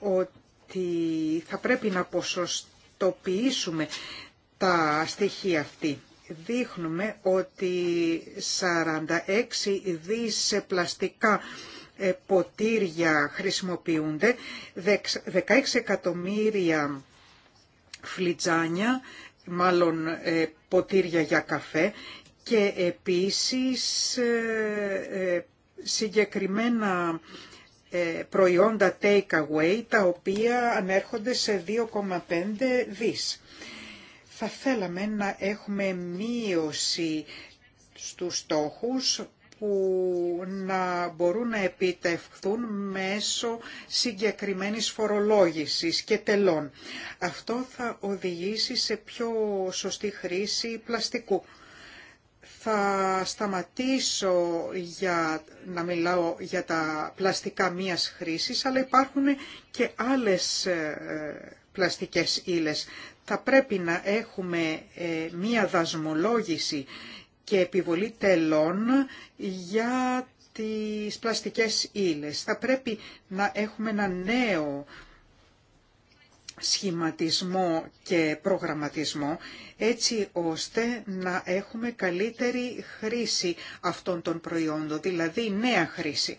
ότι θα πρέπει να ποσοστοποιήσουμε τα στοιχεία αυτή. Δείχνουμε ότι 46 δις πλαστικά ε, ποτήρια χρησιμοποιούνται, 16 εκατομμύρια φλιτζάνια, μάλλον ε, ποτήρια για καφέ και επίσης ε, ε, συγκεκριμένα ε, προϊόντα take-away τα οποία ανέρχονται σε 2,5 δις. Θα θέλαμε να έχουμε μείωση στους στόχους που να μπορούν να επιτευχθούν μέσω συγκεκριμένης φορολόγησης και τελών. Αυτό θα οδηγήσει σε πιο σωστή χρήση πλαστικού. Θα σταματήσω για να μιλάω για τα πλαστικά μίας χρήσης, αλλά υπάρχουν και άλλες ε, πλαστικές ύλες. Θα πρέπει να έχουμε ε, μία δασμολόγηση και επιβολή τελών για τις πλαστικές ύλες. Θα πρέπει να έχουμε ένα νέο σχηματισμό και προγραμματισμό έτσι ώστε να έχουμε καλύτερη χρήση αυτών των προϊόντων, δηλαδή νέα χρήση.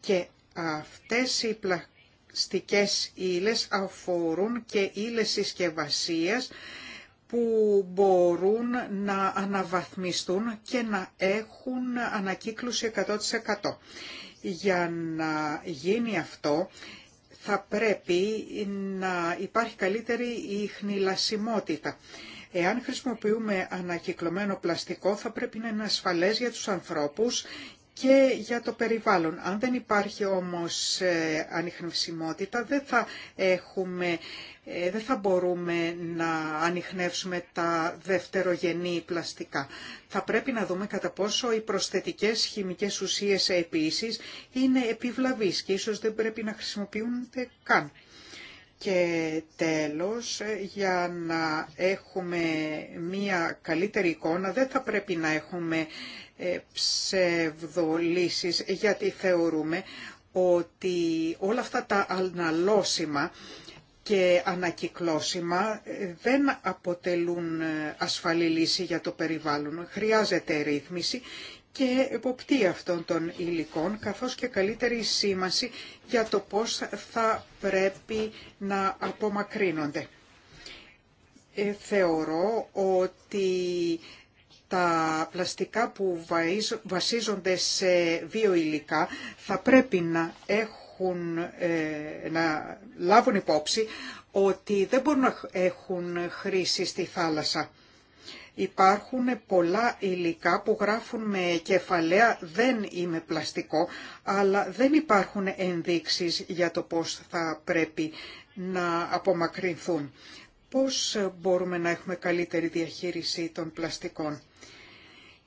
Και αυτές οι πλαστικές ύλες αφορούν και ύλες συσκευασία που μπορούν να αναβαθμιστούν και να έχουν ανακύκλωση 100%. Για να γίνει αυτό θα πρέπει να υπάρχει καλύτερη η Εάν χρησιμοποιούμε ανακυκλωμένο πλαστικό θα πρέπει να είναι ασφαλές για τους ανθρώπους και για το περιβάλλον. Αν δεν υπάρχει όμως ε, ανιχνευσιμότητα δεν θα, έχουμε, ε, δεν θα μπορούμε να ανιχνεύσουμε τα δευτερογενή πλαστικά. Θα πρέπει να δούμε κατά πόσο οι προσθετικές χημικές ουσίες επίσης είναι επιβλαβείς και ίσως δεν πρέπει να χρησιμοποιούνται καν. Και τέλος, ε, για να έχουμε μία καλύτερη εικόνα, δεν θα πρέπει να έχουμε ε, ψευδολύσεις γιατί θεωρούμε ότι όλα αυτά τα αναλώσιμα και ανακυκλώσιμα δεν αποτελούν ε, ασφαλή λύση για το περιβάλλον. Χρειάζεται ρύθμιση και εποπτεία αυτών των υλικών, καθώς και καλύτερη σήμανση για το πώς θα πρέπει να απομακρύνονται. Ε, θεωρώ ότι τα πλαστικά που βασίζονται σε βιοηλικά θα πρέπει να έχουν, ε, να λάβουν υπόψη ότι δεν μπορούν να έχουν χρήση στη θάλασσα. Υπάρχουν πολλά υλικά που γράφουν με κεφαλαία «δεν είμαι πλαστικό», αλλά δεν υπάρχουν ενδείξεις για το πώς θα πρέπει να απομακρυνθούν. Πώς μπορούμε να έχουμε καλύτερη διαχείριση των πλαστικών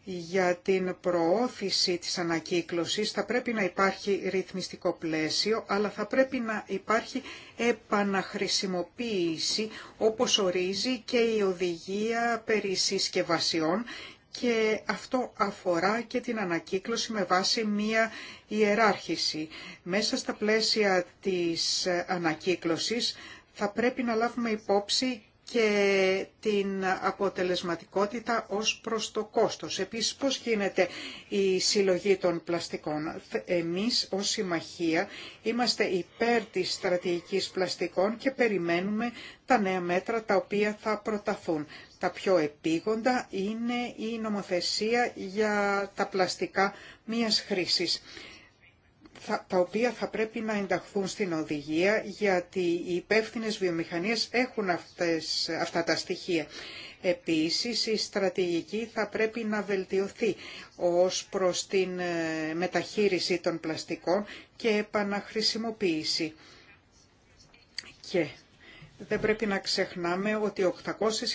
για την προώθηση της ανακύκλωσης θα πρέπει να υπάρχει ρυθμιστικό πλαίσιο, αλλά θα πρέπει να υπάρχει επαναχρησιμοποίηση όπως ορίζει και η οδηγία περί συσκευασιών και αυτό αφορά και την ανακύκλωση με βάση μία ιεράρχηση. Μέσα στα πλαίσια της ανακύκλωσης θα πρέπει να λάβουμε υπόψη και την αποτελεσματικότητα ως προς το κόστος. Επίσης, πώς γίνεται η συλλογή των πλαστικών. Εμείς ως Συμμαχία είμαστε υπέρ της στρατηγικής πλαστικών και περιμένουμε τα νέα μέτρα τα οποία θα προταθούν. Τα πιο επίγοντα είναι η νομοθεσία για τα πλαστικά μίας χρήσης τα οποία θα πρέπει να ενταχθούν στην οδηγία γιατί οι υπεύθυνε βιομηχανίες έχουν αυτές, αυτά τα στοιχεία. Επίσης η στρατηγική θα πρέπει να βελτιωθεί ως προς την ε, μεταχείριση των πλαστικών και επαναχρησιμοποίηση. Και δεν πρέπει να ξεχνάμε ότι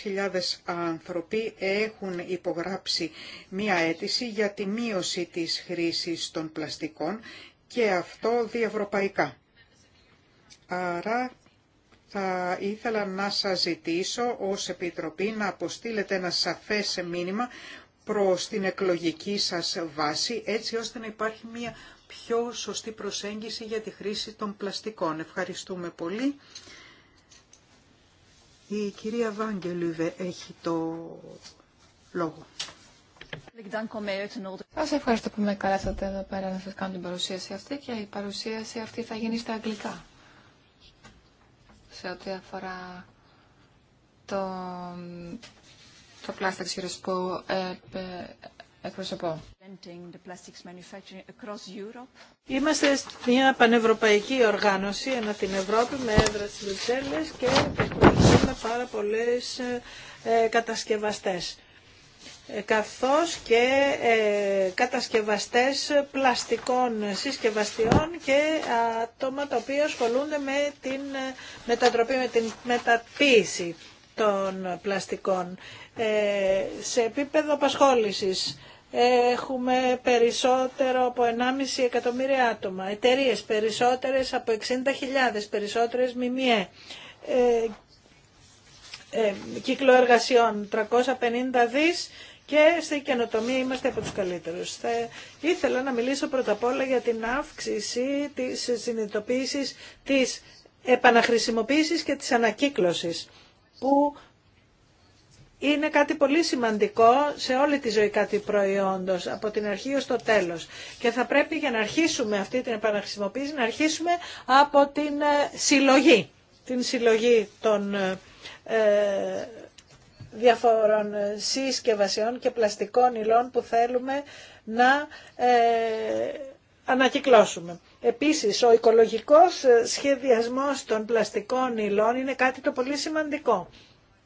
800.000 άνθρωποι έχουν υπογράψει μία αίτηση για τη μείωση της χρήσης των πλαστικών και αυτό διευρωπαϊκά. Άρα θα ήθελα να σας ζητήσω ως Επιτροπή να αποστείλετε ένα σαφές μήνυμα προς την εκλογική σας βάση, έτσι ώστε να υπάρχει μια πιο σωστή προσέγγιση για τη χρήση των πλαστικών. Ευχαριστούμε πολύ. Η κυρία Βάγγελουβε έχει το λόγο. Σας ευχαριστώ που με καλέσατε εδώ πέρα να σας κάνω την παρουσίαση αυτή και η παρουσίαση αυτή θα γίνει στα αγγλικά σε ό,τι αφορά το, το ε, ε, εκπροσωπώ. Είμαστε μια πανευρωπαϊκή οργάνωση ανά την Ευρώπη με έδρα στις Βρυξέλλες και εκπροσωπούμε πάρα πολλές ε, κατασκευαστές καθώς και ε, κατασκευαστές πλαστικών συσκευαστιών και άτομα τα οποία ασχολούνται με την ε, μετατροπή, με την μεταποίηση των πλαστικών. Ε, σε επίπεδο απασχόλησης έχουμε περισσότερο από 1,5 εκατομμύρια άτομα, εταιρείες περισσότερες από 60.000, περισσότερες μιμιέ, ε, κύκλο εργασιών 350 δις και στην καινοτομία είμαστε από τους καλύτερους. Θα ήθελα να μιλήσω πρώτα απ' όλα για την αύξηση της συνειδητοποίησης της επαναχρησιμοποίησης και της ανακύκλωσης που είναι κάτι πολύ σημαντικό σε όλη τη ζωή κάτι προϊόντος, από την αρχή ως το τέλος. Και θα πρέπει για να αρχίσουμε αυτή την επαναχρησιμοποίηση, να αρχίσουμε από την ε, συλλογή, την των ε, ε, διαφόρων συσκευασιών και πλαστικών υλών που θέλουμε να ε, ανακυκλώσουμε. Επίσης, ο οικολογικός σχεδιασμός των πλαστικών υλών είναι κάτι το πολύ σημαντικό.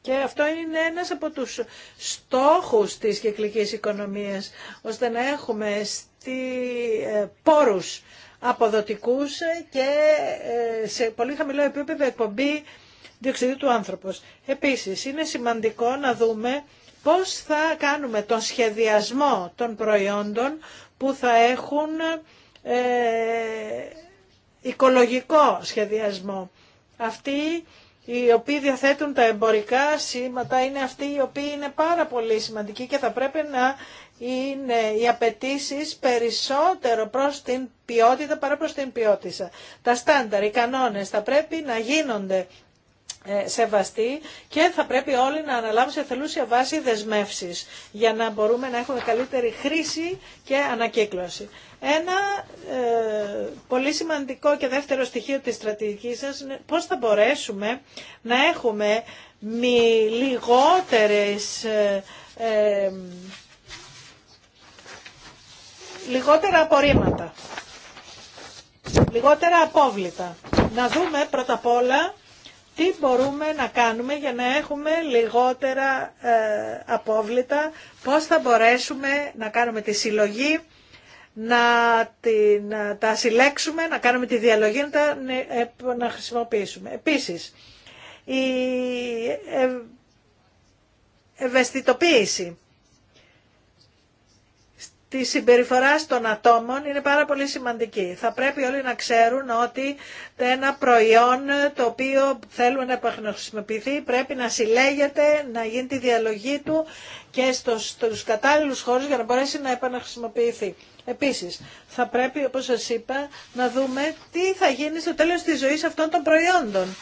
Και αυτό είναι ένας από τους στόχους της κυκλικής οικονομίας, ώστε να έχουμε στη, ε, πόρους αποδοτικούς και ε, σε πολύ χαμηλό επίπεδο εκπομπή διοξιδίου του άνθρωπος. Επίσης, είναι σημαντικό να δούμε πώς θα κάνουμε τον σχεδιασμό των προϊόντων που θα έχουν ε, οικολογικό σχεδιασμό. Αυτοί οι οποίοι διαθέτουν τα εμπορικά σήματα είναι αυτοί οι οποίοι είναι πάρα πολύ σημαντικοί και θα πρέπει να είναι οι απαιτήσει περισσότερο προς την ποιότητα παρά προς την ποιότητα. Τα στάνταρ, οι κανόνες θα πρέπει να γίνονται ε, σεβαστή και θα πρέπει όλοι να αναλάβουν σε θελούσια βάση δεσμεύσεις για να μπορούμε να έχουμε καλύτερη χρήση και ανακύκλωση. Ένα ε, πολύ σημαντικό και δεύτερο στοιχείο της στρατηγικής σας είναι πώς θα μπορέσουμε να έχουμε μη λιγότερες ε, λιγότερα απορρίμματα, λιγότερα απόβλητα. Να δούμε πρώτα απ' όλα τι μπορούμε να κάνουμε για να έχουμε λιγότερα ε, απόβλητα, πώς θα μπορέσουμε να κάνουμε τη συλλογή, να, την, ε, τα συλλέξουμε, να κάνουμε τη διαλογή, να τα ναι, ε, να χρησιμοποιήσουμε. Επίσης, η ευαισθητοποίηση Τη συμπεριφορά των ατόμων είναι πάρα πολύ σημαντική. Θα πρέπει όλοι να ξέρουν ότι ένα προϊόν το οποίο θέλουν να χρησιμοποιηθεί πρέπει να συλλέγεται, να γίνει τη διαλογή του και στους κατάλληλους χώρους για να μπορέσει να επαναχρησιμοποιηθεί. Επίσης, θα πρέπει, όπως σας είπα, να δούμε τι θα γίνει στο τέλος της ζωής αυτών των προϊόντων.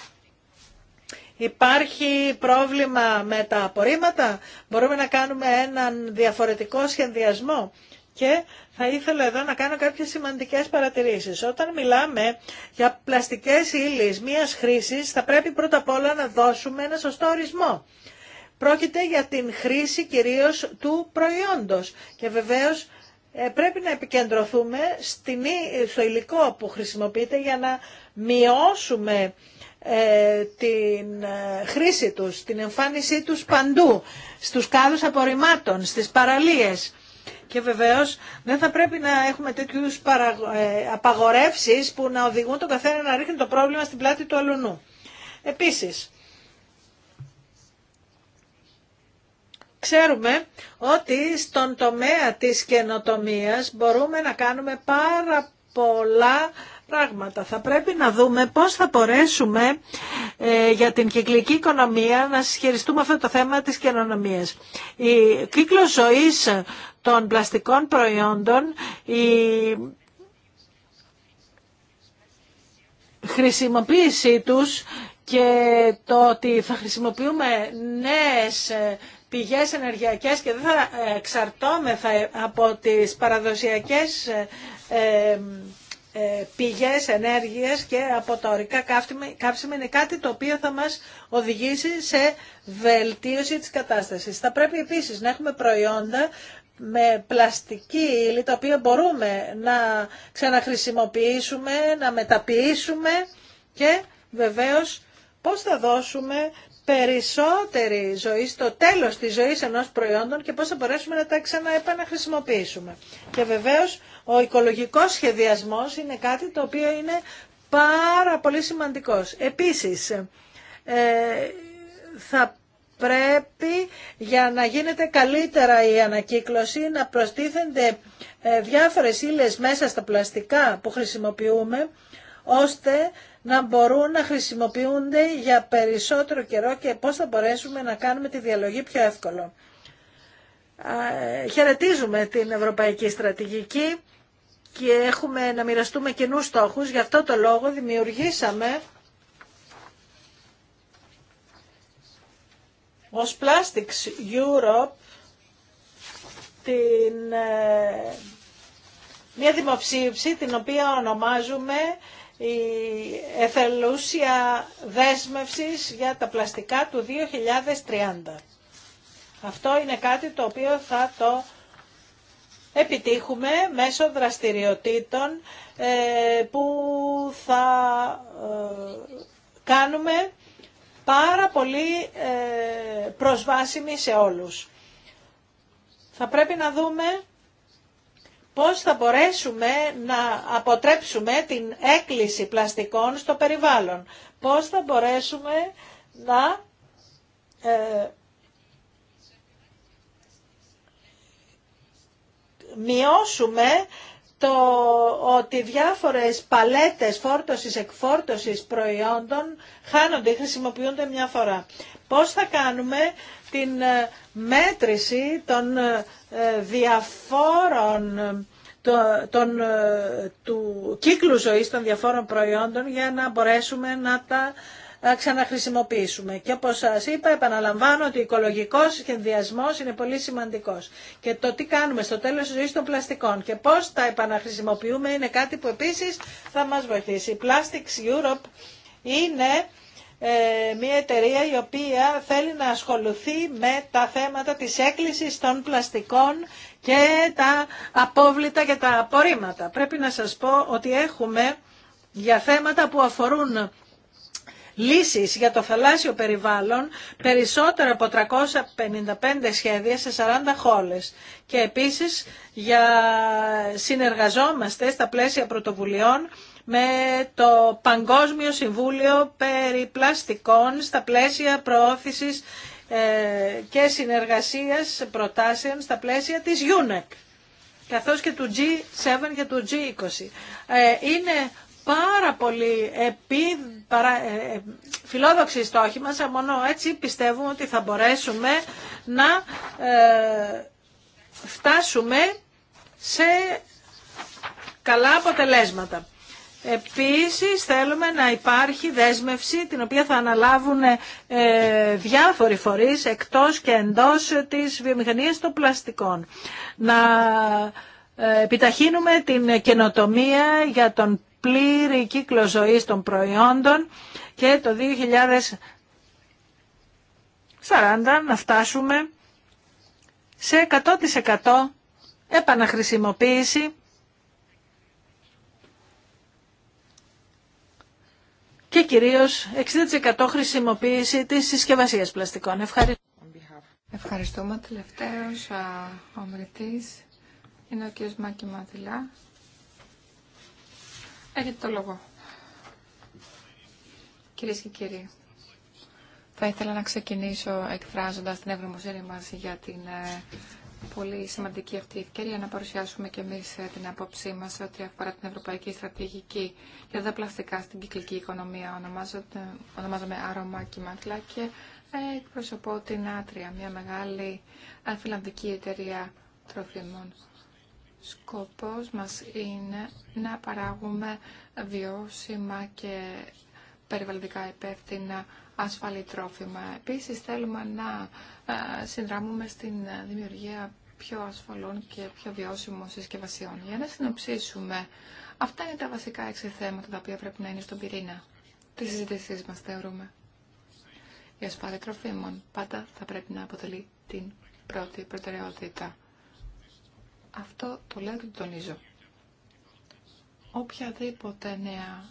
Υπάρχει πρόβλημα με τα απορρίμματα, μπορούμε να κάνουμε έναν διαφορετικό σχεδιασμό. Και θα ήθελα εδώ να κάνω κάποιες σημαντικές παρατηρήσεις. Όταν μιλάμε για πλαστικές ύλες μίας χρήσης, θα πρέπει πρώτα απ' όλα να δώσουμε ένα σωστό ορισμό. Πρόκειται για την χρήση κυρίως του προϊόντος και βεβαίως ε, πρέπει να επικεντρωθούμε στο υλικό που χρησιμοποιείται για να μειώσουμε ε, την ε, χρήση τους, την εμφάνισή τους παντού, στους κάδους απορριμμάτων, στις παραλίες. Και βεβαίω, δεν θα πρέπει να έχουμε τέτοιους ε, απαγορεύσει που να οδηγούν τον καθένα να ρίχνει το πρόβλημα στην πλάτη του αλουνού. Επίσης, Ξέρουμε ότι στον τομέα της καινοτομίας μπορούμε να κάνουμε πάρα πολλά πράγματα. Θα πρέπει να δούμε πώς θα μπορέσουμε ε, για την κυκλική οικονομία να συσχεριστούμε αυτό το θέμα της καινονομίας. Η κύκλος ζωής των πλαστικών προϊόντων, η χρησιμοποίησή τους και το ότι θα χρησιμοποιούμε νέες ε, πηγές ενεργειακές και δεν θα ε, εξαρτώμεθα από τις παραδοσιακές ε, πηγές ενέργειας και από τα ορικά κάψιμα είναι κάτι το οποίο θα μας οδηγήσει σε βελτίωση της κατάστασης. Θα πρέπει επίσης να έχουμε προϊόντα με πλαστική ύλη τα οποία μπορούμε να ξαναχρησιμοποιήσουμε, να μεταποιήσουμε και βεβαίως πώς θα δώσουμε περισσότερη ζωή στο τέλος της ζωής ενός προϊόντων και πώς θα μπορέσουμε να τα ξαναεπαναχρησιμοποιήσουμε. Και βεβαίως ο οικολογικός σχεδιασμός είναι κάτι το οποίο είναι πάρα πολύ σημαντικός. Επίσης, ε, θα πρέπει για να γίνεται καλύτερα η ανακύκλωση να προστίθενται ε, διάφορες ύλες μέσα στα πλαστικά που χρησιμοποιούμε ώστε να μπορούν να χρησιμοποιούνται για περισσότερο καιρό και πώς θα μπορέσουμε να κάνουμε τη διαλογή πιο εύκολο. Χαιρετίζουμε την Ευρωπαϊκή Στρατηγική και έχουμε να μοιραστούμε κοινού στόχους. Γι' αυτό το λόγο δημιουργήσαμε ως Plastics Europe την, ε, μια δημοψήφιση την οποία ονομάζουμε η εθελούσια δέσμευσης για τα πλαστικά του 2030. Αυτό είναι κάτι το οποίο θα το επιτύχουμε μέσω δραστηριοτήτων ε, που θα ε, κάνουμε πάρα πολύ ε, προσβάσιμη σε όλους. Θα πρέπει να δούμε πώς θα μπορέσουμε να αποτρέψουμε την έκκληση πλαστικών στο περιβάλλον. Πώς θα μπορέσουμε να ε, μειώσουμε το ότι διάφορες παλέτες φόρτωσης, εκφόρτωσης προϊόντων χάνονται ή χρησιμοποιούνται μια φορά. Πώς θα κάνουμε την ε, μέτρηση των ε, ε, διαφόρων το, τον, ε, του κύκλου ζωής των διαφόρων προϊόντων για να μπορέσουμε να τα ε, ξαναχρησιμοποιήσουμε. Και όπως σας είπα, επαναλαμβάνω ότι ο οικολογικός σχεδιασμός είναι πολύ σημαντικός. Και το τι κάνουμε στο τέλος της ζωής των πλαστικών και πώς τα επαναχρησιμοποιούμε είναι κάτι που επίσης θα μας βοηθήσει. Η Plastics Europe είναι ε, μια εταιρεία η οποία θέλει να ασχοληθεί με τα θέματα της έκκλησης των πλαστικών και τα απόβλητα και τα απορρίμματα. Πρέπει να σας πω ότι έχουμε για θέματα που αφορούν λύσεις για το θαλάσσιο περιβάλλον περισσότερο από 355 σχέδια σε 40 χώρες. Και επίσης για... συνεργαζόμαστε στα πλαίσια πρωτοβουλειών με το Παγκόσμιο Συμβούλιο περί πλαστικών στα πλαίσια προώθησης ε, και συνεργασίας προτάσεων στα πλαίσια της UNEP καθώς και του G7 και του G20. Ε, είναι πάρα πολύ επί, παρα, ε, ε φιλόδοξοι στόχη μας, μόνο έτσι πιστεύουμε ότι θα μπορέσουμε να φτάσουμε σε καλά αποτελέσματα. Επίσης θέλουμε να υπάρχει δέσμευση την οποία θα αναλάβουν ε, διάφοροι φορείς εκτός και εντός της βιομηχανίας των πλαστικών. Να ε, επιταχύνουμε την καινοτομία για τον πλήρη κύκλο ζωής των προϊόντων και το 2040 να φτάσουμε σε 100% επαναχρησιμοποίηση κυρίως 60% χρησιμοποίηση της συσκευασίας πλαστικών. Ευχαριστώ. Ευχαριστούμε. Τελευταίος ο μιλητής είναι ο κ. Μάκη Μαδηλά. Έχετε το λόγο. Κυρίε και κύριοι, θα ήθελα να ξεκινήσω εκφράζοντας την ευγνωμοσύνη μας για την ε, πολύ σημαντική αυτή η ευκαιρία να παρουσιάσουμε και εμεί ε, την απόψή μας ό,τι αφορά την ευρωπαϊκή στρατηγική για τα πλαστικά στην κυκλική οικονομία. ονομάζομαι Άρωμα Κιμάτλα και ε, εκπροσωπώ την Άτρια, μια μεγάλη ε, φιλανδική εταιρεία τροφίμων. Σκοπός μας είναι να παράγουμε βιώσιμα και περιβαλλοντικά υπεύθυνα ασφαλή τρόφιμα. Επίσης θέλουμε να ε, συνδραμούμε στην δημιουργία πιο ασφαλών και πιο βιώσιμων συσκευασιών. Για να συνοψίσουμε, αυτά είναι τα βασικά έξι θέματα τα οποία πρέπει να είναι στον πυρήνα τη συζήτησή μα, θεωρούμε. Η ασφάλεια τροφίμων πάντα θα πρέπει να αποτελεί την πρώτη προτεραιότητα. Αυτό το λέω και το τονίζω. Οποιαδήποτε νέα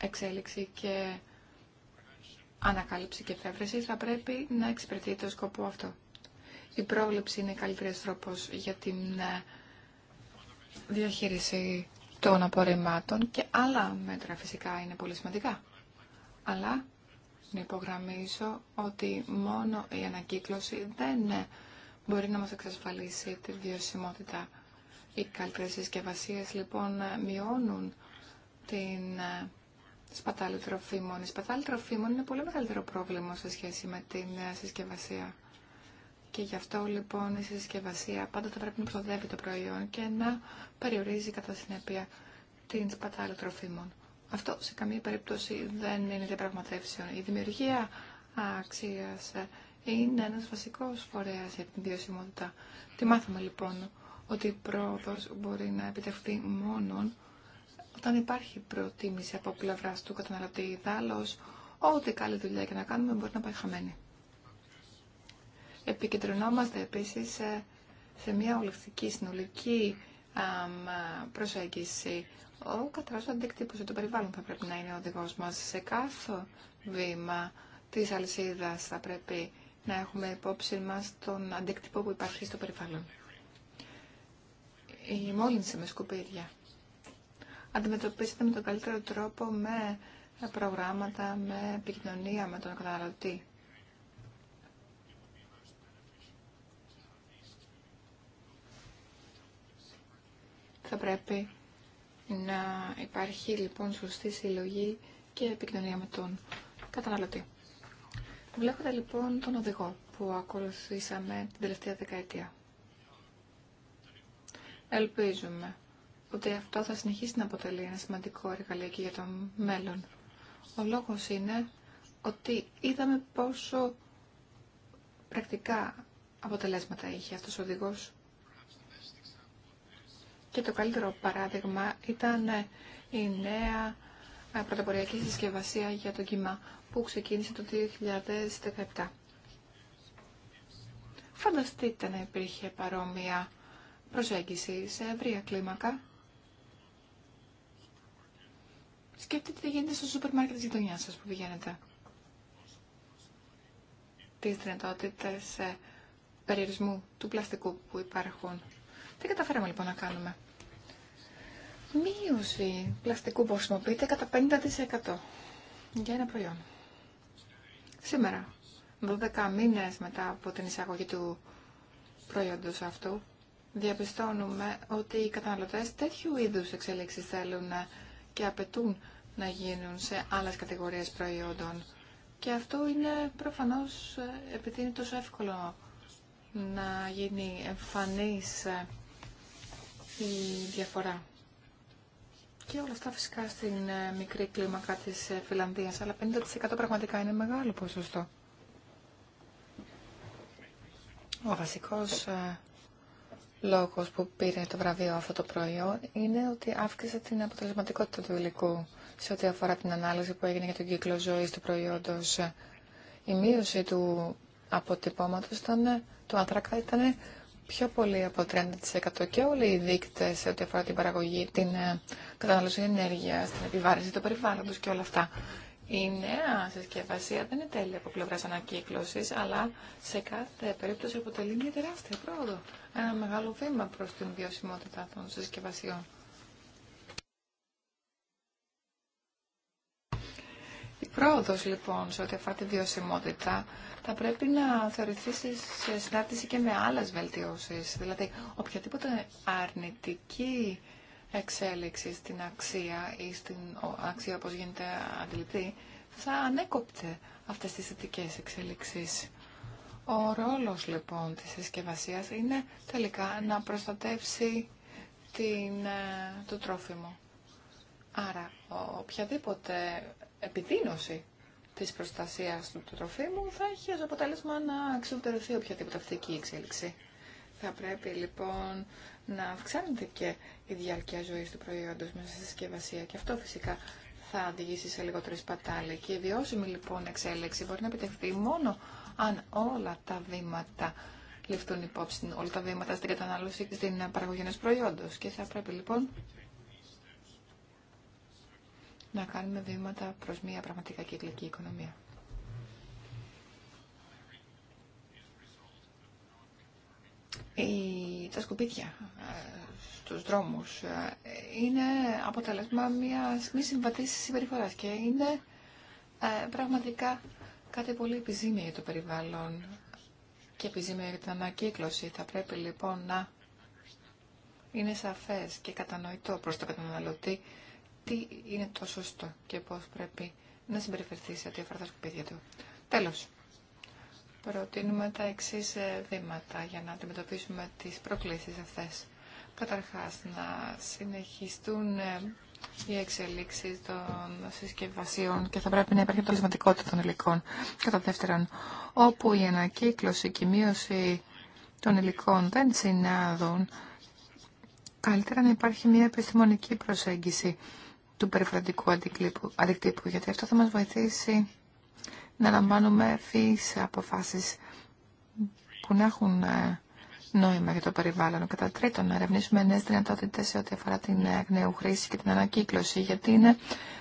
εξέλιξη και ανακάλυψη και εφεύρεση θα πρέπει να εξυπηρετεί το σκοπό αυτό. Η πρόληψη είναι καλύτερος τρόπος για την ε, διαχείριση των απορριμμάτων και άλλα μέτρα φυσικά είναι πολύ σημαντικά. Αλλά να υπογραμμίσω ότι μόνο η ανακύκλωση δεν ε, μπορεί να μας εξασφαλίσει τη βιωσιμότητα. Οι καλύτερες συσκευασίε λοιπόν ε, μειώνουν την σπατάλη τροφίμων. Η σπατάλη τροφίμων είναι πολύ μεγαλύτερο πρόβλημα σε σχέση με τη νέα ε, συσκευασία. Και γι' αυτό λοιπόν η συσκευασία πάντα θα πρέπει να προοδεύει το προϊόν και να περιορίζει κατά συνέπεια την σπατάλη τροφίμων. Αυτό σε καμία περίπτωση δεν είναι διαπραγματεύσεων. Η δημιουργία αξία ε, είναι ένα βασικό φορέα για την βιωσιμότητα. Τι μάθαμε λοιπόν, ότι η πρόοδο μπορεί να επιτευχθεί μόνον όταν υπάρχει προτίμηση από πλευρά του καταναλωτή ή ό,τι καλή δουλειά και να κάνουμε μπορεί να πάει χαμένη. Επικεντρωνόμαστε επίσης σε, μια ολιστική συνολική προσέγγιση. Ο καταναλωτή αντικτύπωση για το περιβάλλον θα πρέπει να είναι ο οδηγό μας. Σε κάθε βήμα τη Αλυσίδα θα πρέπει να έχουμε υπόψη μα τον αντίκτυπο που υπάρχει στο περιβάλλον. Η μόλυνση με σκουπίδια αντιμετωπίσετε με τον καλύτερο τρόπο με προγράμματα, με επικοινωνία με τον καταναλωτή. Θα πρέπει να υπάρχει λοιπόν σωστή συλλογή και επικοινωνία με τον καταναλωτή. Βλέπετε λοιπόν τον οδηγό που ακολουθήσαμε την τελευταία δεκαετία. Ελπίζουμε ότι αυτό θα συνεχίσει να αποτελεί ένα σημαντικό εργαλείο και για το μέλλον. Ο λόγος είναι ότι είδαμε πόσο πρακτικά αποτελέσματα είχε αυτός ο οδηγός. Και το καλύτερο παράδειγμα ήταν η νέα πρωτοποριακή συσκευασία για το κύμα που ξεκίνησε το 2017. Φανταστείτε να υπήρχε παρόμοια προσέγγιση σε ευρία κλίμακα Σκέφτεται τι γίνεται στο σούπερ μάρκετ της γειτονιάς σας που πηγαίνετε. Τις δυνατότητε ε, περιορισμού του πλαστικού που υπάρχουν. Τι καταφέραμε λοιπόν να κάνουμε. Μείωση πλαστικού που χρησιμοποιείται κατά 50% για ένα προϊόν. Σήμερα, 12 μήνες μετά από την εισαγωγή του προϊόντος αυτού, διαπιστώνουμε ότι οι καταναλωτές τέτοιου είδους εξέλιξης θέλουν ε, και απαιτούν να γίνουν σε άλλες κατηγορίες προϊόντων. Και αυτό είναι προφανώς ε, επειδή είναι τόσο εύκολο να γίνει εμφανής ε, η διαφορά. Και όλα αυτά φυσικά στην ε, μικρή κλίμακα της Φιλανδίας, αλλά 50% πραγματικά είναι μεγάλο ποσοστό. Ο βασικός λόγος που πήρε το βραβείο αυτό το προϊόν είναι ότι αύξησε την αποτελεσματικότητα του υλικού σε ό,τι αφορά την ανάλυση που έγινε για τον κύκλο ζωής του προϊόντος. Η μείωση του αποτυπώματος ήταν, του άνθρακα ήταν πιο πολύ από 30% και όλοι οι δείκτες σε ό,τι αφορά την παραγωγή, την ε, κατανάλωση ενέργειας, την επιβάρυνση του περιβάλλοντος και όλα αυτά η νέα συσκευασία δεν είναι τέλεια από πλευρά ανακύκλωση, αλλά σε κάθε περίπτωση αποτελεί μια τεράστια πρόοδο. Ένα μεγάλο βήμα προ την βιωσιμότητα των συσκευασιών. Η πρόοδος λοιπόν σε ό,τι αφορά τη βιωσιμότητα θα πρέπει να θεωρηθεί σε συνάρτηση και με άλλες βελτιώσεις. Δηλαδή οποιαδήποτε αρνητική εξέλιξη στην αξία ή στην αξία όπως γίνεται αντιληπτή, θα ανέκοπτε αυτές τις θετικέ εξέλιξεις. Ο ρόλος λοιπόν της συσκευασία είναι τελικά να προστατεύσει την, ε, το τρόφιμο. Άρα οποιαδήποτε επιδείνωση της προστασίας του, τροφίμου θα έχει ως αποτέλεσμα να εξουδετερωθεί οποιαδήποτε η εξέλιξη. Θα πρέπει λοιπόν να αυξάνεται και η διάρκεια ζωής του προϊόντος μέσα στη συσκευασία και αυτό φυσικά θα οδηγήσει σε λιγότερη σπατάλη. Και η βιώσιμη λοιπόν εξέλιξη μπορεί να επιτευχθεί μόνο αν όλα τα βήματα ληφθούν υπόψη, όλα τα βήματα στην κατανάλωση και στην παραγωγή ενός προϊόντος. Και θα πρέπει λοιπόν να κάνουμε βήματα προς μια πραγματικά κυκλική οικονομία. τα σκουπίδια ε, στους δρόμους ε, είναι αποτέλεσμα μιας μη συμβατής συμπεριφορά και είναι ε, πραγματικά κάτι πολύ επιζήμιο για το περιβάλλον και επιζήμιο για την ανακύκλωση. Θα πρέπει λοιπόν να είναι σαφές και κατανοητό προς το καταναλωτή τι είναι το σωστό και πώς πρέπει να συμπεριφερθεί σε ό,τι αφορά τα σκουπίδια του. Τέλος προτείνουμε τα εξή ε, βήματα για να αντιμετωπίσουμε τις προκλήσεις αυτές. Καταρχάς, να συνεχιστούν ε, οι εξελίξει των συσκευασιών και θα πρέπει να υπάρχει αποτελεσματικότητα των υλικών. Κατά δεύτερον, όπου η ανακύκλωση και η μείωση των υλικών δεν συνάδουν, καλύτερα να υπάρχει μια επιστημονική προσέγγιση του περιφερειακού αντικτύπου, γιατί αυτό θα μας βοηθήσει να λαμβάνουμε ευθύς αποφάσεις που να έχουν ε, νόημα για το περιβάλλον. Κατά τρίτον, να ερευνήσουμε νέε δυνατότητε σε ό,τι αφορά την ε, νέου χρήση και την ανακύκλωση, γιατί είναι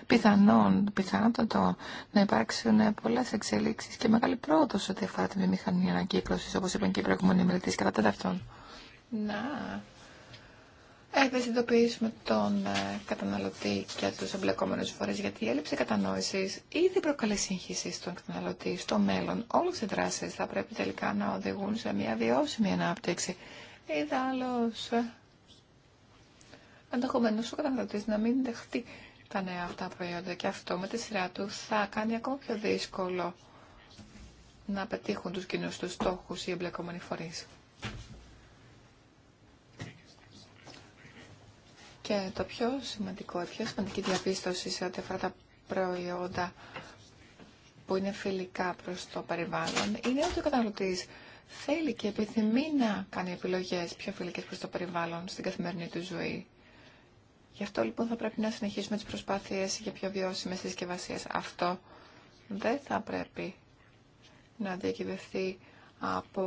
πιθανόν, πιθανότατο να υπάρξουν ε, πολλέ εξελίξει και μεγάλη πρόοδο σε ό,τι αφορά την μηχανή ανακύκλωση, όπω είπαν και οι προηγούμενοι μελετέ. Κατά τέταρτον, συνειδητοποιήσουμε τον ε, καταναλωτή και τους εμπλεκόμενους φορές γιατί η έλλειψη κατανόησης ήδη προκαλεί σύγχυση στον καταναλωτή στο μέλλον. Όλες οι δράσεις θα πρέπει τελικά να οδηγούν σε μια βιώσιμη ανάπτυξη. άλλο ε, ενδεχομένω ο καταναλωτής να μην δεχτεί τα νέα αυτά προϊόντα και αυτό με τη σειρά του θα κάνει ακόμα πιο δύσκολο να πετύχουν τους κοινούς τους στόχους οι εμπλεκόμενοι φορείς. Και το πιο σημαντικό, η πιο σημαντική διαπίστωση σε ό,τι αφορά τα προϊόντα που είναι φιλικά προς το περιβάλλον είναι ότι ο καταναλωτής θέλει και επιθυμεί να κάνει επιλογές πιο φιλικές προς το περιβάλλον στην καθημερινή του ζωή. Γι' αυτό λοιπόν θα πρέπει να συνεχίσουμε τις προσπάθειες για πιο βιώσιμες συσκευασίε. Αυτό δεν θα πρέπει να διακυβευτεί από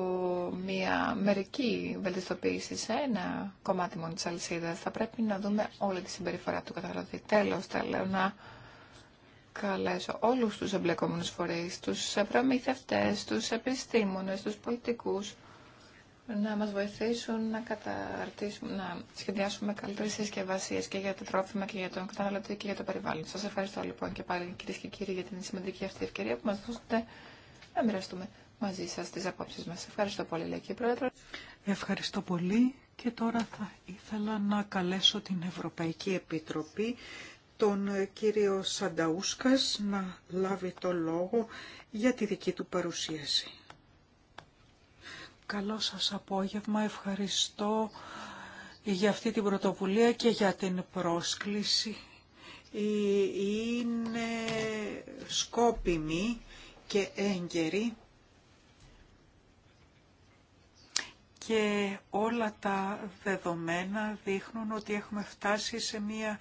μια μερική βελτιστοποίηση σε ένα κομμάτι μόνο της αλυσίδας. Θα πρέπει να δούμε όλη τη συμπεριφορά του καταναλωτή. Τέλος, θέλω να καλέσω όλους τους εμπλεκόμενους φορείς, τους προμηθευτές, τους επιστήμονες, τους πολιτικούς, να μας βοηθήσουν να, καταρτήσουμε, να σχεδιάσουμε καλύτερες συσκευασίε και για το τρόφιμα και για τον καταναλωτή και για το περιβάλλον. Σας ευχαριστώ λοιπόν και πάλι κυρίες και κύριοι για την σημαντική αυτή ευκαιρία που μας δώσετε να μοιραστούμε μαζί σας τις απόψεις μας. Ευχαριστώ πολύ, Λεκή Πρόεδρο. Ευχαριστώ πολύ και τώρα θα ήθελα να καλέσω την Ευρωπαϊκή Επιτροπή τον κύριο Σανταούσκας να λάβει το λόγο για τη δική του παρουσίαση. Καλό σας απόγευμα, ευχαριστώ για αυτή την πρωτοβουλία και για την πρόσκληση. Είναι σκόπιμη και έγκαιρη και όλα τα δεδομένα δείχνουν ότι έχουμε φτάσει σε μία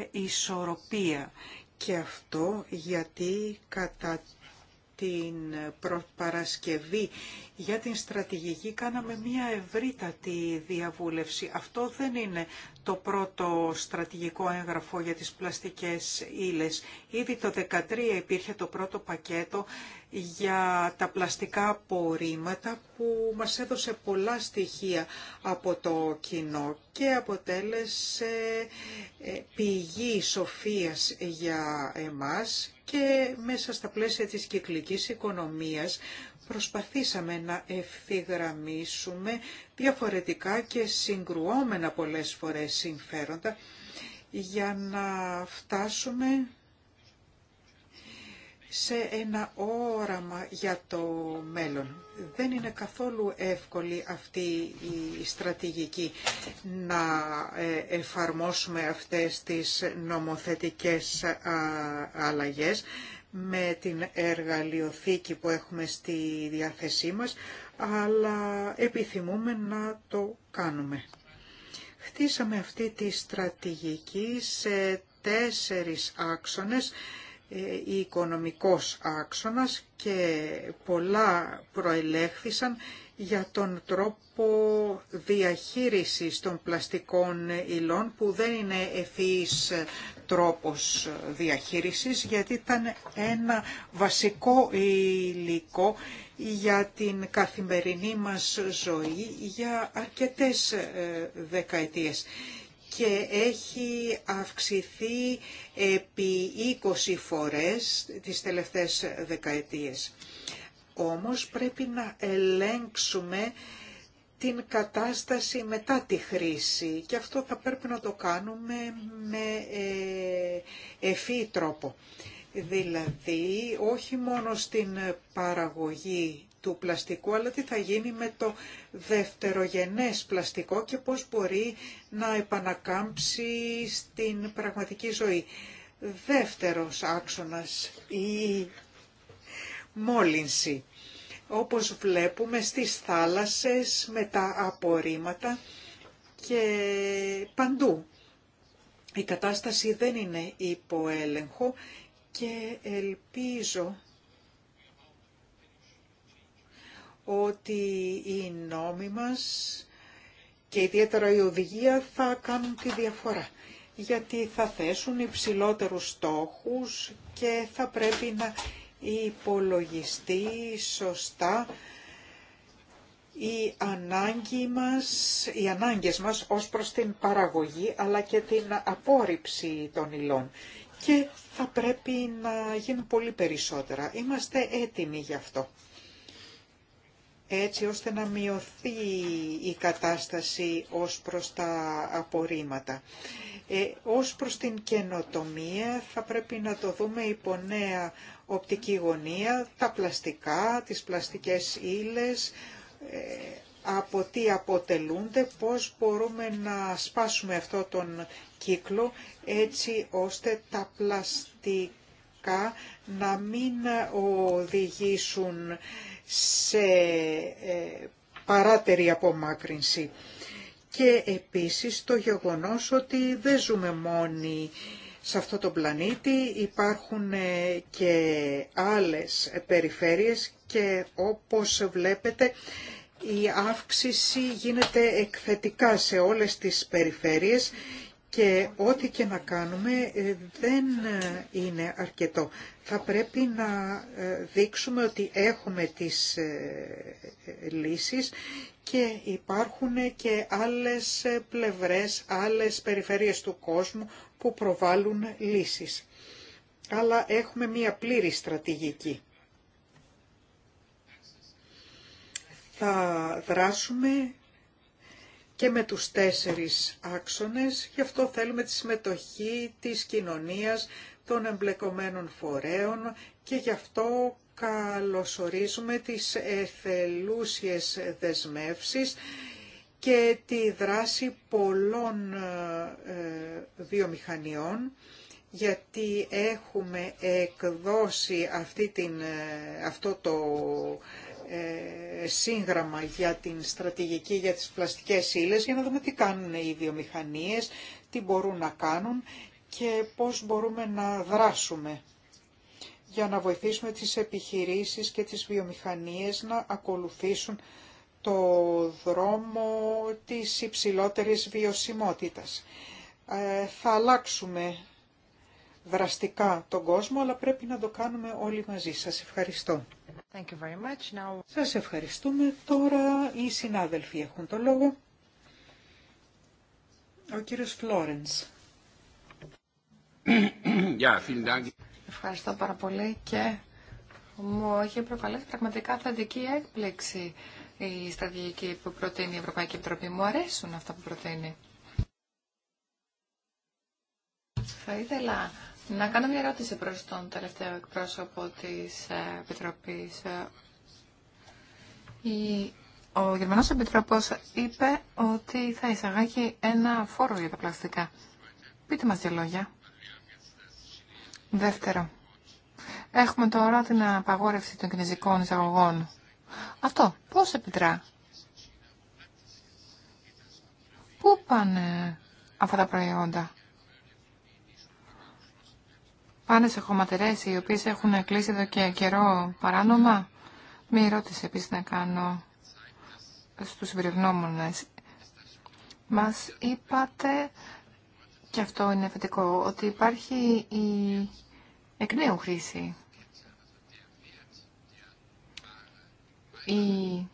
ε, ισορροπία. Και αυτό γιατί κατά την Παρασκευή για την στρατηγική κάναμε μία ευρύτατη διαβούλευση. Αυτό δεν είναι το πρώτο στρατηγικό έγγραφο για τις πλαστικές ύλες. Ήδη το 2013 υπήρχε το πρώτο πακέτο για τα πλαστικά απορρίμματα που μας έδωσε πολλά στοιχεία από το κοινό και αποτέλεσε ε, πηγή σοφίας για εμάς και μέσα στα πλαίσια της κυκλικής οικονομίας προσπαθήσαμε να ευθυγραμμίσουμε διαφορετικά και συγκρουόμενα πολλές φορές συμφέροντα για να φτάσουμε σε ένα όραμα για το μέλλον. Δεν είναι καθόλου εύκολη αυτή η στρατηγική να ε, εφαρμόσουμε αυτές τις νομοθετικές αλλαγές με την εργαλειοθήκη που έχουμε στη διάθεσή μας, αλλά επιθυμούμε να το κάνουμε. Χτίσαμε αυτή τη στρατηγική σε τέσσερις άξονες ε, η οικονομικός άξονας και πολλά προελέχθησαν για τον τρόπο διαχείρισης των πλαστικών υλών που δεν είναι ευθύς τρόπος διαχείρισης γιατί ήταν ένα βασικό υλικό για την καθημερινή μας ζωή για αρκετές ε, δεκαετίες και έχει αυξηθεί επί 20 φορές τις τελευταίες δεκαετίες. Όμως πρέπει να ελέγξουμε την κατάσταση μετά τη χρήση και αυτό θα πρέπει να το κάνουμε με ε, ευφύ τρόπο. Δηλαδή όχι μόνο στην παραγωγή του πλαστικού, αλλά τι θα γίνει με το δευτερογενές πλαστικό και πώς μπορεί να επανακάμψει στην πραγματική ζωή. Δεύτερος άξονας, η μόλυνση. Όπως βλέπουμε στις θάλασσες με τα απορρίμματα και παντού. Η κατάσταση δεν είναι υποέλεγχο και ελπίζω ότι οι νόμοι μας και ιδιαίτερα η οδηγία θα κάνουν τη διαφορά γιατί θα θέσουν υψηλότερους στόχους και θα πρέπει να υπολογιστεί σωστά η ανάγκη μας, οι ανάγκες μας ως προς την παραγωγή αλλά και την απόρριψη των υλών. Και θα πρέπει να γίνουν πολύ περισσότερα. Είμαστε έτοιμοι γι' αυτό έτσι ώστε να μειωθεί η κατάσταση ως προς τα απορρίμματα. Ε, ως προς την καινοτομία θα πρέπει να το δούμε υπό νέα οπτική γωνία, τα πλαστικά, τις πλαστικές ύλες, ε, από τι αποτελούνται, πώς μπορούμε να σπάσουμε αυτό τον κύκλο έτσι ώστε τα πλαστικά να μην οδηγήσουν σε ε, παράτερη απομάκρυνση. Και επίσης το γεγονός ότι δεν ζούμε μόνοι σε αυτό το πλανήτη, υπάρχουν ε, και άλλες περιφέρειες και όπως βλέπετε η αύξηση γίνεται εκθετικά σε όλες τις περιφέρειες και ό,τι και να κάνουμε ε, δεν ε, είναι αρκετό. Θα πρέπει να ε, δείξουμε ότι έχουμε τις λύσεις και υπάρχουν και άλλες πλευρές, άλλες περιφέρειες του κόσμου που προβάλλουν λύσεις. Αλλά έχουμε μία πλήρη στρατηγική. Θα δράσουμε και με τους τέσσερις άξονες, γι' αυτό θέλουμε τη συμμετοχή της κοινωνίας, των εμπλεκομένων φορέων και γι' αυτό καλωσορίζουμε τις εθελούσιες δεσμεύσεις και τη δράση πολλών ε, βιομηχανιών γιατί έχουμε εκδώσει αυτή την, ε, αυτό το ε, σύγγραμμα για την στρατηγική για τις πλαστικές ύλες για να δούμε τι κάνουν οι βιομηχανίες, τι μπορούν να κάνουν και πώς μπορούμε να δράσουμε για να βοηθήσουμε τις επιχειρήσεις και τις βιομηχανίες να ακολουθήσουν το δρόμο της υψηλότερης βιωσιμότητας. Ε, θα αλλάξουμε δραστικά τον κόσμο, αλλά πρέπει να το κάνουμε όλοι μαζί. Σας ευχαριστώ. Thank Σας ευχαριστούμε. Τώρα οι συνάδελφοι έχουν το λόγο. Ο κύριος Φλόρενς. Ευχαριστώ πάρα πολύ και μου έχει προκαλέσει πραγματικά θετική έκπληξη η στρατηγική που προτείνει η Ευρωπαϊκή Επιτροπή. Μου αρέσουν αυτά που προτείνει. Θα ήθελα να κάνω μια ερώτηση προς τον τελευταίο εκπρόσωπο της ε, Επιτροπής. Ε, ο Γερμανός Επιτροπός είπε ότι θα εισαγάγει ένα φόρο για τα πλαστικά. Πείτε μας δύο λόγια. Δεύτερο. Έχουμε τώρα την απαγόρευση των κινέζικων εισαγωγών. Αυτό πώς επιτρά. Πού πάνε αυτά τα προϊόντα πάνε σε χωματερές οι οποίες έχουν κλείσει εδώ και καιρό παράνομα. Μία ερώτηση επίσης να κάνω στους συμπεριογνώμονες. Μας είπατε, και αυτό είναι θετικό, ότι υπάρχει η εκ νέου χρήση. Η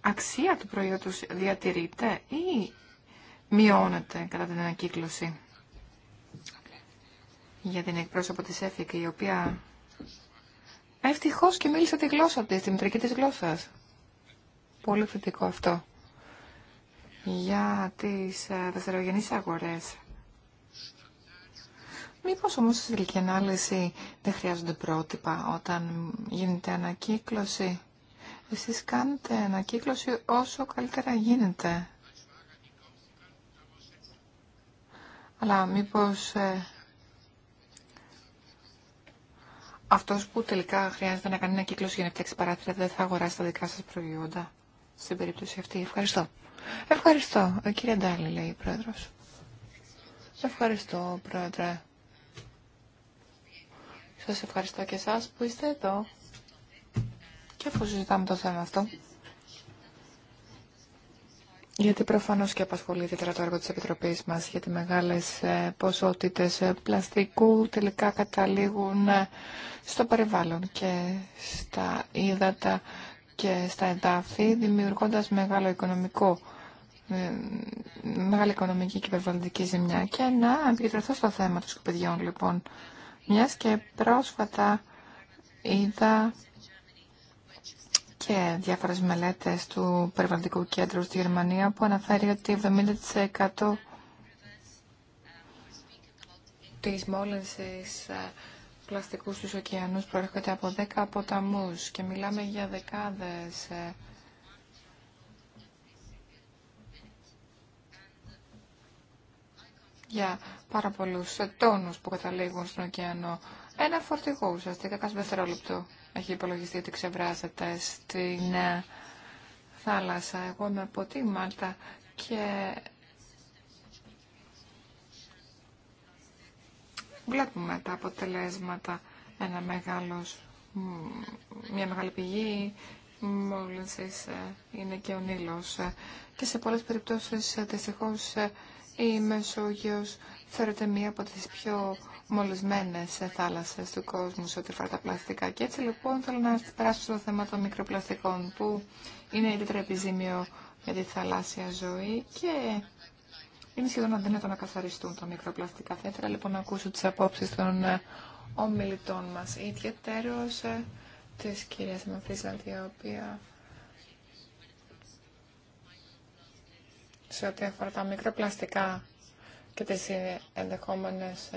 αξία του προϊόντος διατηρείται ή μειώνεται κατά την ανακύκλωση για την εκπρόσωπο της ΕΦΙΚ, η οποία ευτυχώς και μίλησε τη γλώσσα της, τη μητρική της γλώσσας. Πολύ θετικό αυτό. Για τις ε, δευτερογενείς αγορές. Μήπως όμως στη τελική ανάλυση δεν χρειάζονται πρότυπα όταν γίνεται ανακύκλωση. Εσείς κάνετε ανακύκλωση όσο καλύτερα γίνεται. Αλλά μήπως ε, Αυτό που τελικά χρειάζεται να κάνει ένα κύκλο για να φτιάξει παράθυρα δεν θα αγοράσει τα δικά σας προϊόντα στην περίπτωση αυτή. Ευχαριστώ. Ευχαριστώ. Ο ε, κύριε Ντάλη λέει η πρόεδρο. Ευχαριστώ πρόεδρε. Σας ευχαριστώ και εσάς που είστε εδώ και αφού συζητάμε το θέμα αυτό. Γιατί προφανώς και απασχολείται ιδιαίτερα το έργο της Επιτροπής μας, γιατί μεγάλε ποσότητε ε, πλαστικού τελικά καταλήγουν ε, στο περιβάλλον και στα ύδατα και στα εδάφη, δημιουργώντας μεγάλο οικονομικό ε, μεγάλη οικονομική και περιβαλλοντική ζημιά και να επικεντρωθώ στο θέμα των σκουπιδιών λοιπόν μιας και πρόσφατα είδα και διάφορες μελέτες του Περιβαλλοντικού Κέντρου στη Γερμανία που αναφέρει ότι 70% της μόλυνσης ε, πλαστικού στους ωκεανούς προέρχεται από 10 ποταμούς και μιλάμε για δεκάδες ε, για πάρα πολλούς ε, τόνους που καταλήγουν στον ωκεανό. Ένα φορτηγό ουσιαστικά κάθε δευτερόλεπτο έχει υπολογιστεί ότι ξεβράζεται στην ε, θάλασσα. Εγώ είμαι από τη Μάλτα και βλέπουμε τα αποτελέσματα. Ένα μεγάλος, μια μεγάλη πηγή μόλυνσης ε, είναι και ο Νείλος. Και σε πολλές περιπτώσεις ε, δυστυχώς η Μεσόγειος θεωρείται μία από τις πιο Μολυσμένε θάλασσε του κόσμου σε ό,τι αφορά τα πλαστικά. Και έτσι λοιπόν θέλω να περάσω στο θέμα των μικροπλαστικών που είναι ιδιαίτερα επιζήμιο για τη θαλάσσια ζωή και είναι σχεδόν αδύνατο να καθαριστούν τα μικροπλαστικά. Θα ήθελα λοιπόν να ακούσω τι απόψει των ε, ομιλητών μα. ιδιαίτερω ε, τη κυρία Μαφρίσλαντ, η οποία σε ό,τι αφορά τα μικροπλαστικά και τις ε, ενδεχόμενες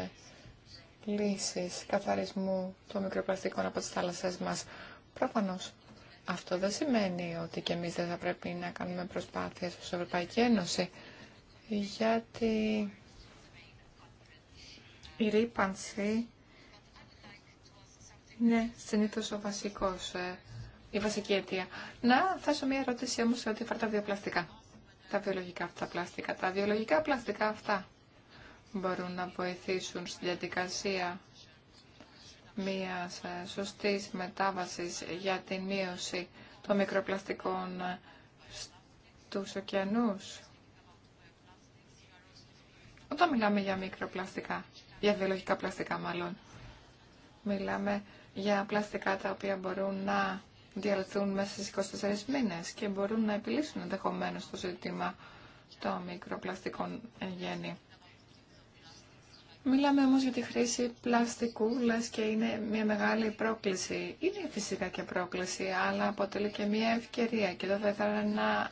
λύσεις καθαρισμού των μικροπλαστικών από τις θάλασσές μας. Προφανώς αυτό δεν σημαίνει ότι και εμείς δεν θα πρέπει να κάνουμε προσπάθειες ως Ευρωπαϊκή Ένωση, γιατί η ρήπανση είναι συνήθως ο βασικός, ε, η βασική αιτία. Να θέσω μια ερώτηση όμως σε ό,τι αφορά τα βιοπλαστικά, τα βιολογικά αυτά πλαστικά, τα βιολογικά πλαστικά αυτά μπορούν να βοηθήσουν στη διαδικασία μιας ε, σωστής μετάβασης για τη μείωση των μικροπλαστικών στους ωκεανούς. Όταν μιλάμε για μικροπλαστικά, για βιολογικά πλαστικά μάλλον, μιλάμε για πλαστικά τα οποία μπορούν να διαλυθούν μέσα στις 24 μήνες και μπορούν να επιλύσουν ενδεχομένω το ζήτημα των μικροπλαστικών εν γέννη. Μιλάμε όμως για τη χρήση πλαστικού, και είναι μια μεγάλη πρόκληση. Είναι φυσικά και πρόκληση, αλλά αποτελεί και μια ευκαιρία. Και εδώ θα ήθελα να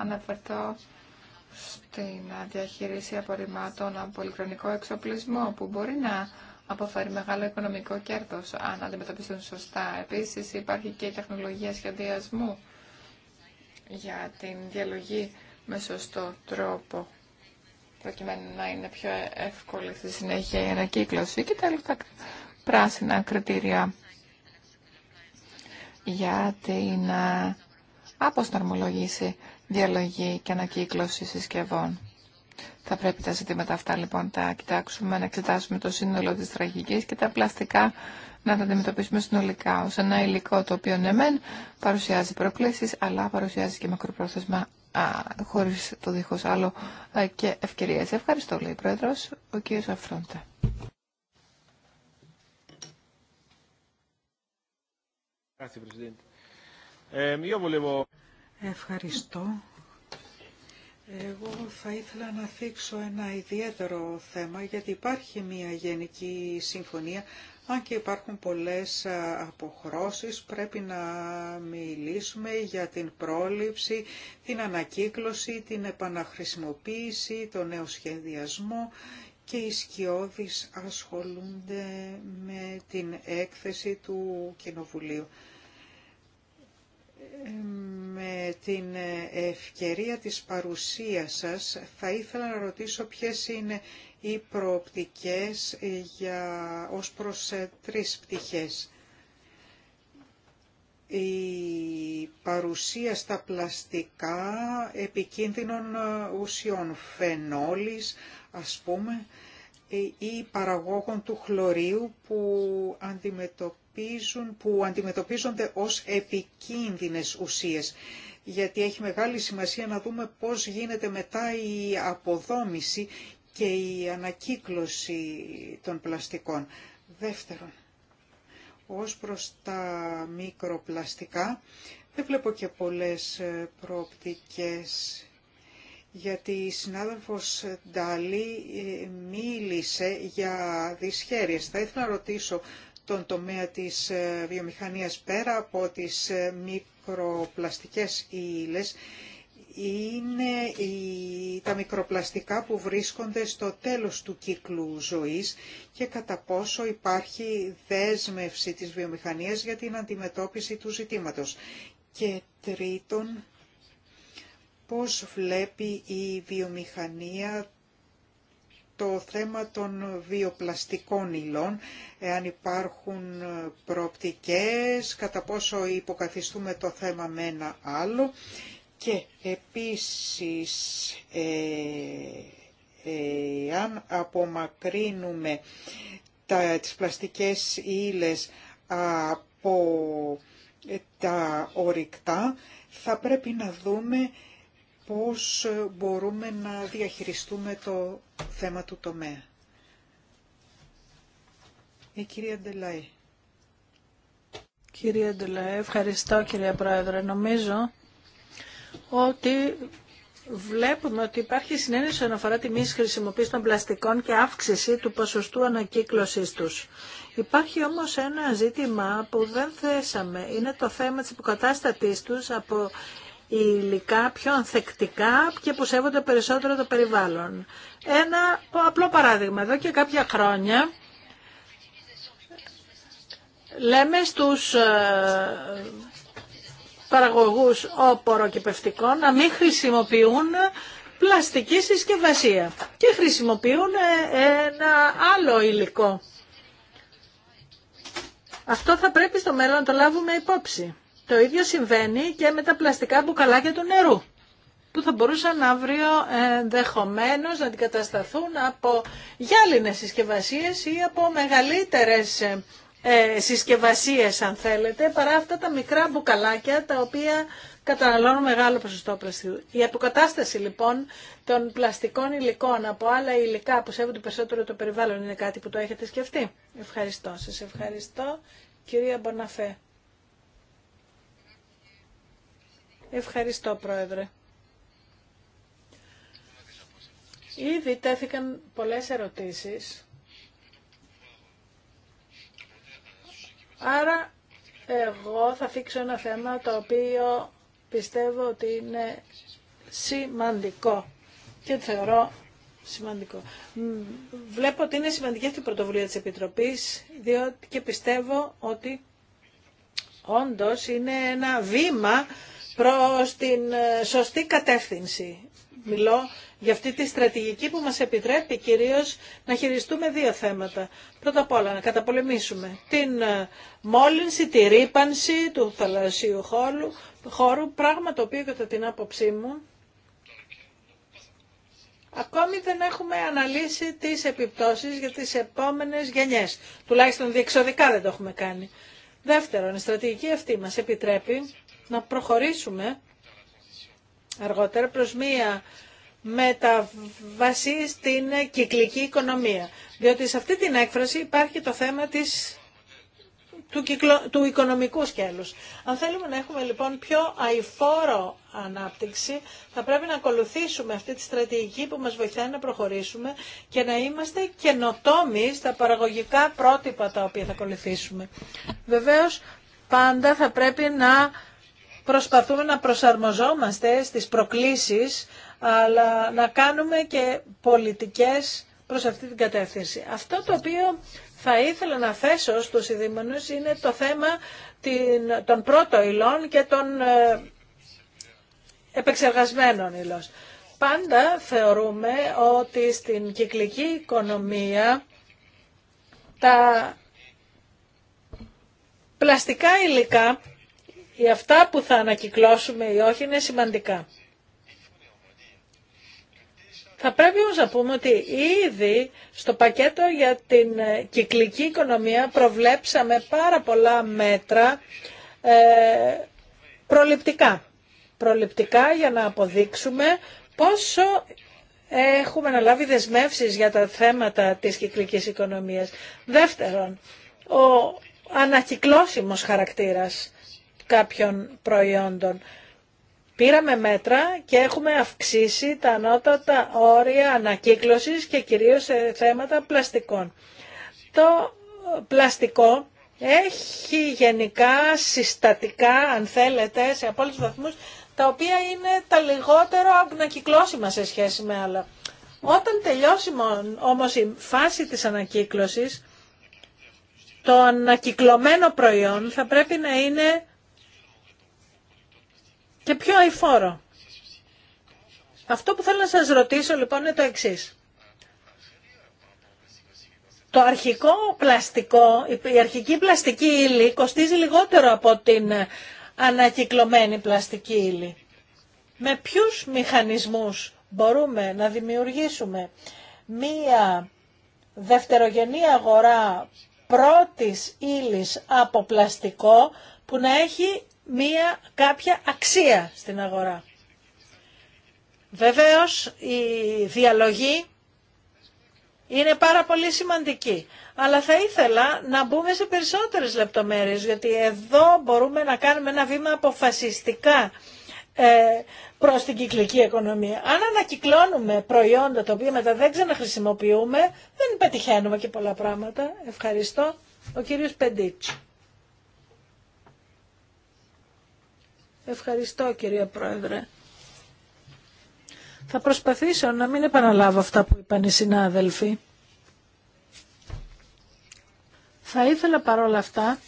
αναφερθώ στην διαχείριση απορριμμάτων από πολυκρονικό εξοπλισμό, που μπορεί να αποφέρει μεγάλο οικονομικό κέρδος, αν αντιμετωπιστούν σωστά. Επίσης υπάρχει και η τεχνολογία σχεδιασμού για την διαλογή με σωστό τρόπο προκειμένου να είναι πιο εύκολη στη συνέχεια η ανακύκλωση και τα λοιπά πράσινα κριτήρια για την αποσταρμολογήση διαλογή και ανακύκλωση συσκευών. Θα πρέπει τα ζητήματα αυτά λοιπόν τα κοιτάξουμε, να εξετάσουμε το σύνολο της τραγικής και τα πλαστικά να τα αντιμετωπίσουμε συνολικά ως ένα υλικό το οποίο ναι μεν παρουσιάζει προκλήσεις αλλά παρουσιάζει και μακροπρόθεσμα χωρίς το δίχως άλλο ε, και ευκαιρίες. Ευχαριστώ, λέει Πρόεδρος, ο κύριος Αφρόντα. Ευχαριστώ. Εγώ θα ήθελα να θίξω ένα ιδιαίτερο θέμα, γιατί υπάρχει μια γενική συμφωνία αν και υπάρχουν πολλές αποχρώσεις, πρέπει να μιλήσουμε για την πρόληψη, την ανακύκλωση, την επαναχρησιμοποίηση, το νέο σχεδιασμό και οι σκιώδεις ασχολούνται με την έκθεση του Κοινοβουλίου. Ε, με την ευκαιρία της παρουσίας σας θα ήθελα να ρωτήσω ποιες είναι ή προοπτικές για, ως προς ε, τρεις πτυχές. Η παρουσία στα πλαστικά επικίνδυνων ε, ουσιών φενόλης, ας πούμε, ε, ή παραγόγων του χλωρίου που, αντιμετωπίζουν, που αντιμετωπίζονται ως επικίνδυνες ουσίες. Γιατί έχει μεγάλη σημασία να δούμε πώς γίνεται μετά η αποδόμηση και η ανακύκλωση των πλαστικών. Δεύτερον, ως προς τα μικροπλαστικά, δεν βλέπω και πολλές ε, προοπτικές γιατί η συνάδελφος Νταλή ε, μίλησε για δυσχέρειες. Θα ήθελα να ρωτήσω τον τομέα της ε, βιομηχανίας πέρα από τις μικροπλαστικές ύλες είναι τα μικροπλαστικά που βρίσκονται στο τέλος του κύκλου ζωής και κατά πόσο υπάρχει δέσμευση της βιομηχανίας για την αντιμετώπιση του ζητήματος. Και τρίτον, πώς βλέπει η βιομηχανία το θέμα των βιοπλαστικών υλών, εάν υπάρχουν προοπτικές, κατά πόσο υποκαθιστούμε το θέμα με ένα άλλο και επίσης, ε, ε, αν απομακρύνουμε τα, τις πλαστικές ύλες από τα ορυκτά, θα πρέπει να δούμε πώς μπορούμε να διαχειριστούμε το θέμα του τομέα. Η κυρία Ντελαή. Κυρία Ντελαή, ευχαριστώ κυρία Πρόεδρε. Νομίζω ότι βλέπουμε ότι υπάρχει συνένεση όσον αφορά τη μη χρησιμοποίηση των πλαστικών και αύξηση του ποσοστού ανακύκλωσης τους. Υπάρχει όμως ένα ζήτημα που δεν θέσαμε. Είναι το θέμα της υποκατάστατής τους από υλικά πιο ανθεκτικά και που σέβονται περισσότερο το περιβάλλον. Ένα απλό παράδειγμα. Εδώ και κάποια χρόνια λέμε στους ε, παραγωγούς κυπευτικών να μην χρησιμοποιούν πλαστική συσκευασία και χρησιμοποιούν ε, ένα άλλο υλικό. Αυτό θα πρέπει στο μέλλον να το λάβουμε υπόψη. Το ίδιο συμβαίνει και με τα πλαστικά μπουκαλάκια του νερού που θα μπορούσαν αύριο ε, ενδεχομένω να αντικατασταθούν από γυάλινες συσκευασίες ή από μεγαλύτερες ε, ε, συσκευασίες αν θέλετε, παρά αυτά τα μικρά μπουκαλάκια τα οποία καταναλώνουν μεγάλο ποσοστό πλαστικού. Η αποκατάσταση λοιπόν των πλαστικών υλικών από άλλα υλικά που σέβονται περισσότερο το περιβάλλον είναι κάτι που το έχετε σκεφτεί. Ευχαριστώ. Σας ευχαριστώ. Κυρία Μποναφέ. Ευχαριστώ Πρόεδρε. Ήδη τέθηκαν πολλές ερωτήσεις Άρα εγώ θα φίξω ένα θέμα το οποίο πιστεύω ότι είναι σημαντικό και θεωρώ σημαντικό. Βλέπω ότι είναι σημαντική αυτή η πρωτοβουλία της Επιτροπής διότι και πιστεύω ότι όντως είναι ένα βήμα προς την ε, σωστή κατεύθυνση. Μιλώ για αυτή τη στρατηγική που μας επιτρέπει κυρίως να χειριστούμε δύο θέματα. Πρώτα απ' όλα να καταπολεμήσουμε την ε, μόλυνση, τη ρήπανση του θαλασσίου χώρου, χώρου πράγμα το οποίο κατά την άποψή μου ακόμη δεν έχουμε αναλύσει τις επιπτώσεις για τις επόμενες γενιές. Τουλάχιστον διεξοδικά δεν το έχουμε κάνει. Δεύτερον, η στρατηγική αυτή μας επιτρέπει να προχωρήσουμε αργότερα προς μία μεταβασή στην κυκλική οικονομία. Διότι σε αυτή την έκφραση υπάρχει το θέμα της, του, του οικονομικού σκέλους. Αν θέλουμε να έχουμε λοιπόν πιο αηφόρο ανάπτυξη, θα πρέπει να ακολουθήσουμε αυτή τη στρατηγική που μας βοηθάει να προχωρήσουμε και να είμαστε καινοτόμοι στα παραγωγικά πρότυπα τα οποία θα ακολουθήσουμε. Βεβαίως, πάντα θα πρέπει να προσπαθούμε να προσαρμοζόμαστε στις προκλήσεις, αλλά να κάνουμε και πολιτικές προς αυτή την κατεύθυνση. Αυτό το οποίο θα ήθελα να θέσω στους ειδήμονους είναι το θέμα των πρώτων υλών και των ε, επεξεργασμένων υλών. Πάντα θεωρούμε ότι στην κυκλική οικονομία τα πλαστικά υλικά ή αυτά που θα ανακυκλώσουμε ή όχι είναι σημαντικά. Θα πρέπει όμως να πούμε ότι ήδη στο πακέτο για την ε, κυκλική οικονομία προβλέψαμε πάρα πολλά μέτρα ε, προληπτικά. Προληπτικά για να αποδείξουμε πόσο έχουμε αναλάβει δεσμεύσεις για τα θέματα της κυκλικής οικονομίας. Δεύτερον, ο ανακυκλώσιμος χαρακτήρας κάποιων προϊόντων. Πήραμε μέτρα και έχουμε αυξήσει τα ανώτατα όρια ανακύκλωσης και κυρίως σε θέματα πλαστικών. Το πλαστικό έχει γενικά συστατικά, αν θέλετε, σε απόλυτους βαθμούς, τα οποία είναι τα λιγότερο ανακυκλώσιμα σε σχέση με άλλα. Όταν τελειώσει όμως η φάση της ανακύκλωσης, το ανακυκλωμένο προϊόν θα πρέπει να είναι και πιο αηφόρο. Αυτό που θέλω να σας ρωτήσω λοιπόν είναι το εξής. Το αρχικό πλαστικό, η αρχική πλαστική ύλη κοστίζει λιγότερο από την ανακυκλωμένη πλαστική ύλη. Με ποιους μηχανισμούς μπορούμε να δημιουργήσουμε μία δευτερογενή αγορά πρώτης ύλης από πλαστικό που να έχει μία κάποια αξία στην αγορά. Βεβαίως η διαλογή είναι πάρα πολύ σημαντική. Αλλά θα ήθελα να μπούμε σε περισσότερες λεπτομέρειες, γιατί εδώ μπορούμε να κάνουμε ένα βήμα αποφασιστικά ε, προς την κυκλική οικονομία. Αν ανακυκλώνουμε προϊόντα τα οποία μετά δεν ξαναχρησιμοποιούμε, δεν πετυχαίνουμε και πολλά πράγματα. Ευχαριστώ. Ο κύριος Πεντίτσου. Ευχαριστώ κυρία Πρόεδρε. Θα προσπαθήσω να μην επαναλάβω αυτά που είπαν οι συνάδελφοι. Θα ήθελα παρόλα αυτά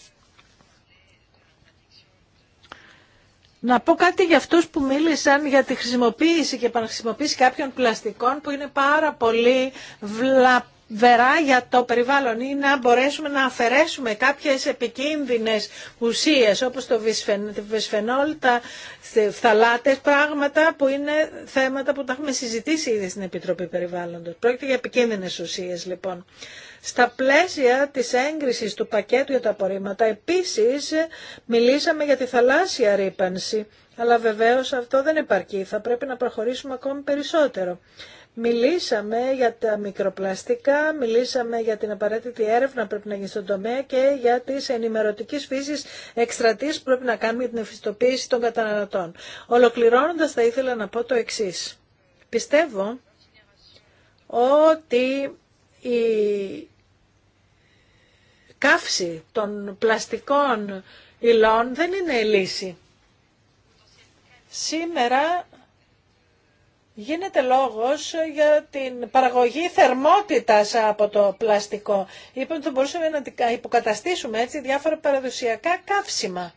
να πω κάτι για αυτούς που μίλησαν για τη χρησιμοποίηση και επαναχρησιμοποίηση κάποιων πλαστικών που είναι πάρα πολύ βλαπ βερά για το περιβάλλον ή να μπορέσουμε να αφαιρέσουμε κάποιες επικίνδυνες ουσίες όπως το βισφενόλ, τα φθαλάτες, πράγματα που είναι θέματα που τα έχουμε συζητήσει ήδη στην Επιτροπή Περιβάλλοντος. Πρόκειται για επικίνδυνες ουσίες λοιπόν. Στα πλαίσια της έγκρισης του πακέτου για τα απορρίμματα επίσης μιλήσαμε για τη θαλάσσια ρήπανση. Αλλά βεβαίως αυτό δεν επαρκεί, θα πρέπει να προχωρήσουμε ακόμη περισσότερο. Μιλήσαμε για τα μικροπλαστικά, μιλήσαμε για την απαραίτητη έρευνα που πρέπει να γίνει στον τομέα και για τι ενημερωτικέ φύσεις εκστρατεία που πρέπει να κάνουμε για την ευαισθητοποίηση των καταναλωτών. Ολοκληρώνοντα θα ήθελα να πω το εξή. Πιστεύω ότι η καύση των πλαστικών υλών δεν είναι λύση. Σήμερα Γίνεται λόγος για την παραγωγή θερμότητας από το πλαστικό. Είπαμε ότι μπορούσαμε να υποκαταστήσουμε έτσι διάφορα παραδοσιακά καύσιμα.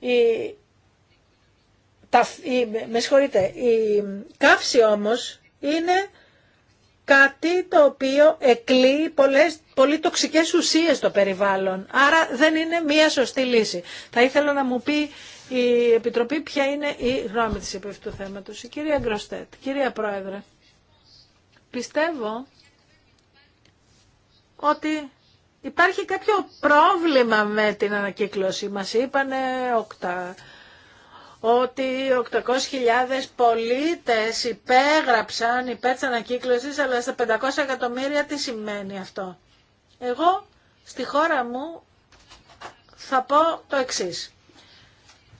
Η... Τα... Με συγχωρείτε, η καύση όμως είναι κάτι το οποίο εκλείει πολλές, πολύ τοξικές ουσίες στο περιβάλλον. Άρα δεν είναι μία σωστή λύση. Θα ήθελα να μου πει η Επιτροπή ποια είναι η γνώμη της επί του θέματος. Η κυρία Γκροστέτ, κυρία Πρόεδρε, πιστεύω ότι υπάρχει κάποιο πρόβλημα με την ανακύκλωση. Μας είπανε ότι 800.000 πολίτες υπέγραψαν υπέρ της ανακύκλωσης, αλλά στα 500 εκατομμύρια τι σημαίνει αυτό. Εγώ στη χώρα μου θα πω το εξής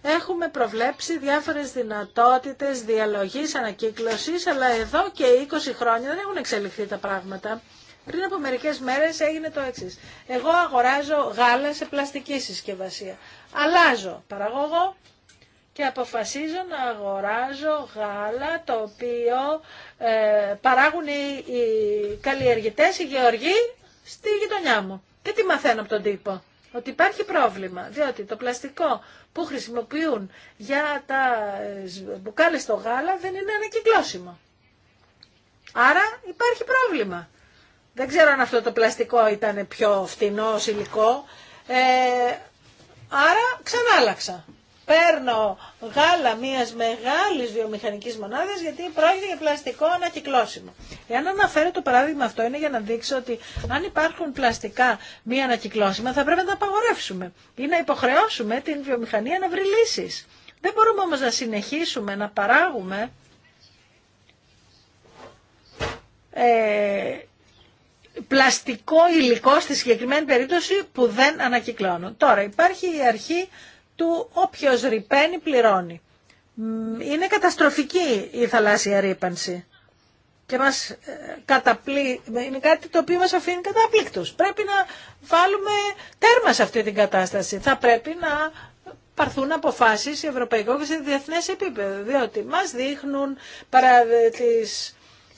έχουμε προβλέψει διάφορες δυνατότητες διαλογής, ανακύκλωσης, αλλά εδώ και 20 χρόνια δεν έχουν εξελιχθεί τα πράγματα. Πριν από μερικές μέρες έγινε το έξι. Εγώ αγοράζω γάλα σε πλαστική συσκευασία. Αλλάζω παραγωγό και αποφασίζω να αγοράζω γάλα το οποίο ε, παράγουν οι, οι καλλιεργητές, οι γεωργοί στη γειτονιά μου. Και τι μαθαίνω από τον τύπο. Ότι υπάρχει πρόβλημα, διότι το πλαστικό που χρησιμοποιούν για τα ε, μπουκάλες στο γάλα δεν είναι ανακυκλώσιμα. Άρα υπάρχει πρόβλημα. Δεν ξέρω αν αυτό το πλαστικό ήταν πιο φτηνό υλικό. Ε, άρα ξανά παίρνω γάλα μιας μεγάλης βιομηχανικής μονάδας γιατί πρόκειται για πλαστικό ανακυκλώσιμο. Εάν αναφέρω το παράδειγμα αυτό είναι για να δείξω ότι αν υπάρχουν πλαστικά μη ανακυκλώσιμα θα πρέπει να τα απαγορεύσουμε ή να υποχρεώσουμε την βιομηχανία να βρει λύσει. Δεν μπορούμε όμω να συνεχίσουμε να παράγουμε ε, πλαστικό υλικό στη συγκεκριμένη περίπτωση που δεν ανακυκλώνουν. Τώρα υπάρχει η αρχή του όποιος ρηπαίνει πληρώνει. Είναι καταστροφική η θαλάσσια ρήπανση και μας ε, καταπλή... είναι κάτι το οποίο μας αφήνει καταπλήκτους. Πρέπει να βάλουμε τέρμα σε αυτή την κατάσταση. Θα πρέπει να παρθούν αποφάσεις σε ευρωπαϊκό και σε διεθνές επίπεδο, διότι μας δείχνουν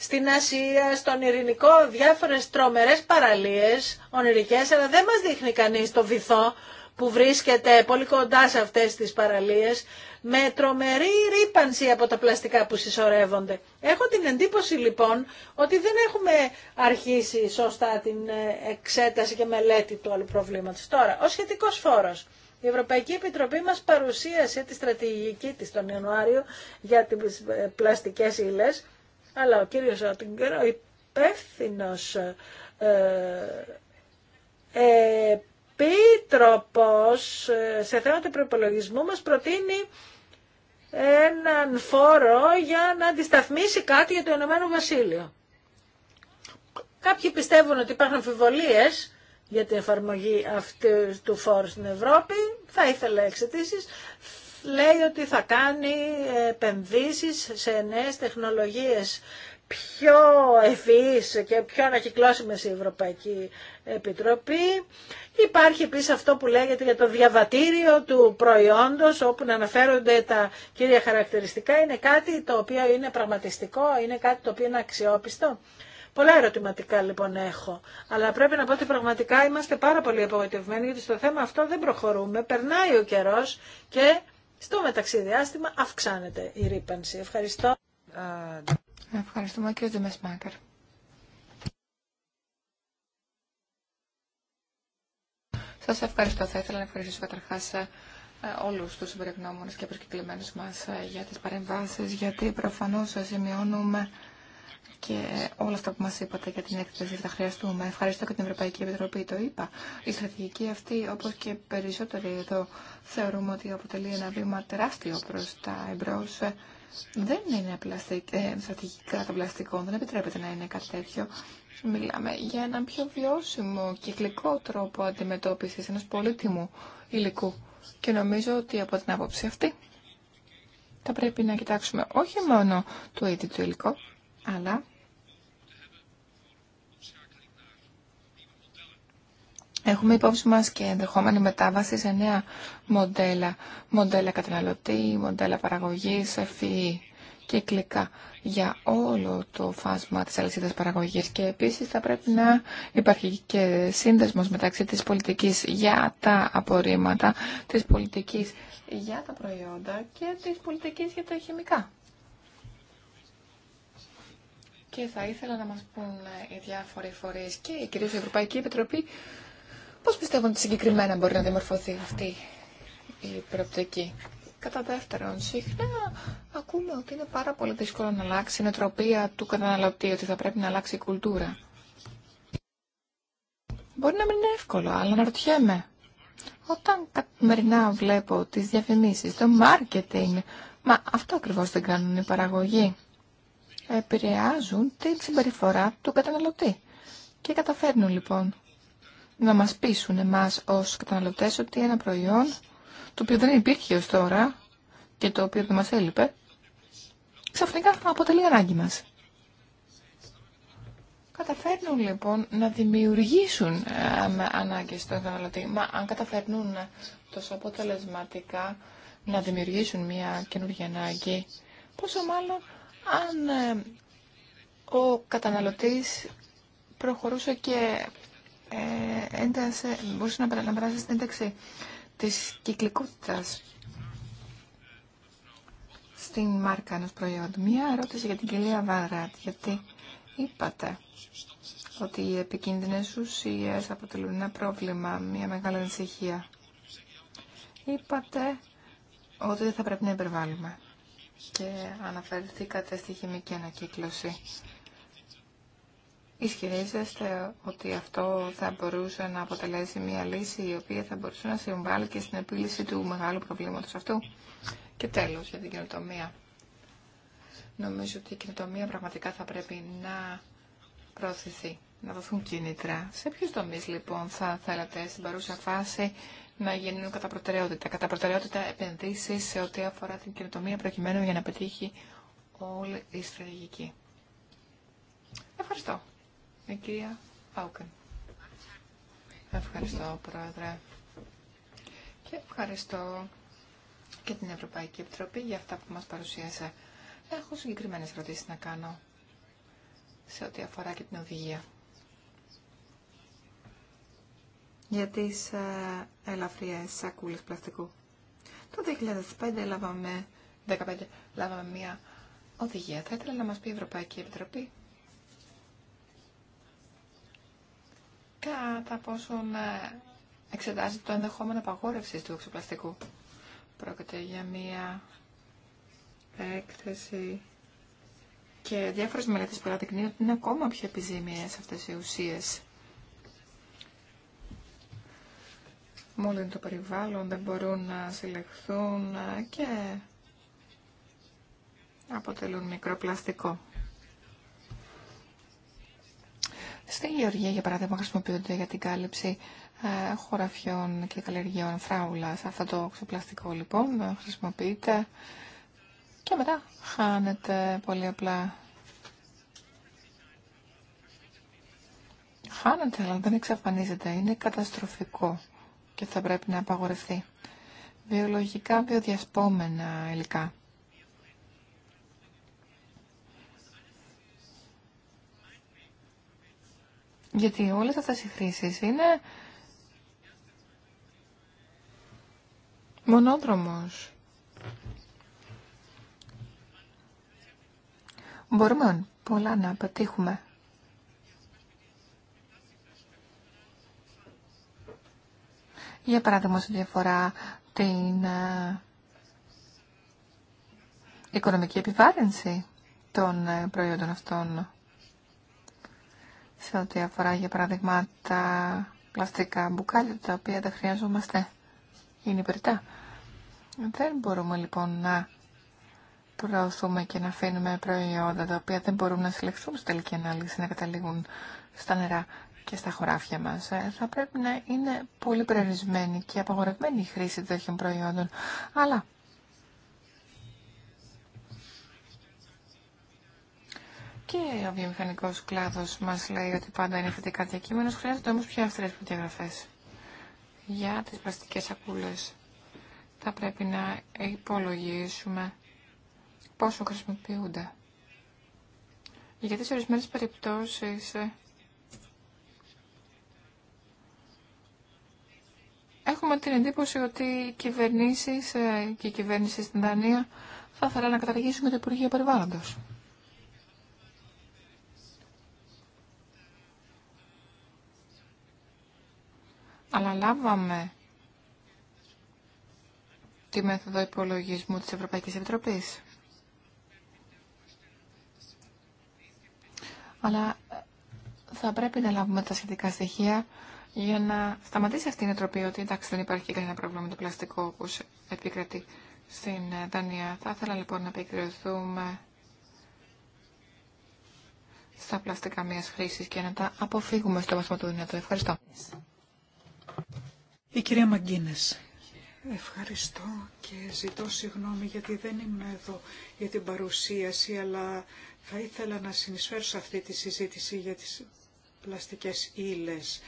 Στην Ασία, στον Ειρηνικό, διάφορες τρομερές παραλίες, ονειρικές, αλλά δεν μας δείχνει κανείς το βυθό που βρίσκεται πολύ κοντά σε αυτές τις παραλίες με τρομερή ρήπανση από τα πλαστικά που συσσωρεύονται. Έχω την εντύπωση λοιπόν ότι δεν έχουμε αρχίσει σωστά την ε, εξέταση και μελέτη του άλλου προβλήματος. Τώρα, ο σχετικός φόρος. Η Ευρωπαϊκή Επιτροπή μας παρουσίασε τη στρατηγική της τον Ιανουάριο για τις ε, πλαστικές ύλες, αλλά ο κύριος υπεύθυνος υπεύθυνο ε, ε Επίτροπος ε, σε θέματα προπολογισμού μας προτείνει έναν φόρο για να αντισταθμίσει κάτι για το Ηνωμένο Βασίλειο. Κάποιοι πιστεύουν ότι υπάρχουν αμφιβολίες για την εφαρμογή αυτού του φόρου στην Ευρώπη. Θα ήθελα εξαιτήσεις. Λέει ότι θα κάνει επενδύσεις σε νέες τεχνολογίες πιο ευφυής και πιο ανακυκλώσιμες η Ευρωπαϊκή Επιτροπή. Υπάρχει επίσης αυτό που λέγεται για το διαβατήριο του προϊόντος όπου να αναφέρονται τα κύρια χαρακτηριστικά. Είναι κάτι το οποίο είναι πραγματιστικό, είναι κάτι το οποίο είναι αξιόπιστο. Πολλά ερωτηματικά λοιπόν έχω, αλλά πρέπει να πω ότι πραγματικά είμαστε πάρα πολύ απογοητευμένοι γιατί στο θέμα αυτό δεν προχωρούμε, περνάει ο καιρός και στο μεταξύ διάστημα αυξάνεται η ρήπανση. Ευχαριστώ. Ε, Ευχαριστούμε και ο Σας ευχαριστώ. Θα ήθελα να ευχαριστήσω καταρχάς ε, όλους τους συμπεριγνώμονες και προσκεκλημένους μας ε, για τις παρεμβάσεις, γιατί προφανώς ε, σημειώνουμε και όλα αυτά που μας είπατε για την έκθεση θα χρειαστούμε. Ευχαριστώ και την Ευρωπαϊκή Επιτροπή, το είπα. Η στρατηγική αυτή, όπως και περισσότεροι εδώ, θεωρούμε ότι αποτελεί ένα βήμα τεράστιο προς τα εμπρός δεν είναι πλαστικ, ε, στρατηγικά των πλαστικών, δεν επιτρέπεται να είναι κάτι τέτοιο. Μιλάμε για έναν πιο βιώσιμο, και κυκλικό τρόπο αντιμετώπισης ενός πολύτιμου υλικού. Και νομίζω ότι από την άποψη αυτή θα πρέπει να κοιτάξουμε όχι μόνο το ίδιο το υλικό, αλλά Έχουμε υπόψη μας και ενδεχόμενη μετάβαση σε νέα μοντέλα, μοντέλα καταναλωτή, μοντέλα παραγωγής, και e e, κυκλικά για όλο το φάσμα της αλυσίδας παραγωγής και επίσης θα πρέπει να υπάρχει και σύνδεσμος μεταξύ της πολιτικής για τα απορρίμματα, της πολιτικής για τα προϊόντα και της πολιτικής για τα χημικά. Και θα ήθελα να μας πούν οι διάφοροι φορείς και κυρίως η Ευρωπαϊκή Επιτροπή Πώς πιστεύουν ότι συγκεκριμένα μπορεί να διαμορφωθεί αυτή η προοπτική. Κατά δεύτερον, συχνά ακούμε ότι είναι πάρα πολύ δύσκολο να αλλάξει η νοοτροπία του καταναλωτή, ότι θα πρέπει να αλλάξει η κουλτούρα. Μπορεί να μην είναι εύκολο, αλλά να ρωτιέμαι. Όταν καθημερινά βλέπω τις διαφημίσεις, το marketing, μα αυτό ακριβώς δεν κάνουν οι παραγωγοί. Επηρεάζουν την συμπεριφορά του καταναλωτή. Και καταφέρνουν λοιπόν να μας πείσουν εμάς ως καταναλωτές ότι ένα προϊόν το οποίο δεν υπήρχε ως τώρα και το οποίο δεν μας έλειπε, ξαφνικά αποτελεί ανάγκη μας. Καταφέρνουν λοιπόν να δημιουργήσουν ε, ανάγκες στον καταναλωτή, μα αν καταφέρνουν τόσο αποτελεσματικά να δημιουργήσουν μια καινούργια ανάγκη, πόσο μάλλον αν ε, ο καταναλωτής προχωρούσε και ε, μπορούσε να, να περάσει στην ένταξη της κυκλικότητας στην μάρκα ενός προϊόντου. Μία ερώτηση για την κυρία Βαράτ, γιατί είπατε ότι οι επικίνδυνες ουσίες αποτελούν ένα πρόβλημα, μια μεγάλη ανησυχία. Είπατε ότι δεν θα πρέπει να υπερβάλλουμε και αναφερθήκατε στη χημική ανακύκλωση. Ισχυρίζεστε ότι αυτό θα μπορούσε να αποτελέσει μια λύση η οποία θα μπορούσε να συμβάλλει και στην επίλυση του μεγάλου προβλήματος αυτού. Και τέλος για την καινοτομία. Νομίζω ότι η καινοτομία πραγματικά θα πρέπει να προωθηθεί, να δοθούν κίνητρα. Σε ποιου τομεί λοιπόν θα θέλατε στην παρούσα φάση να γίνουν κατά προτεραιότητα. Κατά προτεραιότητα επενδύσει σε ό,τι αφορά την καινοτομία προκειμένου για να πετύχει όλη η στρατηγική. Ευχαριστώ. Ευχαριστώ, Πρόεδρε. Και ευχαριστώ και την Ευρωπαϊκή Επιτροπή για αυτά που μας παρουσίασε. Έχω συγκεκριμένες ερωτήσεις να κάνω σε ό,τι αφορά και την οδηγία. Για τις ε, ελαφριές σακούλες πλαστικού. Το 2005 λάβαμε, λάβαμε μια οδηγία. Θα ήθελα να μας πει η Ευρωπαϊκή Επιτροπή κατά πόσον ε, εξετάζεται το ενδεχόμενο απαγόρευση του οξυπλαστικού. Πρόκειται για μία έκθεση και διάφορες μελέτες αναδεικνύουν ότι είναι ακόμα πιο επιζήμιες αυτές οι ουσίες. Μόλι το περιβάλλον δεν μπορούν να συλλεχθούν ε, και αποτελούν μικροπλαστικό. Στην Γεωργία, για παράδειγμα, χρησιμοποιούνται για την κάλυψη ε, χωραφιών και καλλιεργιών φράουλα. Αυτό το ξεπλαστικό, λοιπόν, χρησιμοποιείται και μετά χάνεται πολύ απλά. Χάνεται, αλλά δεν εξαφανίζεται. Είναι καταστροφικό και θα πρέπει να απαγορευτεί. Βιολογικά βιοδιασπόμενα υλικά. Γιατί όλες αυτές οι χρήσεις είναι μονόδρομος. Μπορούμε πολλά να πετύχουμε. Για παράδειγμα, σε διαφορά την ε, οικονομική επιβάρυνση των ε, προϊόντων αυτών σε ό,τι αφορά για παράδειγμα τα πλαστικά μπουκάλια τα οποία δεν χρειαζόμαστε. Είναι υπηρετά. Δεν μπορούμε λοιπόν να προωθούμε και να αφήνουμε προϊόντα τα οποία δεν μπορούν να συλλεχθούν στη τελική ανάλυση, να καταλήγουν στα νερά και στα χωράφια μας. Ε, θα πρέπει να είναι πολύ περιορισμένη και απαγορευμένη η χρήση τέτοιων προϊόντων. Αλλά και ο βιομηχανικό κλάδο μα λέει ότι πάντα είναι θετικά διακείμενο, χρειάζονται όμω πιο αυστηρέ προδιαγραφέ για τι πλαστικέ σακούλε. Θα πρέπει να υπολογίσουμε πόσο χρησιμοποιούνται. Γιατί σε ορισμένε περιπτώσει ε, έχουμε την εντύπωση ότι οι κυβερνήσει ε, και η κυβέρνηση στην Δανία θα ήθελα να καταργήσουν και το Υπουργείο Περιβάλλοντος. αλλά λάβαμε τη μέθοδο υπολογισμού της Ευρωπαϊκής Επιτροπής. Αλλά ε, θα πρέπει να λάβουμε τα σχετικά στοιχεία για να σταματήσει αυτή η νοοτροπία ότι εντάξει δεν υπάρχει κανένα πρόβλημα με το πλαστικό όπως επικρατεί στην ε, Δανία. Θα ήθελα λοιπόν να επικριωθούμε στα πλαστικά μιας χρήσης και να τα αποφύγουμε στο βαθμό του δυνατού. Ευχαριστώ. Η κυρία Μαγκίνες. Ευχαριστώ και ζητώ συγγνώμη γιατί δεν είμαι εδώ για την παρουσίαση, αλλά θα ήθελα να συνεισφέρω σε αυτή τη συζήτηση για τις πλαστικές ύλες.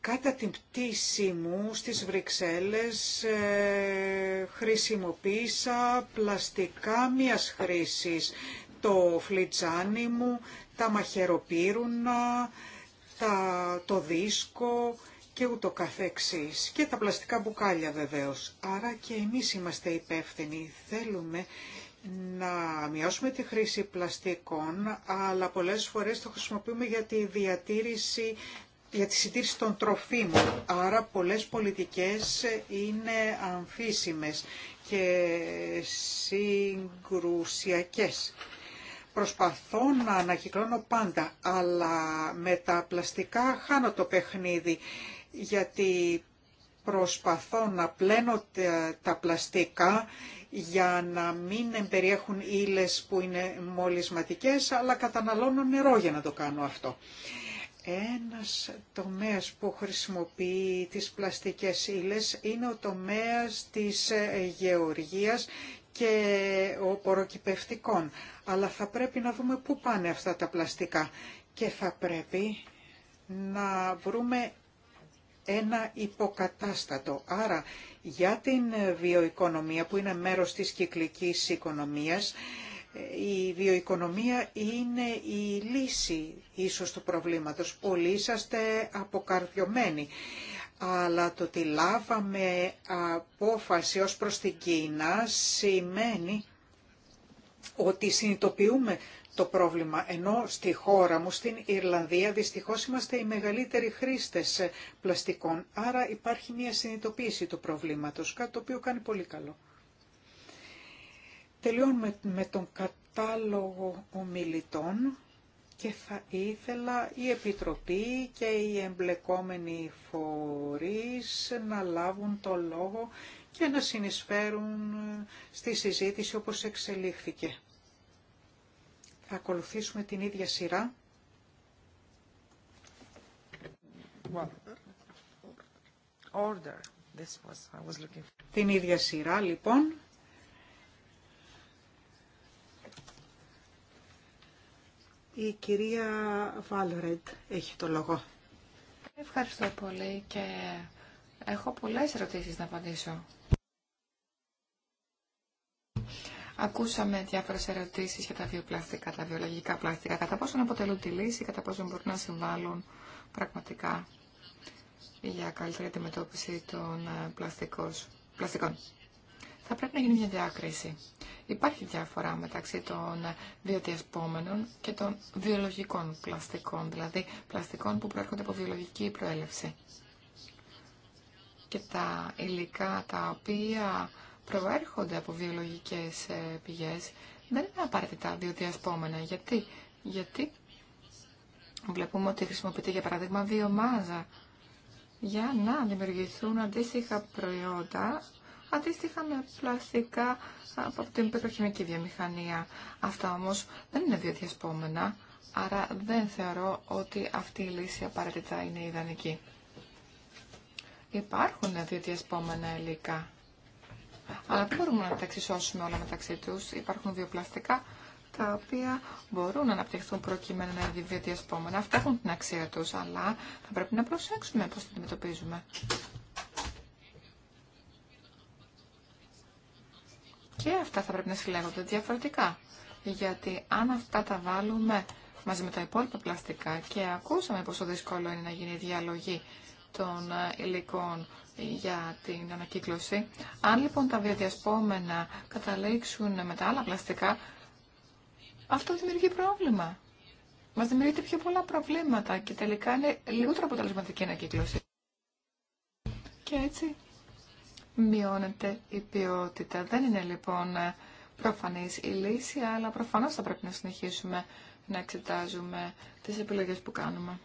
Κατά την πτήση μου στις Βρυξέλλες ε, χρησιμοποίησα πλαστικά μίας χρήσης. Το φλιτζάνι μου, τα μαχαιροπύρουνα, τα, το δίσκο, και ούτω καθεξής. Και τα πλαστικά μπουκάλια βεβαίως. Άρα και εμείς είμαστε υπεύθυνοι. Θέλουμε να μειώσουμε τη χρήση πλαστικών, αλλά πολλές φορές το χρησιμοποιούμε για τη διατήρηση για τη συντήρηση των τροφίμων. Άρα πολλές πολιτικές είναι αμφίσιμες και συγκρουσιακές. Προσπαθώ να ανακυκλώνω πάντα, αλλά με τα πλαστικά χάνω το παιχνίδι γιατί προσπαθώ να πλένω τα πλαστικά για να μην περιέχουν ύλες που είναι μολυσματικές, αλλά καταναλώνω νερό για να το κάνω αυτό. Ένας τομέας που χρησιμοποιεί τις πλαστικές ύλες είναι ο τομέας της ε, γεωργίας και ο ποροκυπευτικών. Αλλά θα πρέπει να δούμε πού πάνε αυτά τα πλαστικά και θα πρέπει να βρούμε ένα υποκατάστατο. Άρα για την βιοοικονομία που είναι μέρος της κυκλικής οικονομίας, ε, η βιοοικονομία είναι η λύση ίσως του προβλήματος. Πολλοί είσαστε αποκαρδιωμένοι. Αλλά το ότι λάβαμε απόφαση ως προς την Κίνα σημαίνει ότι συνειδητοποιούμε το πρόβλημα, ενώ στη χώρα μου, στην Ιρλανδία, δυστυχώς είμαστε οι μεγαλύτεροι χρήστες πλαστικών, άρα υπάρχει μια συνειδητοποίηση του προβλήματος, κάτι το οποίο κάνει πολύ καλό. Τελειώνουμε με τον κατάλογο ομιλητών και θα ήθελα η Επιτροπή και οι εμπλεκόμενοι φορείς να λάβουν το λόγο και να συνεισφέρουν στη συζήτηση όπως εξελίχθηκε. Θα ακολουθήσουμε την ίδια σειρά. Την ίδια σειρά, λοιπόν. Η κυρία Βάλρετ έχει το λόγο. Ευχαριστώ πολύ και έχω πολλές ερωτήσεις να απαντήσω. Ακούσαμε διάφορε ερωτήσει για τα βιοπλαστικά, τα βιολογικά πλαστικά. Κατά πόσο αποτελούν τη λύση, κατά πόσο μπορούν να συμβάλλουν πραγματικά για καλύτερη αντιμετώπιση των ε, πλαστικών. Θα πρέπει να γίνει μια διάκριση. Υπάρχει διαφορά μεταξύ των βιοδιασπόμενων και των βιολογικών πλαστικών, δηλαδή πλαστικών που προέρχονται από βιολογική προέλευση. Και τα υλικά τα οποία προέρχονται από βιολογικές ε, πηγές δεν είναι απαραίτητα βιοδιασπόμενα. Γιατί, γιατί βλέπουμε ότι χρησιμοποιείται για παράδειγμα βιομάζα για να δημιουργηθούν αντίστοιχα προϊόντα, αντίστοιχα με πλαστικά από την πετροχημική βιομηχανία. Αυτά όμως δεν είναι βιοδιασπόμενα, άρα δεν θεωρώ ότι αυτή η λύση απαραίτητα είναι ιδανική. Υπάρχουν διαδιασπόμενα υλικά αλλά δεν μπορούμε να τα εξισώσουμε όλα μεταξύ του. Υπάρχουν δύο πλαστικά τα οποία μπορούν να αναπτυχθούν προκειμένου να είναι βιοδιασπόμενα. Αυτά έχουν την αξία του, αλλά θα πρέπει να προσέξουμε πώ τα αντιμετωπίζουμε. Και αυτά θα πρέπει να συλλέγονται διαφορετικά. Γιατί αν αυτά τα βάλουμε μαζί με τα υπόλοιπα πλαστικά και ακούσαμε πόσο δύσκολο είναι να γίνει η διαλογή των υλικών για την ανακύκλωση. Αν λοιπόν τα βιοδιασπόμενα καταλήξουν με τα άλλα πλαστικά, αυτό δημιουργεί πρόβλημα. Μας δημιουργείται πιο πολλά προβλήματα και τελικά είναι λιγότερο αποτελεσματική ανακύκλωση. Και έτσι μειώνεται η ποιότητα. Δεν είναι λοιπόν προφανής η λύση, αλλά προφανώς θα πρέπει να συνεχίσουμε να εξετάζουμε τις επιλογές που κάνουμε.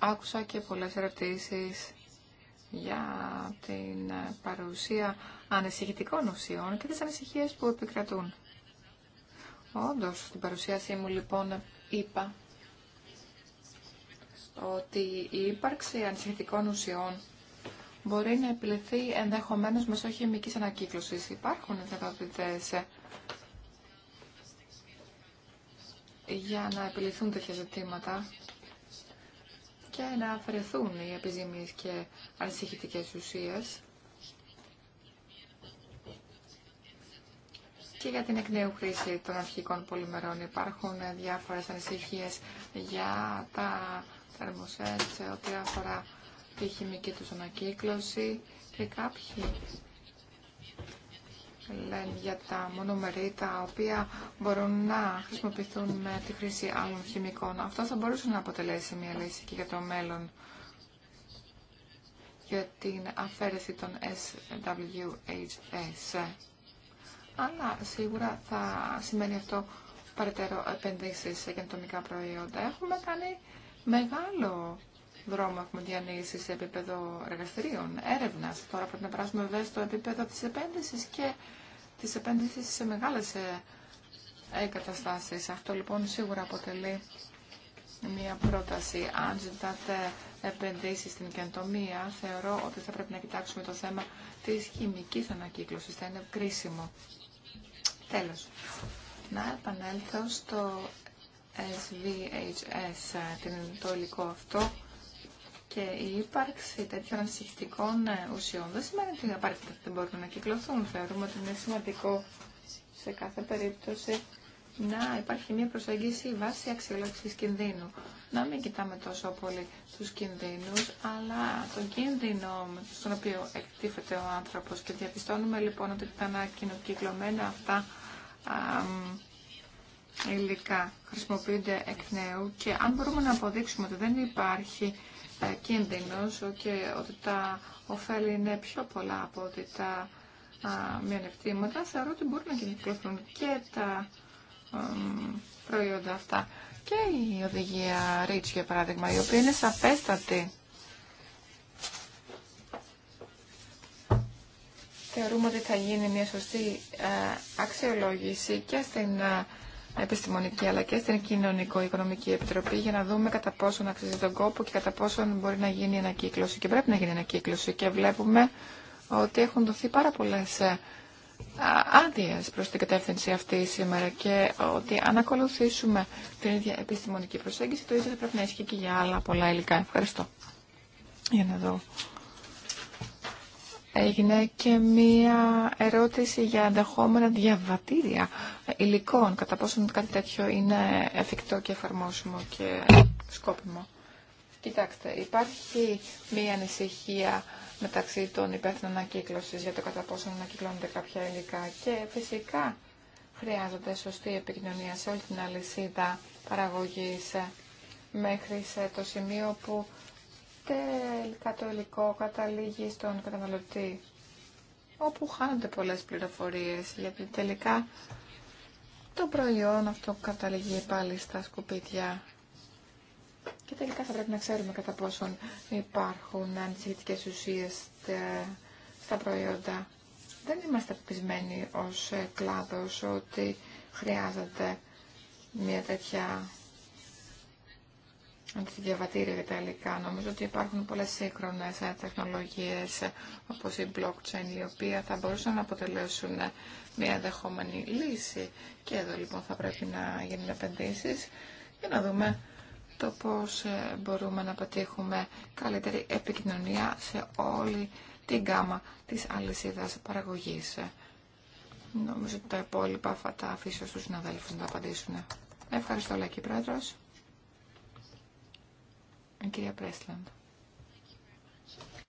Άκουσα και πολλές ερωτήσεις για την παρουσία ανησυχητικών ουσιών και τις ανησυχίες που επικρατούν. Όντως, στην παρουσίασή μου λοιπόν είπα ότι η ύπαρξη ανησυχητικών ουσιών μπορεί να επιληθεί ενδεχομένως μέσω χημικής ανακύκλωσης. Υπάρχουν δυνατότητες για να επιληθούν τέτοια ζητήματα και να αφαιρεθούν οι επιζήμιες και ανησυχητικές ουσίες. Και για την εκ νέου χρήση των αρχικών πολυμερών υπάρχουν διάφορες ανησυχίες για τα θερμοσέντ ό,τι αφορά τη χημική τους ανακύκλωση και κάποιοι λένε για τα μονομερή τα οποία μπορούν να χρησιμοποιηθούν με τη χρήση άλλων χημικών. Αυτό θα μπορούσε να αποτελέσει μια λύση και για το μέλλον για την αφαίρεση των SWHS. Αλλά σίγουρα θα σημαίνει αυτό παρετέρω επενδύσει σε καινοτομικά προϊόντα. Έχουμε κάνει μεγάλο δρόμο, έχουμε διανύσει σε επίπεδο εργαστηρίων, έρευνα. Τώρα πρέπει να περάσουμε βέβαια στο επίπεδο τη επένδυση και της επένδυσης σε μεγάλες ε, εγκαταστάσεις. Αυτό λοιπόν σίγουρα αποτελεί μια πρόταση. Αν ζητάτε επενδύσεις στην καινοτομία, θεωρώ ότι θα πρέπει να κοιτάξουμε το θέμα της χημικής ανακύκλωσης. Θα είναι κρίσιμο. Τέλος, να επανέλθω στο SVHS, ε, το υλικό αυτό και η ύπαρξη τέτοιων ανησυχητικών ε, ουσιών δεν σημαίνει ότι απαραίτητα δεν μπορούν να κυκλοθούν. Θεωρούμε ότι είναι σημαντικό σε κάθε περίπτωση να υπάρχει μια προσέγγιση βάση αξιολόγηση κινδύνου. Να μην κοιτάμε τόσο πολύ του κινδύνου, αλλά τον κίνδυνο στον οποίο εκτίθεται ο άνθρωπο Και διαπιστώνουμε λοιπόν ότι τα ανακοινοκυκλωμένα αυτά α, υλικά χρησιμοποιούνται εκ νέου και αν μπορούμε να αποδείξουμε ότι δεν υπάρχει ε, Κίνδυνο και ότι τα ωφέλη είναι πιο πολλά από ότι τα μειονεκτήματα, θεωρώ ότι μπορούν να κυκλοφορούν και τα προϊόντα αυτά. Και η οδηγία REACH για παράδειγμα, η οποία είναι σαφέστατη. Θεωρούμε ότι θα γίνει μια σωστή ε, αξιολόγηση και στην ε, επιστημονική αλλά και στην κοινωνικο-οικονομική επιτροπή για να δούμε κατά πόσο να αξίζει τον κόπο και κατά πόσον μπορεί να γίνει ανακύκλωση. Και πρέπει να γίνει ανακύκλωση και βλέπουμε ότι έχουν δοθεί πάρα πολλέ ε, άδειε προ την κατεύθυνση αυτή σήμερα και ότι αν ακολουθήσουμε την ίδια επιστημονική προσέγγιση, το ίδιο θα πρέπει να ισχύει και για άλλα πολλά υλικά. Ευχαριστώ. Για να δω έγινε και μία ερώτηση για ενδεχόμενα διαβατήρια υλικών, κατά πόσο κάτι τέτοιο είναι εφικτό και εφαρμόσιμο και σκόπιμο. Κοιτάξτε, υπάρχει μία ανησυχία μεταξύ των υπεύθυνων ανακύκλωση για το κατά πόσο ανακυκλώνονται κάποια υλικά και φυσικά χρειάζονται σωστή επικοινωνία σε όλη την αλυσίδα παραγωγής μέχρι σε το σημείο που τελικά το υλικό καταλήγει στον καταναλωτή, όπου χάνονται πολλές πληροφορίες, γιατί τελικά το προϊόν αυτό καταλήγει πάλι στα σκουπίδια. Και τελικά θα πρέπει να ξέρουμε κατά πόσον υπάρχουν ανησυχητικές ουσίες στα προϊόντα. Δεν είμαστε πεπισμένοι ως κλάδος ότι χρειάζεται μια τέτοια διαβατήρια για τα υλικά. Νομίζω ότι υπάρχουν πολλές σύγχρονες ε, τεχνολογίες όπως η blockchain η οποία θα μπορούσαν να αποτελέσουν μια ενδεχόμενη λύση. Και εδώ λοιπόν θα πρέπει να γίνουν επενδύσει για να δούμε το πώς ε, μπορούμε να πετύχουμε καλύτερη επικοινωνία σε όλη την γάμα της αλυσίδας παραγωγής. Νομίζω ότι τα υπόλοιπα θα τα αφήσω στους συναδέλφους να τα απαντήσουν. Ευχαριστώ, Λέκη Πρόεδρος.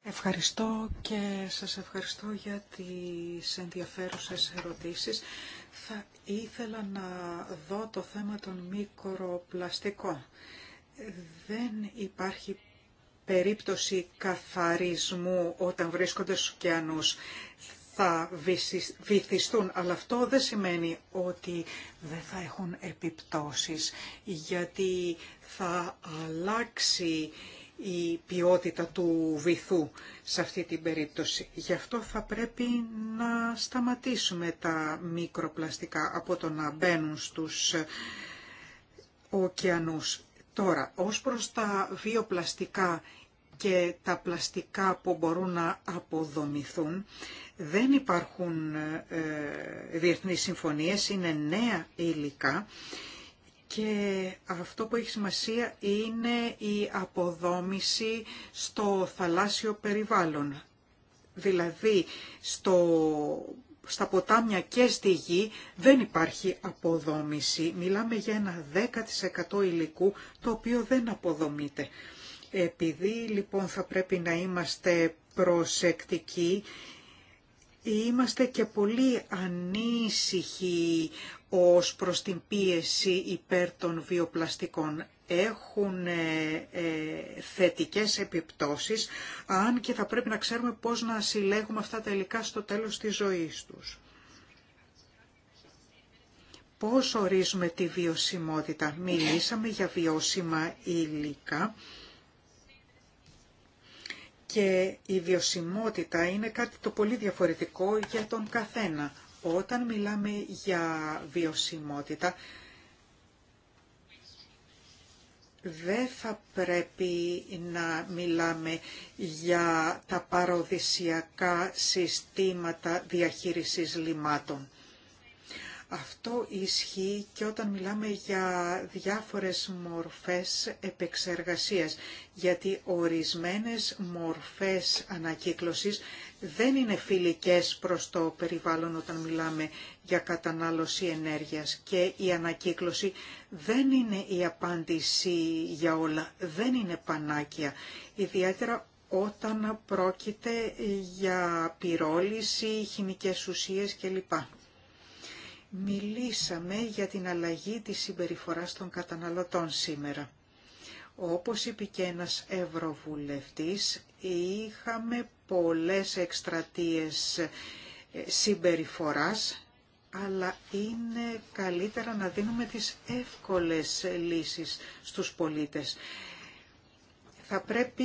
Ευχαριστώ και σας ευχαριστώ για τις ενδιαφέρουσες ερωτήσεις. Θα ήθελα να δω το θέμα των μικροπλαστικών. Δεν υπάρχει περίπτωση καθαρισμού όταν βρίσκονται στους ωκεανούς θα βυθιστούν, αλλά αυτό δεν σημαίνει ότι δεν θα έχουν επιπτώσεις, γιατί θα αλλάξει η ποιότητα του βυθού σε αυτή την περίπτωση. Γι' αυτό θα πρέπει να σταματήσουμε τα μικροπλαστικά από το να μπαίνουν στους ωκεανούς. Τώρα, ως προς τα βιοπλαστικά και τα πλαστικά που μπορούν να αποδομηθούν. Δεν υπάρχουν ε, διεθνείς συμφωνίες, είναι νέα υλικά και αυτό που έχει σημασία είναι η αποδόμηση στο θαλάσσιο περιβάλλον. Δηλαδή στο, στα ποτάμια και στη γη δεν υπάρχει αποδόμηση. Μιλάμε για ένα 10% υλικού το οποίο δεν αποδομείται. Επειδή λοιπόν θα πρέπει να είμαστε προσεκτικοί, είμαστε και πολύ ανήσυχοι ως προς την πίεση υπέρ των βιοπλαστικών. Έχουν ε, ε θετικές επιπτώσεις, αν και θα πρέπει να ξέρουμε πώς να συλλέγουμε αυτά τα υλικά στο τέλος της ζωής τους. Πώς ορίζουμε τη βιωσιμότητα. Μιλήσαμε για βιώσιμα υλικά και η βιωσιμότητα είναι κάτι το πολύ διαφορετικό για τον καθένα. Όταν μιλάμε για βιωσιμότητα, δεν θα πρέπει να μιλάμε για τα παροδυσιακά συστήματα διαχείρισης λιμάτων. Αυτό ισχύει και όταν μιλάμε για διάφορες μορφές επεξεργασίας, γιατί ορισμένες μορφές ανακύκλωσης δεν είναι φιλικές προς το περιβάλλον όταν μιλάμε για κατανάλωση ενέργειας και η ανακύκλωση δεν είναι η απάντηση για όλα, δεν είναι πανάκια, ιδιαίτερα όταν πρόκειται για πυρόληση, χημικές ουσίες κλπ. Μιλήσαμε για την αλλαγή της συμπεριφοράς των καταναλωτών σήμερα. Όπως είπε και ένας ευρωβουλευτής, είχαμε πολλές εκστρατείες ε, συμπεριφοράς, αλλά είναι καλύτερα να δίνουμε τις εύκολες λύσεις στους πολίτες. Θα πρέπει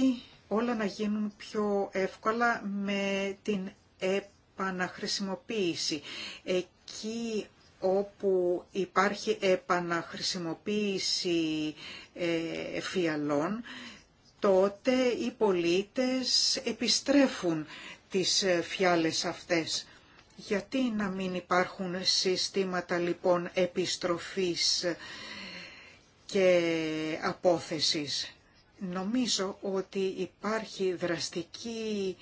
όλα να γίνουν πιο εύκολα με την επαναχρησιμοποίηση. Εκεί όπου υπάρχει επαναχρησιμοποίηση ε, φιαλών, τότε οι πολίτες επιστρέφουν τις ε, φιάλες αυτές. Γιατί να μην υπάρχουν συστήματα λοιπόν επιστροφής και απόθεσης. Νομίζω ότι υπάρχει δραστική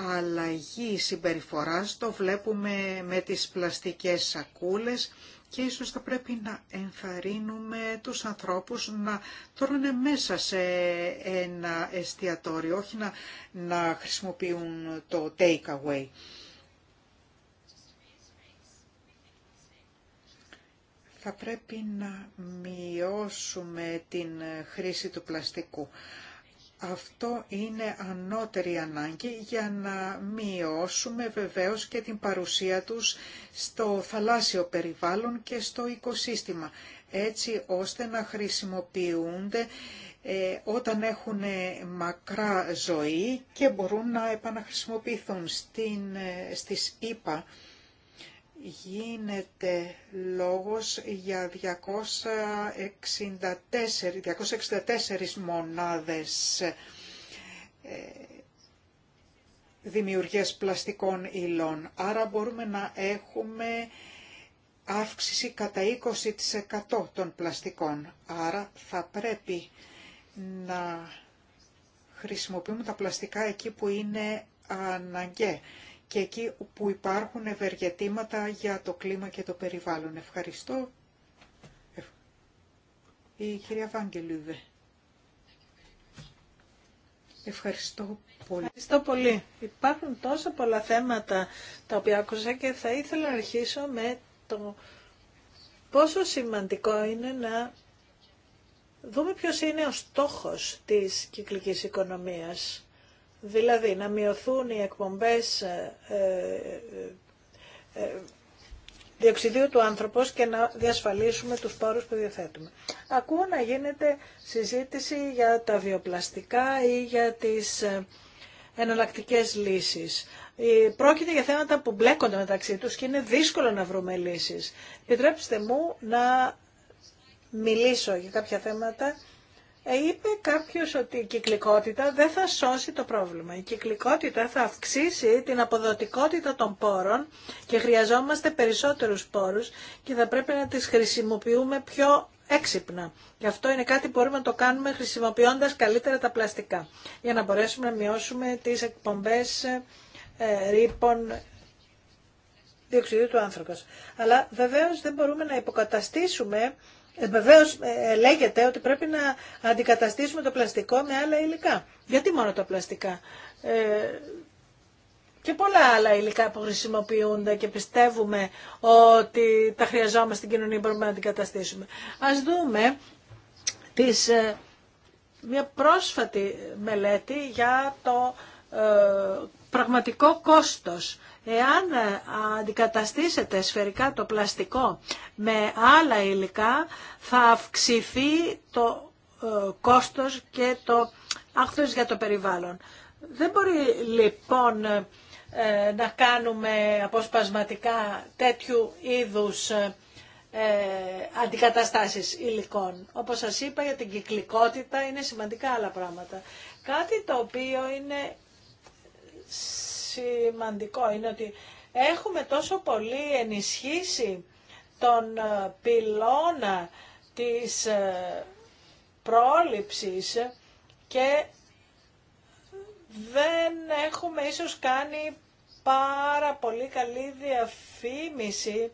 αλλαγή συμπεριφοράς, το βλέπουμε με τις πλαστικές σακούλες και ίσως θα πρέπει να ενθαρρύνουμε τους ανθρώπους να τρώνε μέσα σε ένα εστιατόριο, όχι να, να χρησιμοποιούν το take away. Θα πρέπει να μειώσουμε την χρήση του πλαστικού. Αυτό είναι ανώτερη ανάγκη για να μειώσουμε βεβαίως και την παρουσία τους στο θαλάσσιο περιβάλλον και στο οικοσύστημα, έτσι ώστε να χρησιμοποιούνται ε, όταν έχουν ε, μακρά ζωή και μπορούν να επαναχρησιμοποιηθούν στην, ε, στις ΗΠΑ γίνεται λόγος για 264, 264 μονάδες ε, δημιουργίας πλαστικών υλών. Άρα μπορούμε να έχουμε αύξηση κατά 20% των πλαστικών. Άρα θα πρέπει να χρησιμοποιούμε τα πλαστικά εκεί που είναι αναγκαία και εκεί που υπάρχουν ευεργετήματα για το κλίμα και το περιβάλλον. Ευχαριστώ. Η κυρία Βάγγελούδε. Ευχαριστώ πολύ. Ευχαριστώ πολύ. Υπάρχουν τόσα πολλά θέματα τα οποία άκουσα και θα ήθελα να αρχίσω με το πόσο σημαντικό είναι να δούμε ποιος είναι ο στόχος της κυκλικής οικονομίας. Δηλαδή να μειωθούν οι εκπομπές ε, ε, ε, διοξιδίου του άνθρωπος και να διασφαλίσουμε τους πόρους που διαθέτουμε. Ακούω να γίνεται συζήτηση για τα βιοπλαστικά ή για τις εναλλακτικέ λύσεις. Πρόκειται για θέματα που μπλέκονται μεταξύ τους και είναι δύσκολο να βρούμε λύσεις. Επιτρέψτε μου να μιλήσω για κάποια θέματα ε, είπε κάποιος ότι η κυκλικότητα δεν θα σώσει το πρόβλημα. Η κυκλικότητα θα αυξήσει την αποδοτικότητα των πόρων και χρειαζόμαστε περισσότερους πόρους και θα πρέπει να τις χρησιμοποιούμε πιο έξυπνα. Και αυτό είναι κάτι που μπορούμε να το κάνουμε χρησιμοποιώντας καλύτερα τα πλαστικά για να μπορέσουμε να μειώσουμε τις εκπομπές ε, ρήπων διοξυδίου του άνθρωπος. Αλλά βεβαίως δεν μπορούμε να υποκαταστήσουμε ε, Βεβαίω ε, λέγεται ότι πρέπει να αντικαταστήσουμε το πλαστικό με άλλα υλικά. Γιατί μόνο τα πλαστικά. Ε, και πολλά άλλα υλικά που χρησιμοποιούνται και πιστεύουμε ότι τα χρειαζόμαστε στην κοινωνία μπορούμε να αντικαταστήσουμε. Ας δούμε τις, μια πρόσφατη μελέτη για το πραγματικό κόστος Εάν ε, αντικαταστήσετε σφαιρικά το πλαστικό με άλλα υλικά, θα αυξηθεί το ε, κόστος και το άχθος για το περιβάλλον. Δεν μπορεί λοιπόν ε, να κάνουμε αποσπασματικά τέτοιου είδους αντικαταστάσεις υλικών. Όπως σας είπα για την κυκλικότητα είναι σημαντικά άλλα πράγματα. Κάτι το οποίο είναι σημαντικό είναι ότι έχουμε τόσο πολύ ενισχύσει τον ε, πυλώνα της ε, πρόληψης και δεν έχουμε ίσως κάνει πάρα πολύ καλή διαφήμιση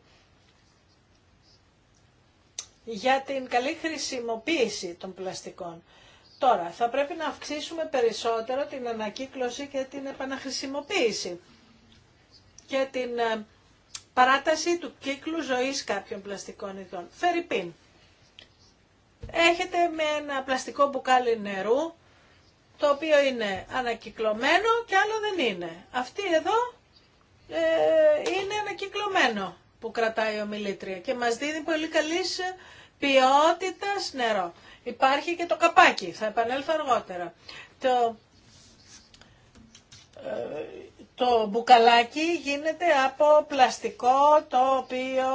για την καλή χρησιμοποίηση των πλαστικών. Τώρα, θα πρέπει να αυξήσουμε περισσότερο την ανακύκλωση και την επαναχρησιμοποίηση και την ε, παράταση του κύκλου ζωής κάποιων πλαστικών ειδών. Φερρυπίν. Έχετε με ένα πλαστικό μπουκάλι νερού, το οποίο είναι ανακυκλωμένο και άλλο δεν είναι. Αυτή εδώ ε, είναι ανακυκλωμένο που κρατάει η ομιλήτρια και μας δίνει πολύ καλής ποιότητας νερό υπάρχει και το καπάκι. Θα επανέλθω αργότερα. Το, ε, το μπουκαλάκι γίνεται από πλαστικό το οποίο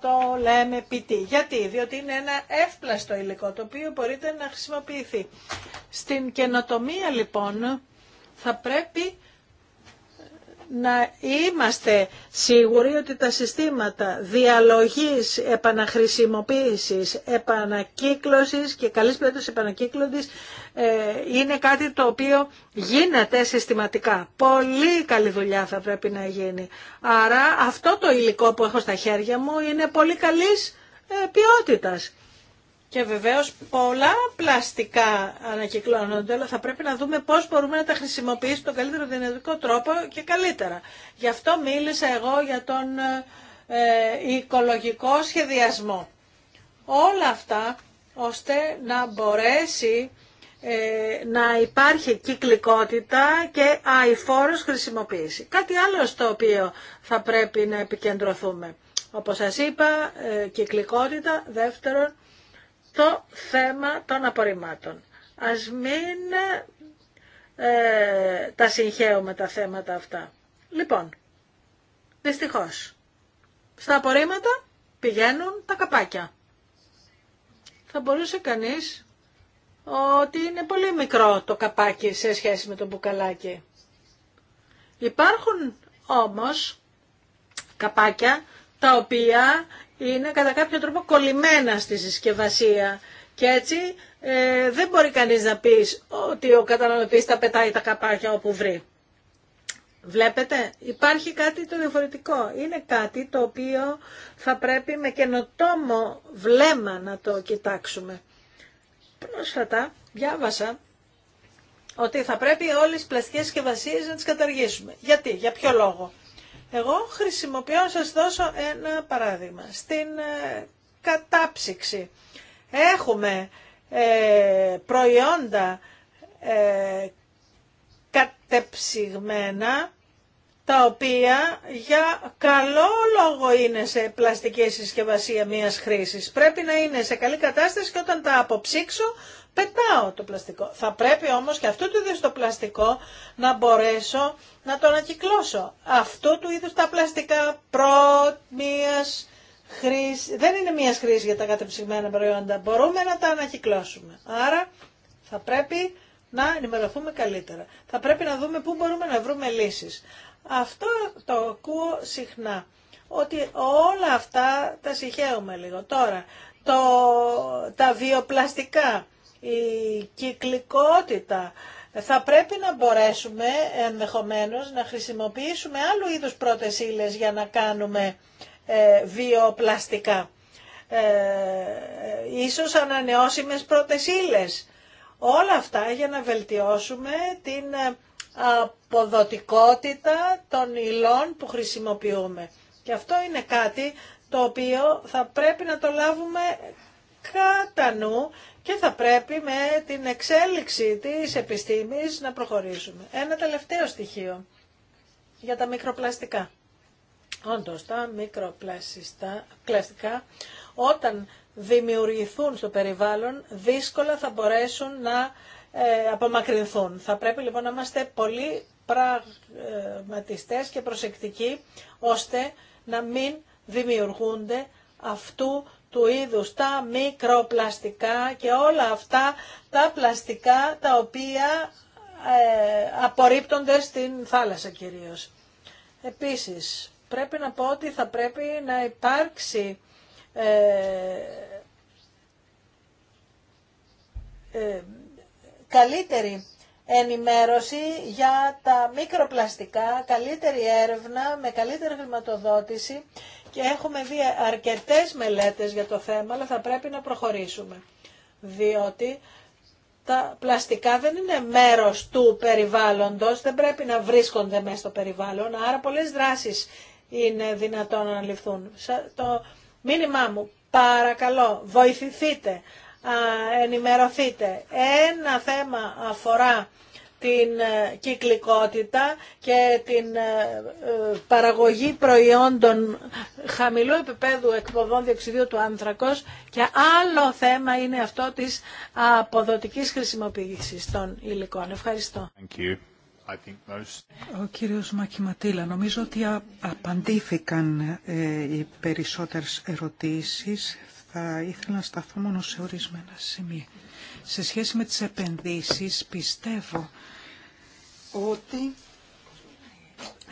το λέμε πιτί. Γιατί, διότι είναι ένα εύπλαστο υλικό το οποίο μπορείτε να χρησιμοποιηθεί. Στην καινοτομία λοιπόν θα πρέπει να είμαστε σίγουροι ότι τα συστήματα διαλογής, επαναχρησιμοποίησης, επανακύκλωσης και καλής επανακύκλωτης επανακύκλωσης ε, είναι κάτι το οποίο γίνεται συστηματικά. Πολύ καλή δουλειά θα πρέπει να γίνει. Άρα αυτό το υλικό που έχω στα χέρια μου είναι πολύ καλής ε, ποιότητας. Και βεβαίω πολλά πλαστικά ανακυκλώνονται, αλλά θα πρέπει να δούμε πώ μπορούμε να τα χρησιμοποιήσουμε τον καλύτερο δυνατικό τρόπο και καλύτερα. Γι' αυτό μίλησα εγώ για τον ε, ε, οικολογικό σχεδιασμό. Όλα αυτά ώστε να μπορέσει ε, να υπάρχει κυκλικότητα και αηφόρος χρησιμοποίηση. Κάτι άλλο στο οποίο θα πρέπει να επικεντρωθούμε. Όπως σας είπα, κυκλικότητα, δεύτερον, στο θέμα των απορριμμάτων. Ας μην ε, τα συγχαίουμε τα θέματα αυτά. Λοιπόν, δυστυχώς, στα απορρίμματα πηγαίνουν τα καπάκια. Θα μπορούσε κανείς ότι είναι πολύ μικρό το καπάκι σε σχέση με το μπουκαλάκι. Υπάρχουν όμως καπάκια τα οποία είναι κατά κάποιο τρόπο κολλημένα στη συσκευασία. Και έτσι ε, δεν μπορεί κανείς να πει ότι ο καταναλωτής τα πετάει τα καπάκια όπου βρει. Βλέπετε, υπάρχει κάτι το διαφορετικό. Είναι κάτι το οποίο θα πρέπει με καινοτόμο βλέμμα να το κοιτάξουμε. Πρόσφατα διάβασα ότι θα πρέπει όλες τις πλαστικές συσκευασίε να τις καταργήσουμε. Γιατί, για ποιο λόγο. Εγώ χρησιμοποιώ σας δώσω ένα παράδειγμα. Στην ε, κατάψυξη έχουμε ε, προϊόντα ε, κατεψυγμένα τα οποία για καλό λόγο είναι σε πλαστική συσκευασία μίας χρήσης. Πρέπει να είναι σε καλή κατάσταση και όταν τα αποψύξω πετάω το πλαστικό. Θα πρέπει όμως και αυτού του είδους το πλαστικό να μπορέσω να το ανακυκλώσω. Αυτού του είδους τα πλαστικά προ μίας χρήση, δεν είναι μίας χρήση για τα κατεψυγμένα προϊόντα. Μπορούμε να τα ανακυκλώσουμε. Άρα θα πρέπει να ενημερωθούμε καλύτερα. Θα πρέπει να δούμε πού μπορούμε να βρούμε λύσεις. Αυτό το ακούω συχνά, ότι όλα αυτά τα συγχαίουμε λίγο. Τώρα, το, τα βιοπλαστικά, η κυκλικότητα, θα πρέπει να μπορέσουμε ενδεχομένως να χρησιμοποιήσουμε άλλου είδους πρώτες για να κάνουμε ε, βιοπλαστικά. Ε, ίσως ανανεώσιμες πρότεσίλες. Όλα αυτά για να βελτιώσουμε την αποδοτικότητα των υλών που χρησιμοποιούμε. Και αυτό είναι κάτι το οποίο θα πρέπει να το λάβουμε κατά νου και θα πρέπει με την εξέλιξη της επιστήμης να προχωρήσουμε. Ένα τελευταίο στοιχείο για τα μικροπλαστικά. Όντως, τα μικροπλαστικά όταν δημιουργηθούν στο περιβάλλον δύσκολα θα μπορέσουν να ε, απομακρυνθούν. Θα πρέπει λοιπόν να είμαστε πολύ πραγματιστές και προσεκτικοί ώστε να μην δημιουργούνται αυτού του είδους τα μικροπλαστικά και όλα αυτά τα πλαστικά τα οποία ε, απορρίπτονται στην θάλασσα κυρίως. Επίσης, πρέπει να πω ότι θα πρέπει να υπάρξει ε, καλύτερη ενημέρωση για τα μικροπλαστικά, καλύτερη έρευνα με καλύτερη χρηματοδότηση και έχουμε δει αρκετές μελέτες για το θέμα, αλλά θα πρέπει να προχωρήσουμε. Διότι τα πλαστικά δεν είναι μέρος του περιβάλλοντος, δεν πρέπει να βρίσκονται μέσα στο περιβάλλον, άρα πολλές δράσεις είναι δυνατόν να ληφθούν. Το μήνυμά μου, παρακαλώ, βοηθηθείτε ενημερωθείτε. Ένα θέμα αφορά την ε, κυκλικότητα και την ε, ε, παραγωγή προϊόντων χαμηλού επίπεδου εκποδών διοξιδίου του άνθρακος και άλλο θέμα είναι αυτό της αποδοτικής χρησιμοποίησης των υλικών. Ευχαριστώ. Ο κύριος Μακηματήλα, νομίζω ότι απαντήθηκαν οι περισσότερες ερωτήσεις θα ήθελα να σταθώ μόνο σε ορισμένα σημεία. Σε σχέση με τις επενδύσεις πιστεύω ότι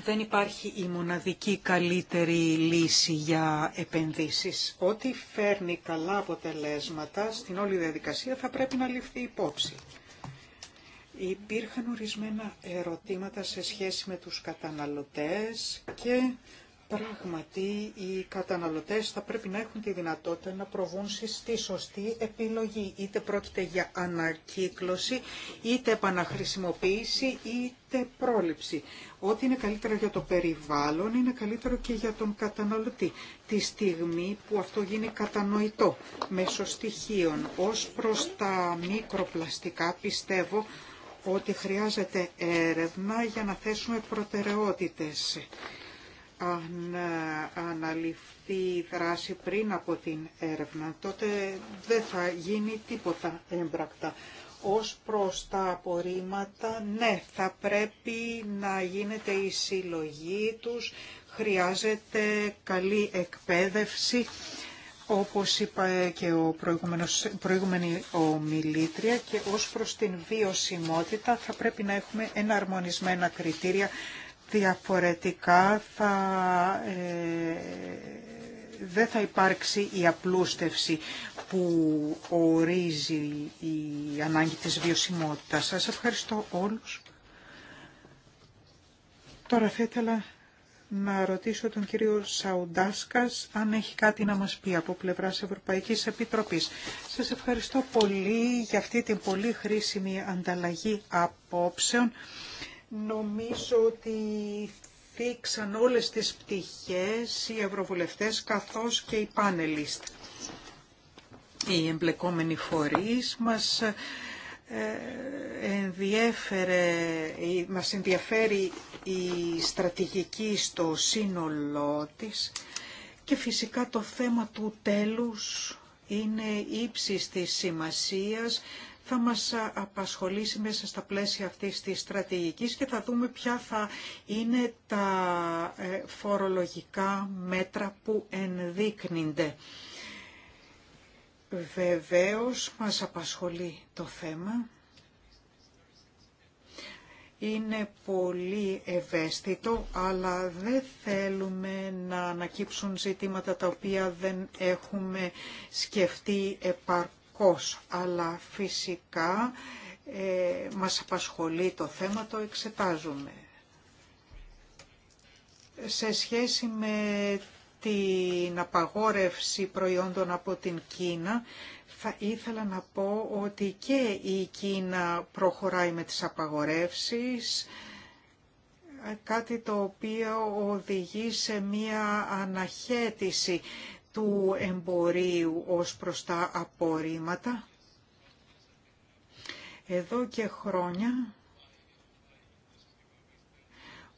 δεν υπάρχει η μοναδική καλύτερη λύση για επενδύσεις. Ό,τι φέρνει καλά αποτελέσματα στην όλη διαδικασία θα πρέπει να ληφθεί υπόψη. Υπήρχαν ορισμένα ερωτήματα σε σχέση με τους καταναλωτές και Πράγματι, οι καταναλωτές θα πρέπει να έχουν τη δυνατότητα να προβούν στη σωστή επιλογή. Είτε πρόκειται για ανακύκλωση, είτε επαναχρησιμοποίηση, είτε πρόληψη. Ό,τι είναι καλύτερο για το περιβάλλον είναι καλύτερο και για τον καταναλωτή. Τη στιγμή που αυτό γίνει κατανοητό μέσω στοιχείων ως προς τα μικροπλαστικά πιστεύω ότι χρειάζεται έρευνα για να θέσουμε προτεραιότητες αν ε, αναλυφθεί η δράση πριν από την έρευνα, τότε δεν θα γίνει τίποτα έμπρακτα. Ως προς τα απορρίμματα, ναι, θα πρέπει να γίνεται η συλλογή τους, χρειάζεται καλή εκπαίδευση, όπως είπα και ο προηγούμενος, προηγούμενη ομιλήτρια και ως προς την βιωσιμότητα θα πρέπει να έχουμε εναρμονισμένα κριτήρια Διαφορετικά θα, ε, δεν θα υπάρξει η απλούστευση που ορίζει η ανάγκη της βιωσιμότητας. Σας ευχαριστώ όλους. Τώρα θα ήθελα να ρωτήσω τον κύριο Σαουντάσκας αν έχει κάτι να μας πει από πλευράς Ευρωπαϊκής Επιτροπής. Σας ευχαριστώ πολύ για αυτή την πολύ χρήσιμη ανταλλαγή απόψεων Νομίζω ότι θίξαν όλες τις πτυχές οι ευρωβουλευτές καθώς και οι πάνελιστ. Οι εμπλεκόμενοι φορείς μας, ε, ενδιέφερε, μας ενδιαφέρει η στρατηγική στο σύνολό της και φυσικά το θέμα του τέλους είναι ύψης της σημασίας θα μας απασχολήσει μέσα στα πλαίσια αυτής της στρατηγικής και θα δούμε ποια θα είναι τα ε, φορολογικά μέτρα που ενδείκνυνται. Βεβαίως μας απασχολεί το θέμα. Είναι πολύ ευαίσθητο, αλλά δεν θέλουμε να ανακύψουν ζητήματα τα οποία δεν έχουμε σκεφτεί επαρκώς αλλά φυσικά ε, μας απασχολεί το θέμα, το εξετάζουμε. Σε σχέση με την απαγόρευση προϊόντων από την Κίνα, θα ήθελα να πω ότι και η Κίνα προχωράει με τις απαγορεύσεις, κάτι το οποίο οδηγεί σε μία αναχέτηση του εμπορίου ως προς τα απορρίμματα. Εδώ και χρόνια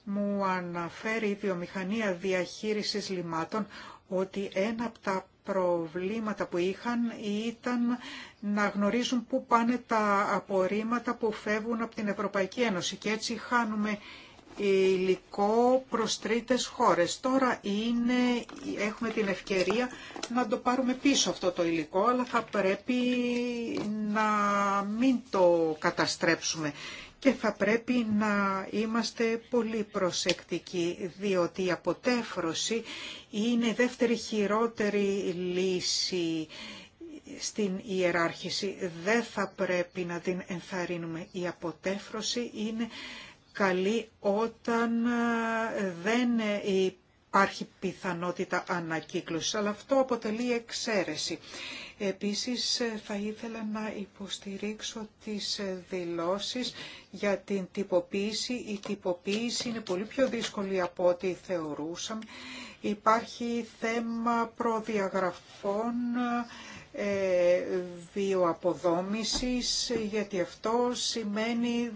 μου αναφέρει η βιομηχανία διαχείρισης λιμάτων ότι ένα από τα προβλήματα που είχαν ήταν να γνωρίζουν πού πάνε τα απορρίμματα που φεύγουν από την Ευρωπαϊκή Ένωση και έτσι χάνουμε υλικό προς τρίτες χώρες. Τώρα είναι, έχουμε την ευκαιρία να το πάρουμε πίσω αυτό το υλικό, αλλά θα πρέπει να μην το καταστρέψουμε. Και θα πρέπει να είμαστε πολύ προσεκτικοί, διότι η αποτέφρωση είναι η δεύτερη χειρότερη λύση στην ιεράρχηση. Δεν θα πρέπει να την ενθαρρύνουμε. Η αποτέφρωση είναι καλή όταν ε, δεν υπάρχει πιθανότητα ανακύκλωσης, αλλά αυτό αποτελεί εξαίρεση. Επίσης ε, θα ήθελα να υποστηρίξω τις ε, δηλώσεις για την τυποποίηση. Η τυποποίηση είναι πολύ πιο δύσκολη από ό,τι θεωρούσαμε. Υπάρχει θέμα προδιαγραφών ε, βιοαποδόμησης, γιατί αυτό σημαίνει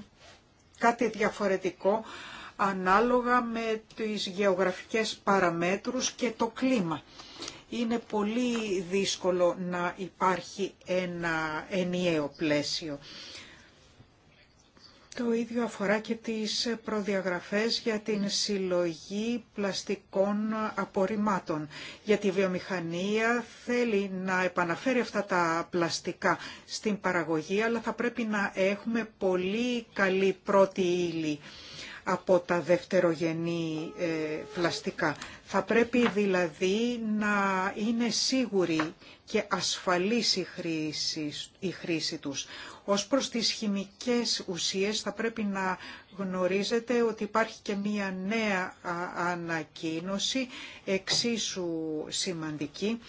κάτι διαφορετικό ανάλογα με τις γεωγραφικές παραμέτρους και το κλίμα. Είναι πολύ δύσκολο να υπάρχει ένα ενιαίο πλαίσιο. Το ίδιο αφορά και τις προδιαγραφές για την συλλογή πλαστικών απορριμμάτων. Γιατί η βιομηχανία θέλει να επαναφέρει αυτά τα πλαστικά στην παραγωγή, αλλά θα πρέπει να έχουμε πολύ καλή πρώτη ύλη από τα δευτερογενή ε, πλαστικά. Θα πρέπει δηλαδή να είναι σίγουρη και ασφαλής η χρήση, η χρήση τους. Ως προς τις χημικές ουσίες θα πρέπει να γνωρίζετε ότι υπάρχει και μία νέα ανακοίνωση εξίσου σημαντική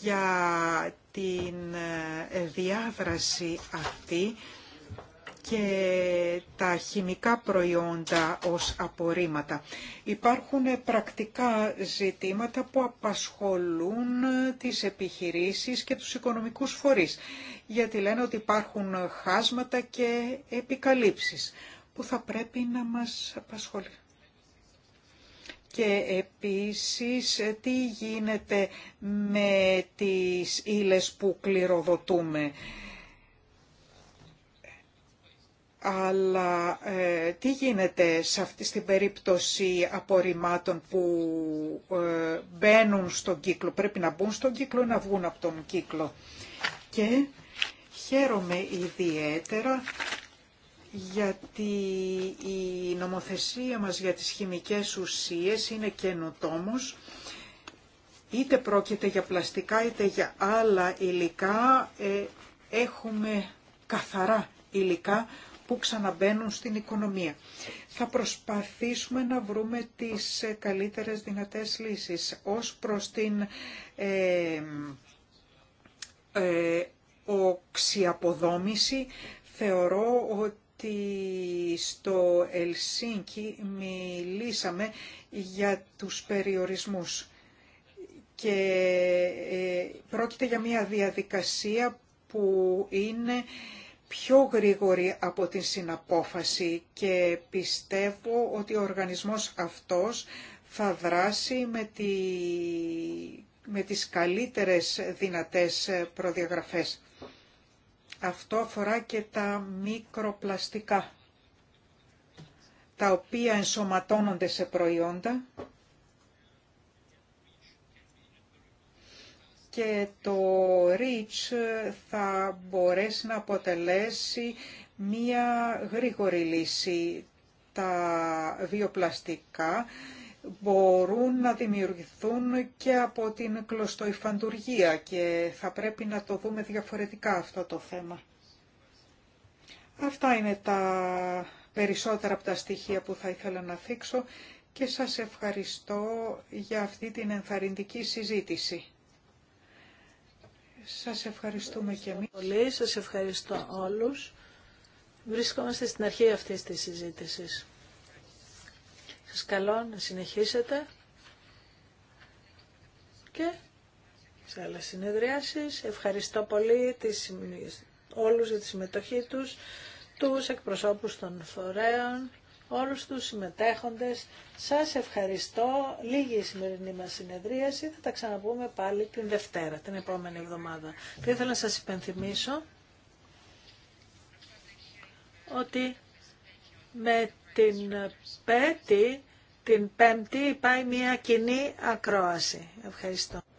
για την ε, διάδραση αυτή και τα χημικά προϊόντα ως απορρίμματα. Υπάρχουν πρακτικά ζητήματα που απασχολούν τις επιχειρήσεις και τους οικονομικούς φορείς, γιατί λένε ότι υπάρχουν χάσματα και επικαλύψεις που θα πρέπει να μας απασχολεί. Και επίσης τι γίνεται με τις ύλες που κληροδοτούμε αλλά ε, τι γίνεται σε αυτή, στην περίπτωση απορριμμάτων που ε, μπαίνουν στον κύκλο, πρέπει να μπουν στον κύκλο ή να βγουν από τον κύκλο. Και χαίρομαι ιδιαίτερα γιατί η νομοθεσία μας για τις χημικές ουσίες είναι καινοτόμος είτε πρόκειται για πλαστικά είτε για άλλα υλικά ε, έχουμε καθαρά υλικά που ξαναμπαίνουν στην οικονομία. Θα προσπαθήσουμε να βρούμε τις ε, καλύτερες δυνατές λύσεις ως προς την ε, ε, οξιαποδόμηση. Θεωρώ ότι στο Ελσίνκι μιλήσαμε για τους περιορισμούς και ε, πρόκειται για μια διαδικασία που είναι πιο γρήγορη από την συναπόφαση και πιστεύω ότι ο οργανισμός αυτός θα δράσει με, τη, με τις καλύτερες δυνατές προδιαγραφές. Αυτό αφορά και τα μικροπλαστικά, τα οποία ενσωματώνονται σε προϊόντα και το REACH θα μπορέσει να αποτελέσει μία γρήγορη λύση. Τα βιοπλαστικά μπορούν να δημιουργηθούν και από την κλωστοϊφαντουργία και θα πρέπει να το δούμε διαφορετικά αυτό το θέμα. Αυτά είναι τα περισσότερα από τα στοιχεία που θα ήθελα να θίξω και σας ευχαριστώ για αυτή την ενθαρρυντική συζήτηση. Σας ευχαριστούμε και εμείς. Πολύ, σας ευχαριστώ όλους. Βρίσκομαστε στην αρχή αυτής της συζήτησης. Σας καλώ να συνεχίσετε και σε άλλες συνεδριάσεις. Ευχαριστώ πολύ τις, όλους για τη συμμετοχή τους, τους εκπροσώπους των φορέων όλους τους συμμετέχοντες. Σας ευχαριστώ. Λίγη η σημερινή μας συνεδρίαση. Θα τα ξαναπούμε πάλι την Δευτέρα, την επόμενη εβδομάδα. Θα ήθελα να σας υπενθυμίσω ότι με την Πέτη, την Πέμπτη, πάει μια κοινή ακρόαση. Ευχαριστώ.